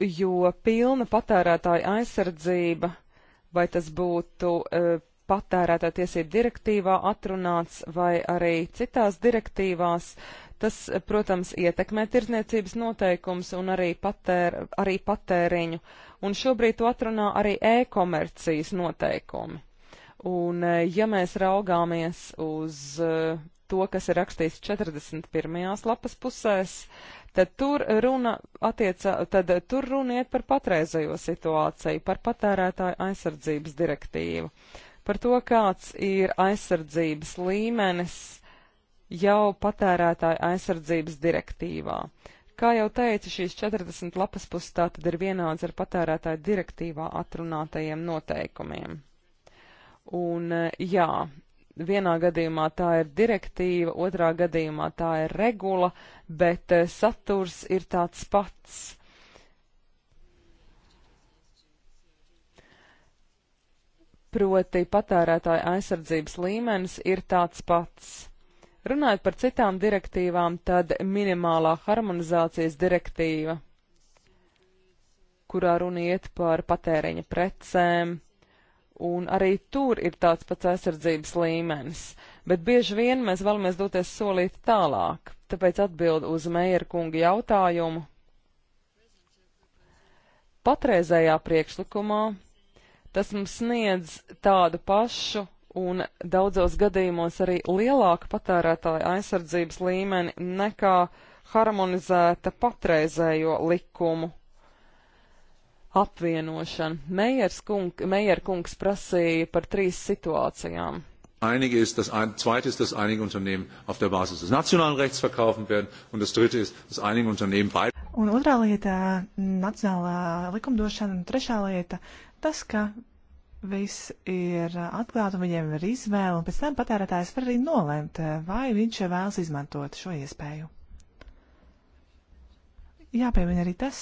Jo pilna patērētāja aizsardzība, vai tas būtu äh, patērētāja tiesību direktīvā atrunāts vai arī citās direktīvās, uh, Tas, protams, ietekmē tirdzniecības noteikums un arī, patēr, arī patēriņu, un šobrīd to atrunā arī e-komercijas noteikumi. Un, e, ja mēs raugāmies uz e, to, kas ir rakstīts 41. lapas pusēs, tad tur runa attieca, tad tur runa iet par patreizējo situāciju, par patērētāju aizsardzības direktīvu, par to, kāds ir aizsardzības līmenis jau patērētāja aizsardzības direktīvā. Kā jau teicu, šīs 40 lapas puses tātad ir vienāds ar patērētāju direktīvā atrunātajiem noteikumiem. Un eh, jā, vienā gadījumā tā ir direktīva, otrā gadījumā tā ir regula, bet eh, saturs ir tāds pats. Proti patērētāja aizsardzības līmenis ir tāds pats. Runājot par citām direktīvām, tad minimālā harmonizācijas direktīva, kurā runa iet par patēriņa precēm, un arī tur ir tāds pats aizsardzības līmenis, bet bieži vien mēs vēlamies doties solīt tālāk, tāpēc atbild uz Meijera kunga jautājumu. Patreizējā priekšlikumā tas mums sniedz tādu pašu un daudzos gadījumos arī lielāka patērētāja aizsardzības līmeni nekā harmonizēta patreizējo likumu apvienošana. Mejers kung, Mejer kungs prasīja par trīs situācijām. Einige ist, dass ein, zweites ist, dass einige Unternehmen auf der Basis des nationalen Rechts verkaufen werden und das dritte ist, dass einige Unternehmen weit Un otrā lieta - nacionālā likumdošana, un trešā lieta - tas, ka viss ir atklāts un viņiem ir izvēle, un pēc tam patērētājs var arī nolemt, vai viņš vēlas izmantot šo iespēju. Jāpiemina arī tas,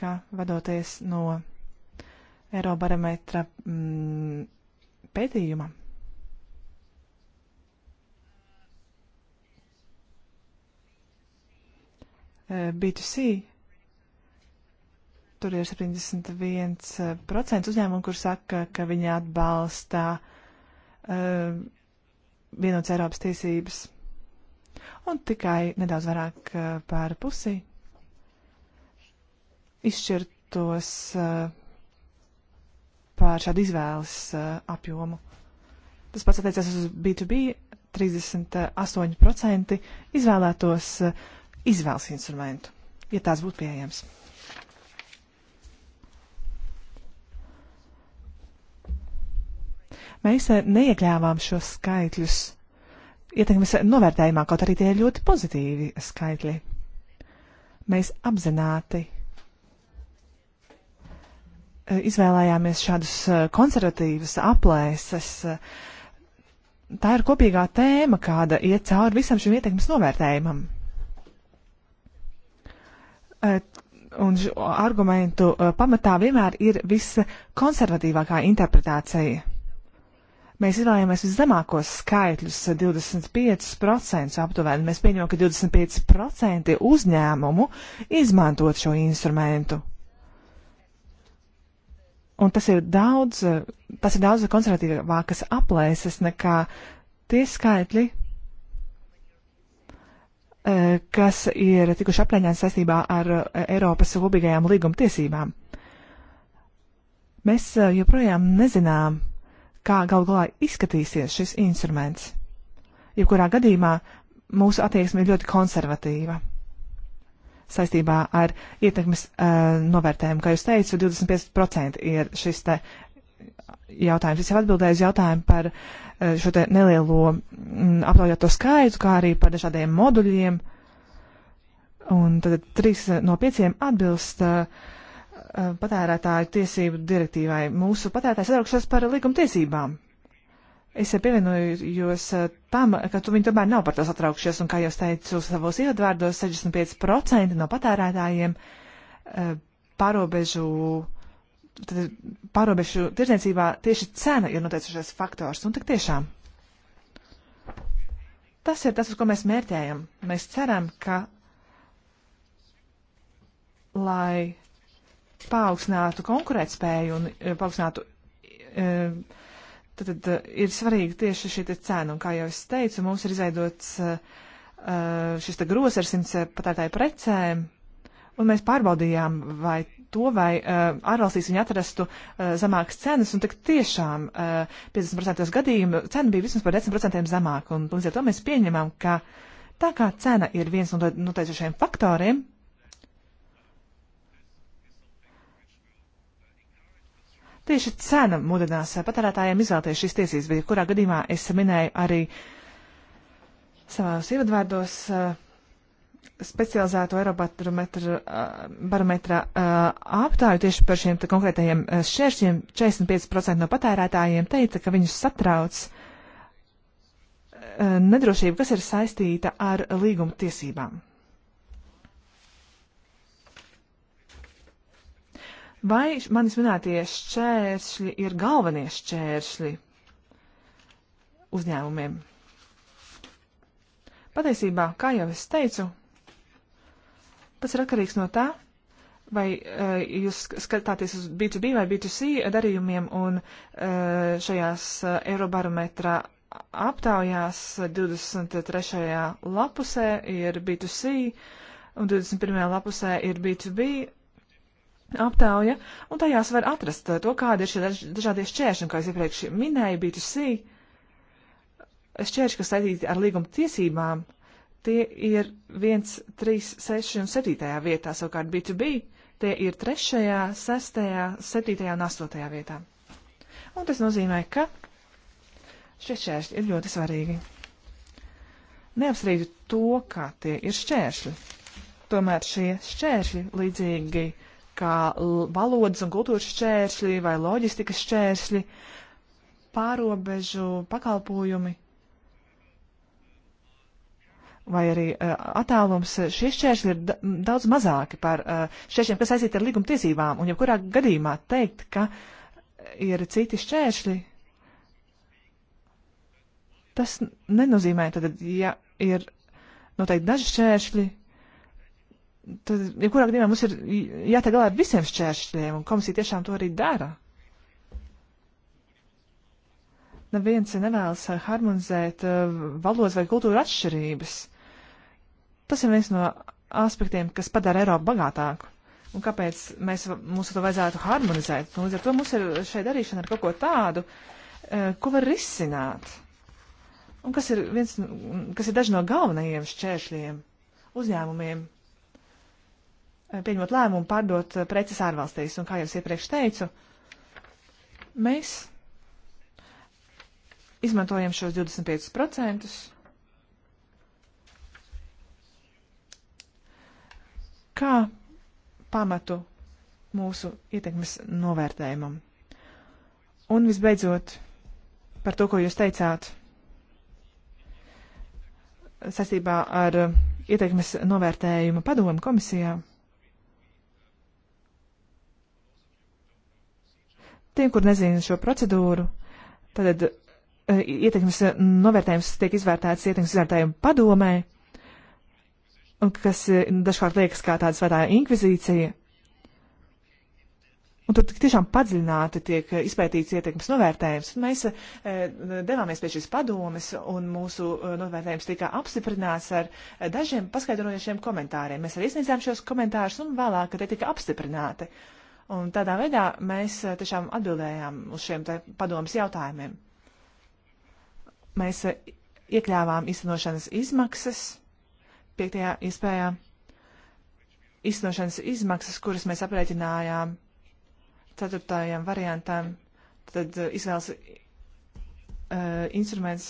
ka vadoties no Eirobarometra mm, pētījuma. Eh, B2C Tur ir 71% eh, uzņēmumu, kur saka, ka viņi atbalsta uh, eh, vienotas Eiropas tiesības. Un tikai nedaudz vairāk uh, par pusi izšķirtos uh, par šādu izvēles uh, apjomu. Tas pats attiecas uz B2B 38% izvēlētos izvēles instrumentu, ja tās būtu pieejams. mēs eh, neiekļāvām šos skaitļus ietekmes novērtējumā, kaut arī tie ir ļoti pozitīvi skaitļi. Mēs apzināti eh, izvēlējāmies šādus eh, konservatīvus aplēses. Tā ir kopīgā tēma, kāda iet cauri visam šim ietekmes novērtējumam. Un šo argumentu pamatā vienmēr ir viskonservatīvākā interpretācija Mēs izvēlējāmies viszemākos skaitļus eh, - 25% aptuveni. Mēs pieņemam, ka 25% uzņēmumu izmantot šo instrumentu. Un tas ir daudz, eh, tas ir daudz konservatīvākas aplēses nekā tie skaitļi, eh, kas ir tikuši aprēķināti saistībā ar Eiropas kopīgajām līguma tiesībām. Mēs joprojām nezinām, kā gal galā izskatīsies šis instruments. Jebkurā gadījumā mūsu attieksme ir ļoti konservatīva. Saistībā ar ietekmes uh, novērtējumu, kā jūs teicu, 25% ir šis te jautājums. Es jau atbildēju uz jautājumu par uh, šo te nelielo mm, aplaujoto skaitu, kā arī par dažādiem moduļiem. Un tad trīs no pieciem atbilst uh, Eh, patērētāju tiesību direktīvai. Mūsu patērētājs sadarbojas par līguma tiesībām. Es pievienojos eh, tam, ka tu viņi tomēr nav par to satraukšies, un kā jau es teicu savos ievadvārdos, 65% no patērētājiem eh, pārobežu, pārobežu tirdzniecībā tieši cena ir noteicušais faktors, un tik tiešām. Tas ir tas, uz ko mēs mērķējam. Mēs ceram, ka lai paaugstinātu konkurētspēju un e, paaugstinātu. E, tad, tad e, ir svarīgi tieši šī cena, un kā jau es teicu, mums ir izveidots šis grozs ar simts patērētāju precēm, un mēs pārbaudījām, vai to, vai uh, ārvalstīs viņi atrastu uh, zemākas cenas, un tiešām uh, 50% gadījumu cena bija vismaz par 10% zemāka, un līdz ar to mēs pieņemam, ka tā kā cena ir viens no noteicošajiem faktoriem, Tieši cena mudinās patērētājiem izvēlēties šīs tiesības, bet kurā gadījumā es minēju arī savās ievadvārdos eh, specializēto Eirobarometra eh, eh, aptāju tieši par šiem konkrētajiem šķēršļiem. 45% no patērētājiem teica, ka viņus satrauc nedrošība, kas ir saistīta ar līguma tiesībām. Vai manis minētie šķēršļi ir galvenie šķēršļi uzņēmumiem? Patiesībā, kā jau es teicu, tas ir atkarīgs no tā, vai uh, jūs skatāties uz B2B vai B2C darījumiem, un uh, šajās uh, Eirobarometra aptaujās 23. lapusē ir B2C, un 21. lapusē ir B2B, aptauja, un tajās var atrast eh, to, kāda ir šie daž dažādie šķēršļi, kā es iepriekš minēju, B2C. Šķēršļi, kas saistīti ar līguma tiesībām, tie ir 1, 3, 6 un 7 vietā, savukārt B2B tie ir 3, 6, 7 un 8 vietā. Un tas nozīmē, ka šie šķēršļi ir ļoti svarīgi. Neapstrīdu to, kā tie ir šķēršļi. Tomēr šie šķēršļi līdzīgi kā valodas un kultūras šķēršļi vai loģistikas šķēršļi, pārobežu pakalpojumi vai arī uh, attālums, šie šķēršļi ir da daudz mazāki par uh, šķēršļiem, kas aiziet ar līguma tiesībām, un jebkurā gadījumā teikt, ka ir citi šķēršļi, tas nenozīmē, tad, ja ir noteikti daži šķēršļi, tad, ja kurā gadījumā mums ir jātiek galā ar visiem šķēršļiem, un komisija tiešām to arī dara. Neviens nevēlas harmonizēt eh, valodas vai kultūra atšķirības. Tas ir viens no aspektiem, kas padara Eiropu bagātāku. Un kāpēc mēs, mums to vajadzētu harmonizēt? Un nu, līdz ar to mums ir šeit darīšana ar kaut ko tādu, eh, ko var risināt. Un kas ir, viens, kas ir daži no galvenajiem šķēršļiem uzņēmumiem Eh, pieņemot lēmumu pārdot eh, preces ārvalstīs. Un kā jau es iepriekš teicu, mēs izmantojam šos 25%. Kā pamatu mūsu ietekmes novērtējumam. Un visbeidzot, par to, ko jūs teicāt saistībā ar eh, ietekmes novērtējumu padomu komisijā. Tiem, kur nezina šo procedūru, tad e, ietekmes novērtējums tiek izvērtēts ietekmes izvērtējumu padomē, kas e, dažkārt liekas kā tāda svētā inkvizīcija. Un tur tiešām padziļināti tiek izpētīts ietekmes novērtējums. Mēs e, devāmies pie šīs padomes, un mūsu e, novērtējums tika apstiprināts ar dažiem paskaidrojošiem komentāriem. Mēs arī izniedzām šos komentārus, un vēlāk tie tika apstiprināti. Uh, Un tādā veidā mēs eh, tiešām atbildējām uz šiem padomus jautājumiem. Mēs eh, iekļāvām izcinošanas izmaksas piektajā iespējā. Izcinošanas izmaksas, kuras mēs aprēķinājām ceturtajam variantam, tad eh, izvēles uh, instruments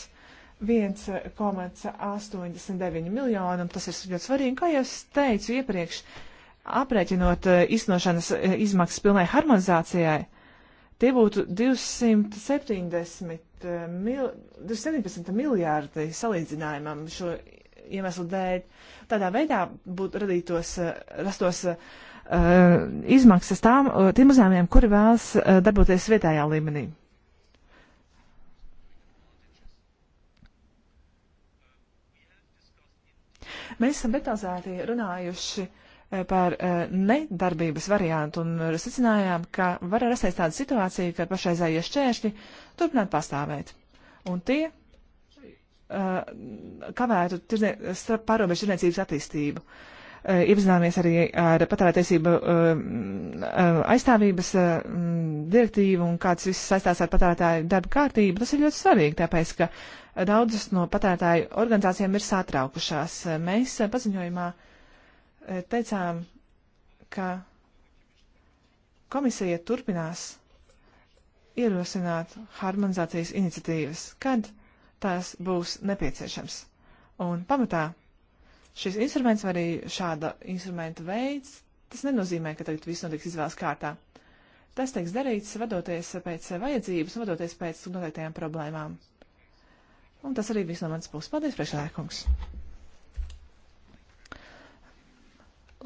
1,89 miljonu, tas ir ļoti svarīgi, kā jau es teicu iepriekš. Uh, aprēķinot eh, iznošanas eh, izmaksas pilnai harmonizācijai, tie būtu 270 eh, mil, 217 miljārdi salīdzinājumam šo iemeslu dēļ. Tādā veidā būtu radītos, rastos uh, izmaksas tām, tiem uzņēmumiem, kuri vēlas uh, darboties vietējā līmenī. Mēs esam detalizēti runājuši uh, Eh, par eh, nedarbības variantu un secinājām, ka var rasties tāda situācija, ka pašreizējie šķēršļi turpināt pastāvēt. Un tie eh, kavētu pārobežu tirniecības attīstību. Iepazināmies arī ar patērētiesību aizstāvības direktīvu un kāds viss saistās ar patērētāju darba kārtību. Tas ir ļoti svarīgi, tāpēc, ka daudzas no patērētāju organizācijām ir satraukušās. Mēs paziņojumā uh, E, teicām, ka komisija turpinās ierosināt harmonizācijas iniciatīvas, kad tās būs nepieciešams. Un pamatā šis instruments vai arī šāda instrumenta veids, tas nenozīmē, ka tagad viss notiks izvēles kārtā. Tas tiks darīts vadoties pēc vajadzības un vadoties pēc noteiktajām problēmām. Un tas arī viss no manas puses. Paldies, priekšlēkums!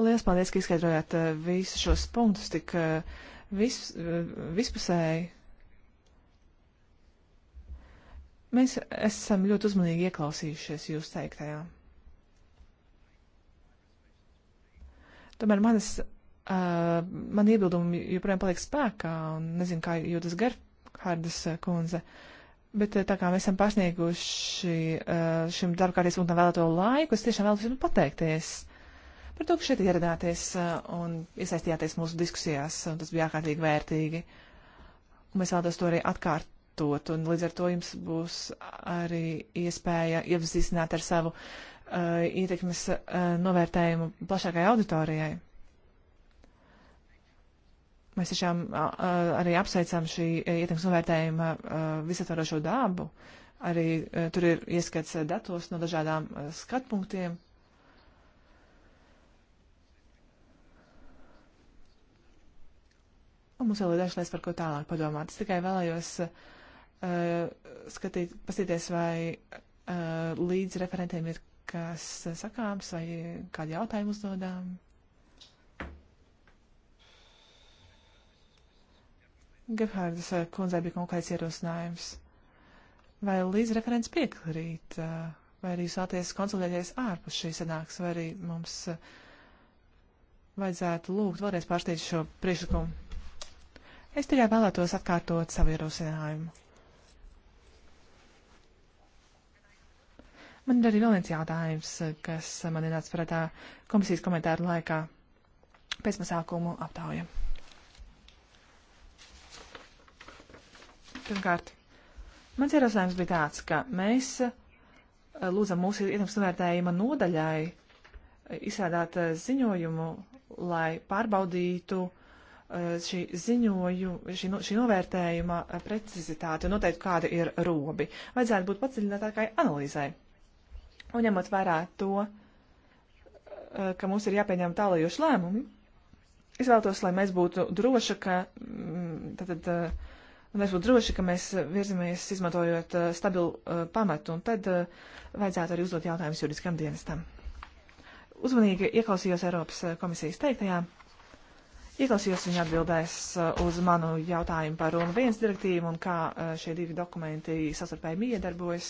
Lielas paldies, ka izskaidrojāt eh, visus šos punktus tik eh, vis, eh, vispusēji. Mēs esam ļoti uzmanīgi ieklausījušies jūs teiktajā. Tomēr manas, uh, man iebildumi joprojām paliek spēkā un nezinu, kā jūtas Gerhardas kundze. Bet tā kā mēs esam pārsnieguši uh, šim darbkārtības punktam vēlēto laiku, es tiešām vēlos jums pateikties par to, ka šeit ieradāties uh, un iesaistījāties mūsu diskusijās. Tas bija ārkārtīgi vērtīgi. Mēs vēlamies to arī atkārtot, un līdz ar to jums būs arī iespēja iepazīstināt ar savu uh, ietekmes uh, novērtējumu plašākai auditorijai. Mēs tiešām uh, uh arī apsveicam šī uh, ietekmes novērtējuma uh, visatvarošo dabu. Arī uh, tur ir ieskats datos no dažādām uh, skatpunktiem. Uh, Un mums vēl ir dažas lietas, par ko tālāk padomāt. Es tikai vēlējos uh, skatīt, paskatīties, vai uh, līdz referentiem ir kas sakāms, vai kādi jautājumi uzdodām. Gephardas eh, kundzei bija konkrēts ierosinājums. Vai līdz referents piekrīt, uh, vai arī jūs vēlaties konsultēties ārpus šīs sanāks, vai arī mums uh, vajadzētu lūgt vēlreiz pārsteigt šo priekšlikumu? Es tikai vēlētos atkārtot savu ierosinājumu. Man ir arī vēl viens jautājums, kas man ir nācis prātā komisijas komentāru laikā pēc pasākumu aptauja. Pirmkārt, mans ierosinājums bija tāds, ka mēs eh, lūdzam mūsu ietekmes novērtējuma nodaļai eh, izstrādāt eh, ziņojumu, lai pārbaudītu uh, Eh, šī ziņojuma, šī, no, šī novērtējuma precizitāte un noteikti kāda ir robi. Vajadzētu būt padziļinātākai analīzai. Un ņemot vērā to, eh, ka mums ir jāpieņem tālajoši lēmumi, es vēlos, lai mēs būtu droši, ka, tātad, mm, eh, mēs būtu droši, ka mēs virzamies izmantojot stabilu pamatu, un tad vajadzētu arī uzdot jautājumus juridiskam dienestam. Uzmanīgi ieklausījos Eiropas komisijas teiktajā. Ja Ieklausījos viņa atbildēs uh, uz manu jautājumu par Roma 1 direktīvu un kā uh, šie divi dokumenti sasarpējumi iedarbojas.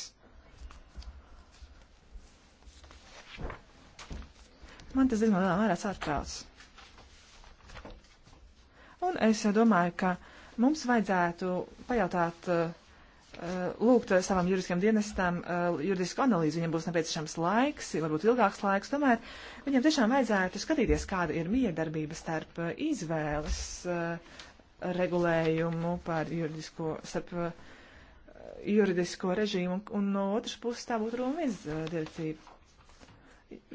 Man tas diezgan lielā mērā satrauc. Un es uh, domāju, ka mums vajadzētu pajautāt uh, Eh, lūgt savam juridiskam dienestam eh, juridisku analīzi. Viņam būs nepieciešams laiks, varbūt ilgāks laiks, tomēr viņam tiešām vajadzētu skatīties, kāda ir miedarbība starp eh, izvēles regulējumu par juridisko, starp juridisko režīmu, un no otras puses tā būtu Roma direktīva.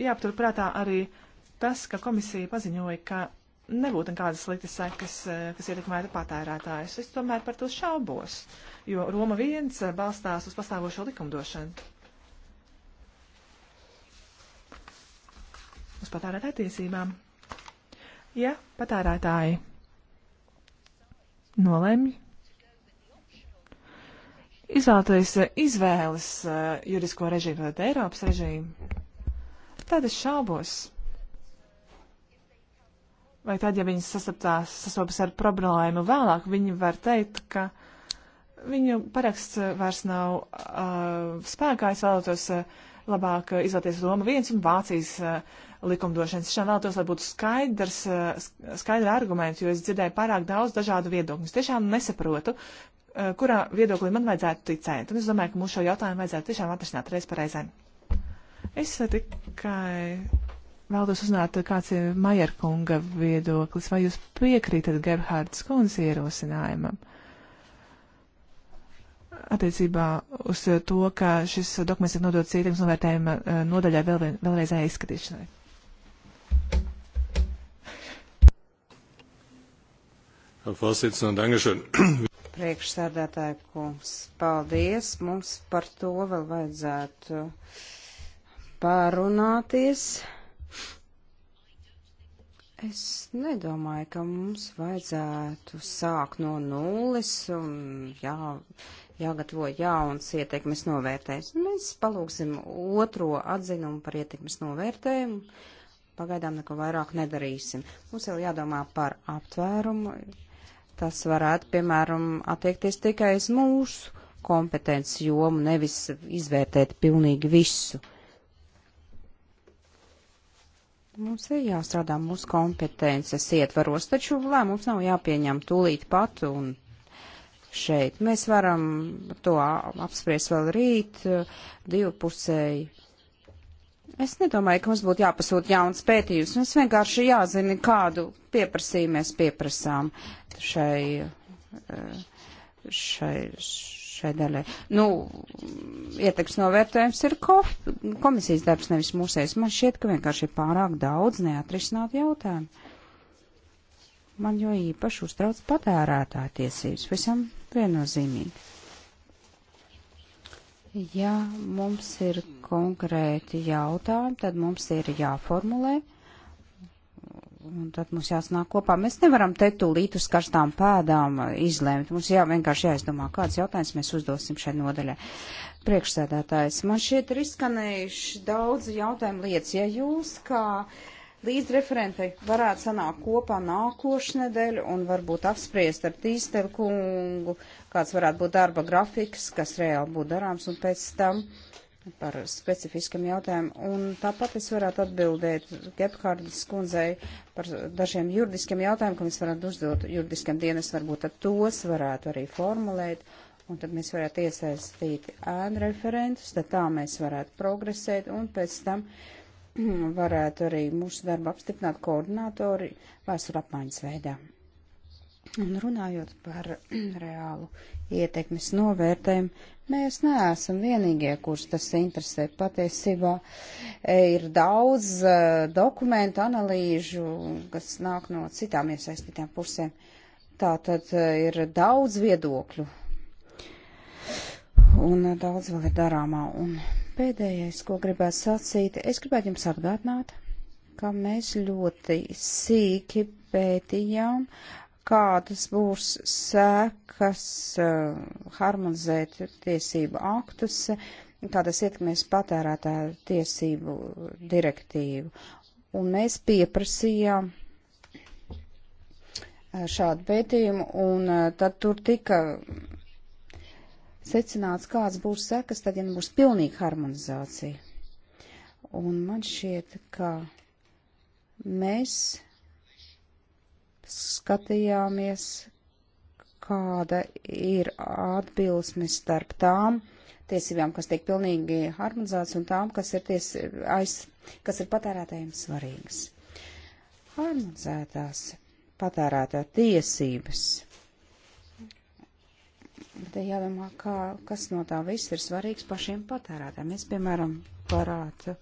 Jāpaturprātā arī tas, ka komisija paziņoja, ka nebūtu nekādas sliktas sekas, eh, kas ietekmētu patērētājus. Es tomēr par to šaubos, jo Roma viens eh, balstās uz pastāvošo likumdošanu. Uz patērētāju tiesībām. Ja patērētāji nolemj izvēlēties eh, izvēles juridisko režīmu, tad Eiropas režīmu, tad es šaubos vai tad, ja viņi sastaptās, sastopas ar problēmu vēlāk, viņi var teikt, ka viņu paraksts vairs nav uh, spēkā. Es vēlētos uh, labāk uh, izvēlēties Roma viens un Vācijas uh, likumdošanas. Es šodien vēlētos, lai būtu skaidrs, uh, skaidri argumenti, jo es dzirdēju pārāk daudz dažādu viedokļu. Es tiešām nesaprotu, uh, kurā viedoklī man vajadzētu ticēt. Un es domāju, ka mums šo jautājumu vajadzētu tiešām atrisināt reiz par reizēm. Es uh, tikai vēlos uzzināt, kāds ir Majerkunga viedoklis, vai jūs piekrītat Gebhārdas kundzes ierosinājumam attiecībā uz to, ka šis dokuments ir nodots ietekmes novērtējuma eh, nodaļā vēl, vēlreizē izskatīšanai. (coughs) Priekšsēdētāji kungs, paldies. Mums par to vēl vajadzētu pārunāties. Es nedomāju, ka mums vajadzētu sākt no nulles un jā, jāgatavo jauns ietekmes novērtējums. Nu, mēs palūksim otro atzinumu par ietekmes novērtējumu. Pagaidām neko vairāk nedarīsim. Mums vēl jādomā par aptvērumu. Tas varētu, piemēram, attiekties tikai uz mūsu kompetenci jomu, nevis izvērtēt pilnīgi visu. Mums ir jāstrādā mūsu kompetences ietvaros, taču lēmums nav jāpieņem tūlīt pat un šeit. Mēs varam to apspriest vēl rīt, divpusēji. Es nedomāju, ka mums būtu jāpasūt jauns pētījums. Mums vienkārši jāzina, kādu pieprasījumu mēs pieprasām šai, eh, šai, šai šai daļai. Nu, ietekmes novērtējums ir kof, komisijas darbs, nevis mūsējs. Man šķiet, ka vienkārši ir pārāk daudz neatrisināt jautājumu. Man jo īpaši uztrauc patērētāja tiesības, visam viennozīmīgi. Ja mums ir konkrēti jautājumi, tad mums ir jāformulē Un tad mums jāsanāk kopā. Mēs nevaram te tūlīt uz karstām pēdām izlēmt. Mums jā, vienkārši jāizdomā, kāds jautājums mēs uzdosim šai nodaļai. Priekšsēdētājs, man šeit ir izskanējuši daudz jautājumu lietas. Ja jūs kā līdzreferenti varētu sanākt kopā nākošnedēļ un varbūt apspriest ar tīstelkungu, kāds varētu būt darba grafiks, kas reāli būtu darāms un pēc tam. Uh, par specifiskam jautājumu. Un tāpat es varētu atbildēt Gephardas kundzei par dažiem juridiskiem jautājumiem, ko mēs varētu uzdot juridiskam dienas, varbūt tad tos varētu arī formulēt. Un tad mēs varētu iesaistīt ēnu referentus, tad tā mēs varētu progresēt un pēc tam (clears throat) varētu arī mūsu darbu apstiprināt koordinātori vēsturu apmaiņas veidā. Un runājot par (clears throat) reālu ietekmes novērtējumu, mēs neesam vienīgie, kurus tas interesē. Patiesībā e, ir daudz e, dokumentu, analīžu, kas nāk no citām iesaistītām pusēm. Tā tad e, ir daudz viedokļu. Un daudz vēl ir darāmā. Un pēdējais, ko gribētu sacīt, es gribētu jums atgādināt, ka mēs ļoti sīki pētījām kādas būs sēkas uh, harmonizēt tiesību aktus, kā tas ietekmēs patērētāju tiesību direktīvu. Un mēs pieprasījām eh, šādu pētījumu, un uh, tad tur tika secināts, kāds būs sekas, tad, ja nebūs nu pilnīga harmonizācija. Un man šķiet, ka mēs skatījāmies, kāda ir atbilsme starp tām tiesībām, kas tiek pilnīgi harmonizētas, un tām, kas ir, ties, aiz, kas ir patērētājiem svarīgas. Harmonizētās patērētā tiesības. Te jādomā, kā, kas no tā viss ir svarīgs pašiem patērētājiem. Es, piemēram, varētu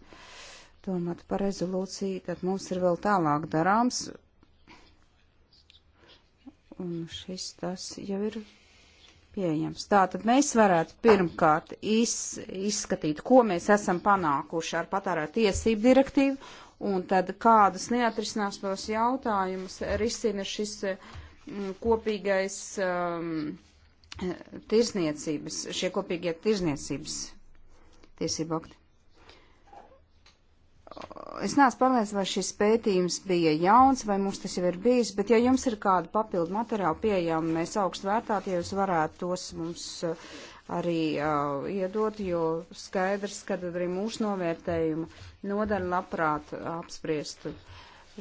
domāt par rezolūciju, tad mums ir vēl tālāk darāms Un šis tas jau ir pieejams. Tātad mēs varētu pirmkārt iz, izskatīt, ko mēs esam panākuši ar patērēt tiesību direktīvu, un tad kādas neatrisinātos jautājumus risina šis mm, kopīgais um, tirzniecības, šie kopīgie tirzniecības tiesību akti. Es neesmu pārliecināts, vai šis pētījums bija jauns, vai mums tas jau ir bijis, bet ja jums ir kāda papildu materiāla pieejama, mēs augstu vērtāt, ja jūs varētu tos mums uh, arī uh, iedot, jo skaidrs, ka tad arī mūsu novērtējuma nodaļa labprāt apspriestu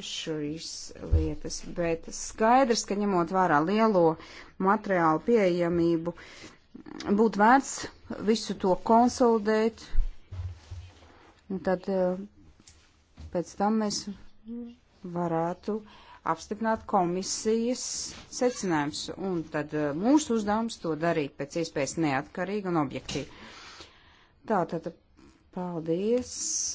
šīs lietas. Bet skaidrs, ka ņemot vērā lielo materiālu pieejamību, būtu vērts visu to konsolidēt. Un tad uh, pēc tam mēs varētu apstiprināt komisijas secinājums, un tad eh, mūsu uzdevums to darīt pēc iespējas neatkarīgi un objektīvi. Tātad Paldies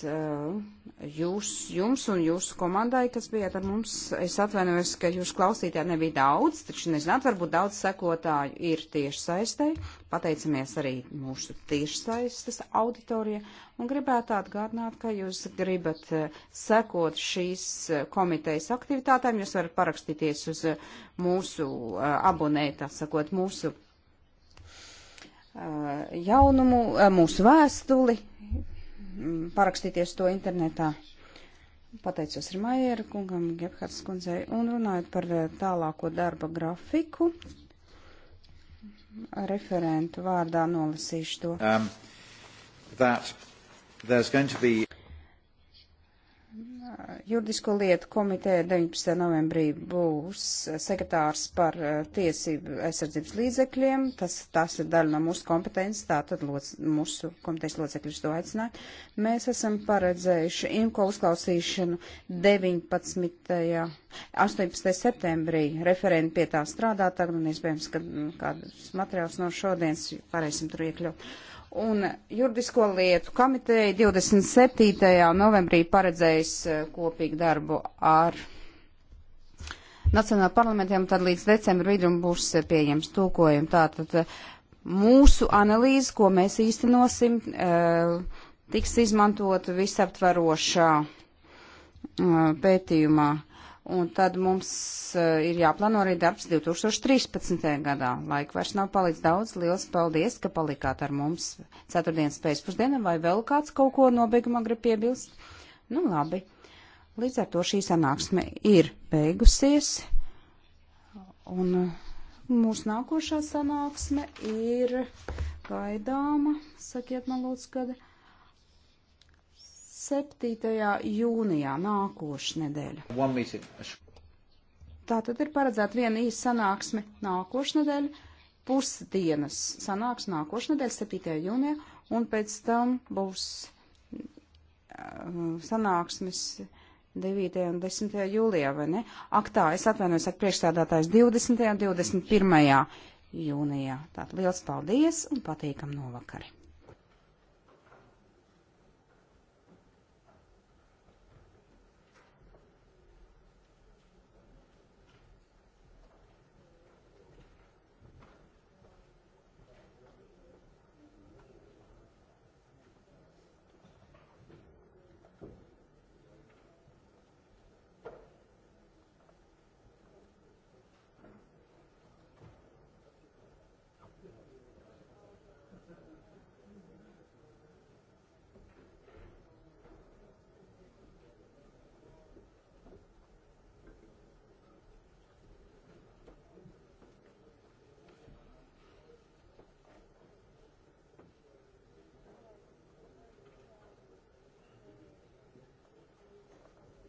uh, jūs, jums un jūsu komandai, kas bijāt ar mums. Es atvainojos, ka jūs klausītāji nebija daudz, taču nezināt, varbūt daudz sekotāju ir tieši saistē. Pateicamies arī mūsu tiešsaistes auditorija un gribētu atgādināt, ka jūs gribat uh, sekot šīs uh, komitejas aktivitātēm. Jūs varat parakstīties uz mūsu abonētā, sakot mūsu jaunumu, mūsu vēstuli parakstīties to internetā. Pateicos Rimājēra kungam, Gebhards kundzei, un runājot par eh, tālāko darba grafiku, referentu vārdā nolasīšu to. Um, be... Juridisko lietu komiteja 19. novembrī būs eh, sekretārs par eh, tiesību aizsardzības līdzekļiem. Tas, tas ir daļa no mūsu kompetences, tā tad loc, mūsu komitejas locekļus to aicināja. Mēs esam paredzējuši IMCO uzklausīšanu 19. 18. septembrī. Referenti pie tā strādā, tagad un iespējams, ka kādus materiālus no šodienas varēsim tur iekļaut un juridisko lietu komiteja 27. novembrī paredzējis eh, kopīgu darbu ar Nacionālajiem parlamentiem, tad līdz decembra vidum būs eh, pieejams tūkojumi. Tātad eh, mūsu analīze, ko mēs īstenosim, tiks izmantot visaptvarošā pētījumā un tad mums eh, ir jāplāno arī darbs 2013. gadā. Laika vairs nav palicis daudz. Liels paldies, ka palikāt ar mums ceturtdienas pēcpusdienā, vai vēl kāds kaut ko nobeigumā grib piebilst? Nu, labi. Līdz ar to šī sanāksme ir beigusies, un eh, mūsu nākošā sanāksme ir gaidāma, sakiet man lūdzu, kad. 7. jūnijā nākošnedēļ. Tā tad ir paredzēta viena īsa sanāksme nākošnedēļ, pusdienas sanāksme nākošnedēļ, 7. jūnijā, un pēc tam būs uh, sanāksmes 9. un 10. jūlijā, vai ne? Ak tā, es atvainojos, ak priekšstādātājs 20. un 21. jūnijā. Tātad liels paldies un patīkam novakari!